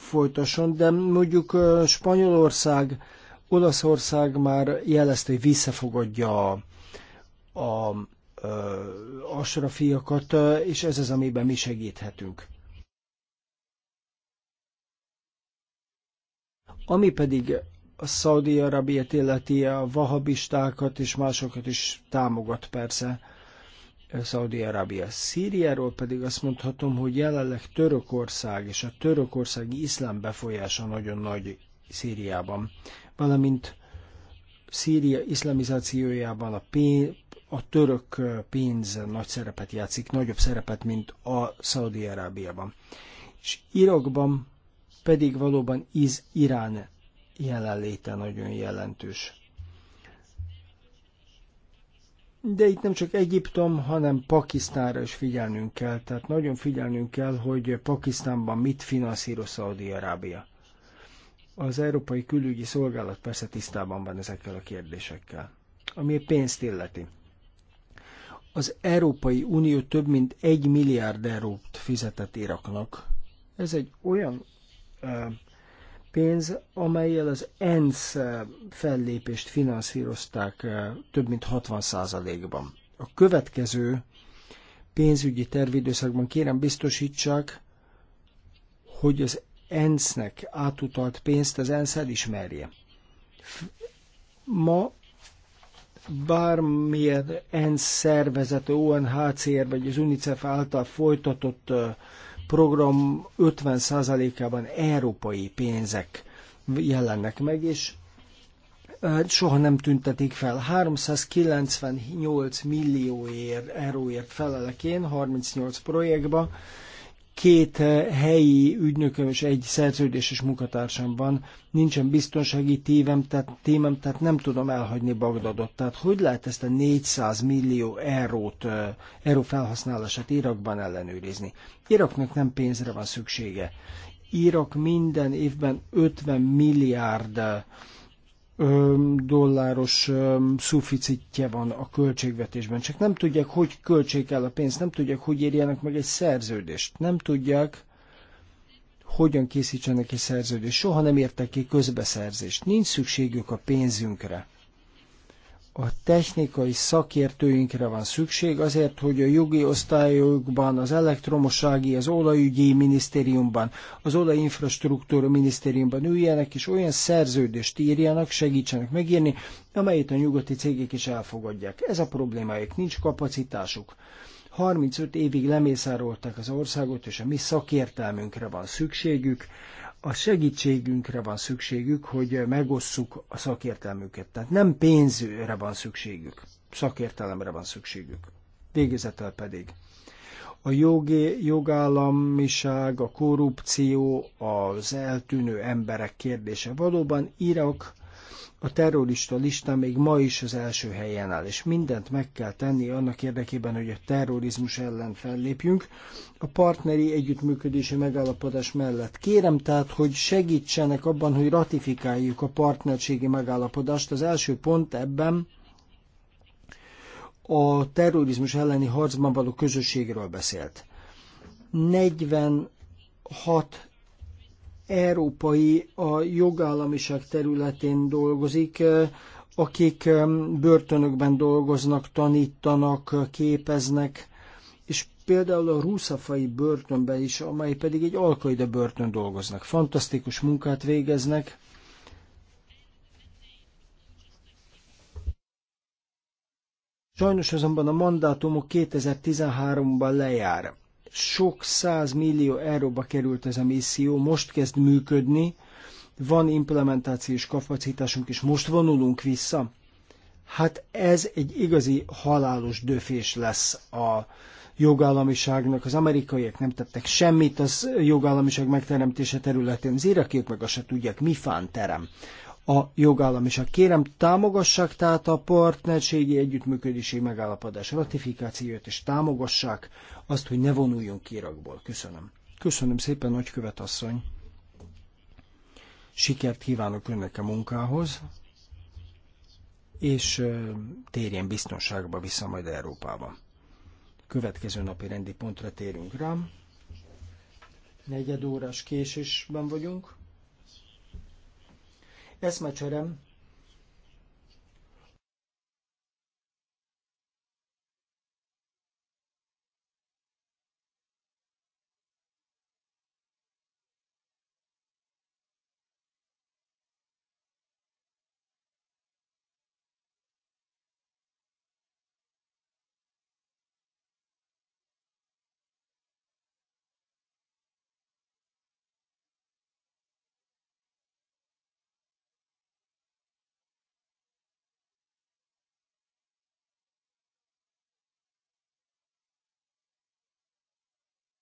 folytasson, de mondjuk Spanyolország, Olaszország már jelezte, hogy visszafogadja a, a, a asrafiakat, és ez az, amiben mi segíthetünk. Ami pedig a Szaudi-Arabiát illeti a vahabistákat és másokat is támogat persze Szaudi-Arábia. Szíriáról pedig azt mondhatom, hogy jelenleg Törökország és a törökországi iszlám befolyása nagyon nagy Szíriában, valamint Szíria iszlamizációjában a, pénz, a török pénz nagy szerepet játszik, nagyobb szerepet, mint a Szaudi-Arábiában. És Irakban pedig valóban iz Irán jelenléte nagyon jelentős. De itt nem csak Egyiptom, hanem Pakisztánra is figyelnünk kell. Tehát nagyon figyelnünk kell, hogy Pakisztánban mit finanszíroz Szaudi-Arábia. Az Európai Külügyi Szolgálat persze tisztában van ezekkel a kérdésekkel, ami a pénzt illeti. Az Európai Unió több mint egy milliárd eurót fizetett Iraknak. Ez egy olyan pénz, amelyel az ENSZ eh, fellépést finanszírozták eh, több mint 60%-ban. A következő pénzügyi tervidőszakban kérem biztosítsák, hogy az ENSZ-nek átutalt pénzt az ENSZ elismerje. Ma bármilyen ENSZ szervezete, ONHCR vagy az UNICEF által folytatott eh, program 50%-ában európai pénzek jelennek meg, és soha nem tüntetik fel. 398 millió euróért felelek én 38 projektba, két eh, helyi ügynököm és egy szerződéses munkatársam van, nincsen biztonsági tévem, tehát, témem, tehát nem tudom elhagyni Bagdadot. Tehát hogy lehet ezt a 400 millió eurót, eh, euró felhasználását Irakban ellenőrizni? Iraknak nem pénzre van szüksége. Irak minden évben 50 milliárd eh, dolláros szuficitje van a költségvetésben, csak nem tudják, hogy költsék el a pénzt, nem tudják, hogy érjenek meg egy szerződést, nem tudják, hogyan készítsenek egy szerződést, soha nem értek ki közbeszerzést, nincs szükségük a pénzünkre a technikai szakértőinkre van szükség azért, hogy a jogi osztályokban, az elektromossági, az olajügyi minisztériumban, az olajinfrastruktúra minisztériumban üljenek, és olyan szerződést írjanak, segítsenek megírni, amelyet a nyugati cégek is elfogadják. Ez a problémájuk, nincs kapacitásuk. 35 évig lemészárolták az országot, és a mi szakértelmünkre van szükségük, a segítségünkre van szükségük, hogy megosszuk a szakértelmüket. Tehát nem pénzre van szükségük, szakértelemre van szükségük. Végezetel pedig a jogi, jogállamiság, a korrupció, az eltűnő emberek kérdése. Valóban Irak a terrorista lista még ma is az első helyen áll, és mindent meg kell tenni annak érdekében, hogy a terrorizmus ellen fellépjünk. A partneri együttműködési megállapodás mellett kérem tehát, hogy segítsenek abban, hogy ratifikáljuk a partnerségi megállapodást. Az első pont ebben a terrorizmus elleni harcban való közösségről beszélt. 46 európai a jogállamiság területén dolgozik, akik börtönökben dolgoznak, tanítanak, képeznek, és például a rúszafai börtönben is, amely pedig egy alkaide börtön dolgoznak. Fantasztikus munkát végeznek, Sajnos azonban a mandátumok 2013-ban lejár sok száz millió euróba került ez a misszió, most kezd működni, van implementációs kapacitásunk, és most vonulunk vissza. Hát ez egy igazi halálos döfés lesz a jogállamiságnak. Az amerikaiak nem tettek semmit az jogállamiság megteremtése területén, az irakiak meg azt se tudják, mi fán terem a jogállamiság. Kérem, támogassák tehát a partnerségi együttműködési megállapodás ratifikációt, és támogassák azt, hogy ne vonuljon ki Irakból. Köszönöm. Köszönöm szépen, nagykövet asszony. Sikert kívánok önnek a munkához, és térjen biztonságba vissza majd Európába. Következő napi rendi pontra térünk rám. Negyed órás késésben vagyunk eszmecserem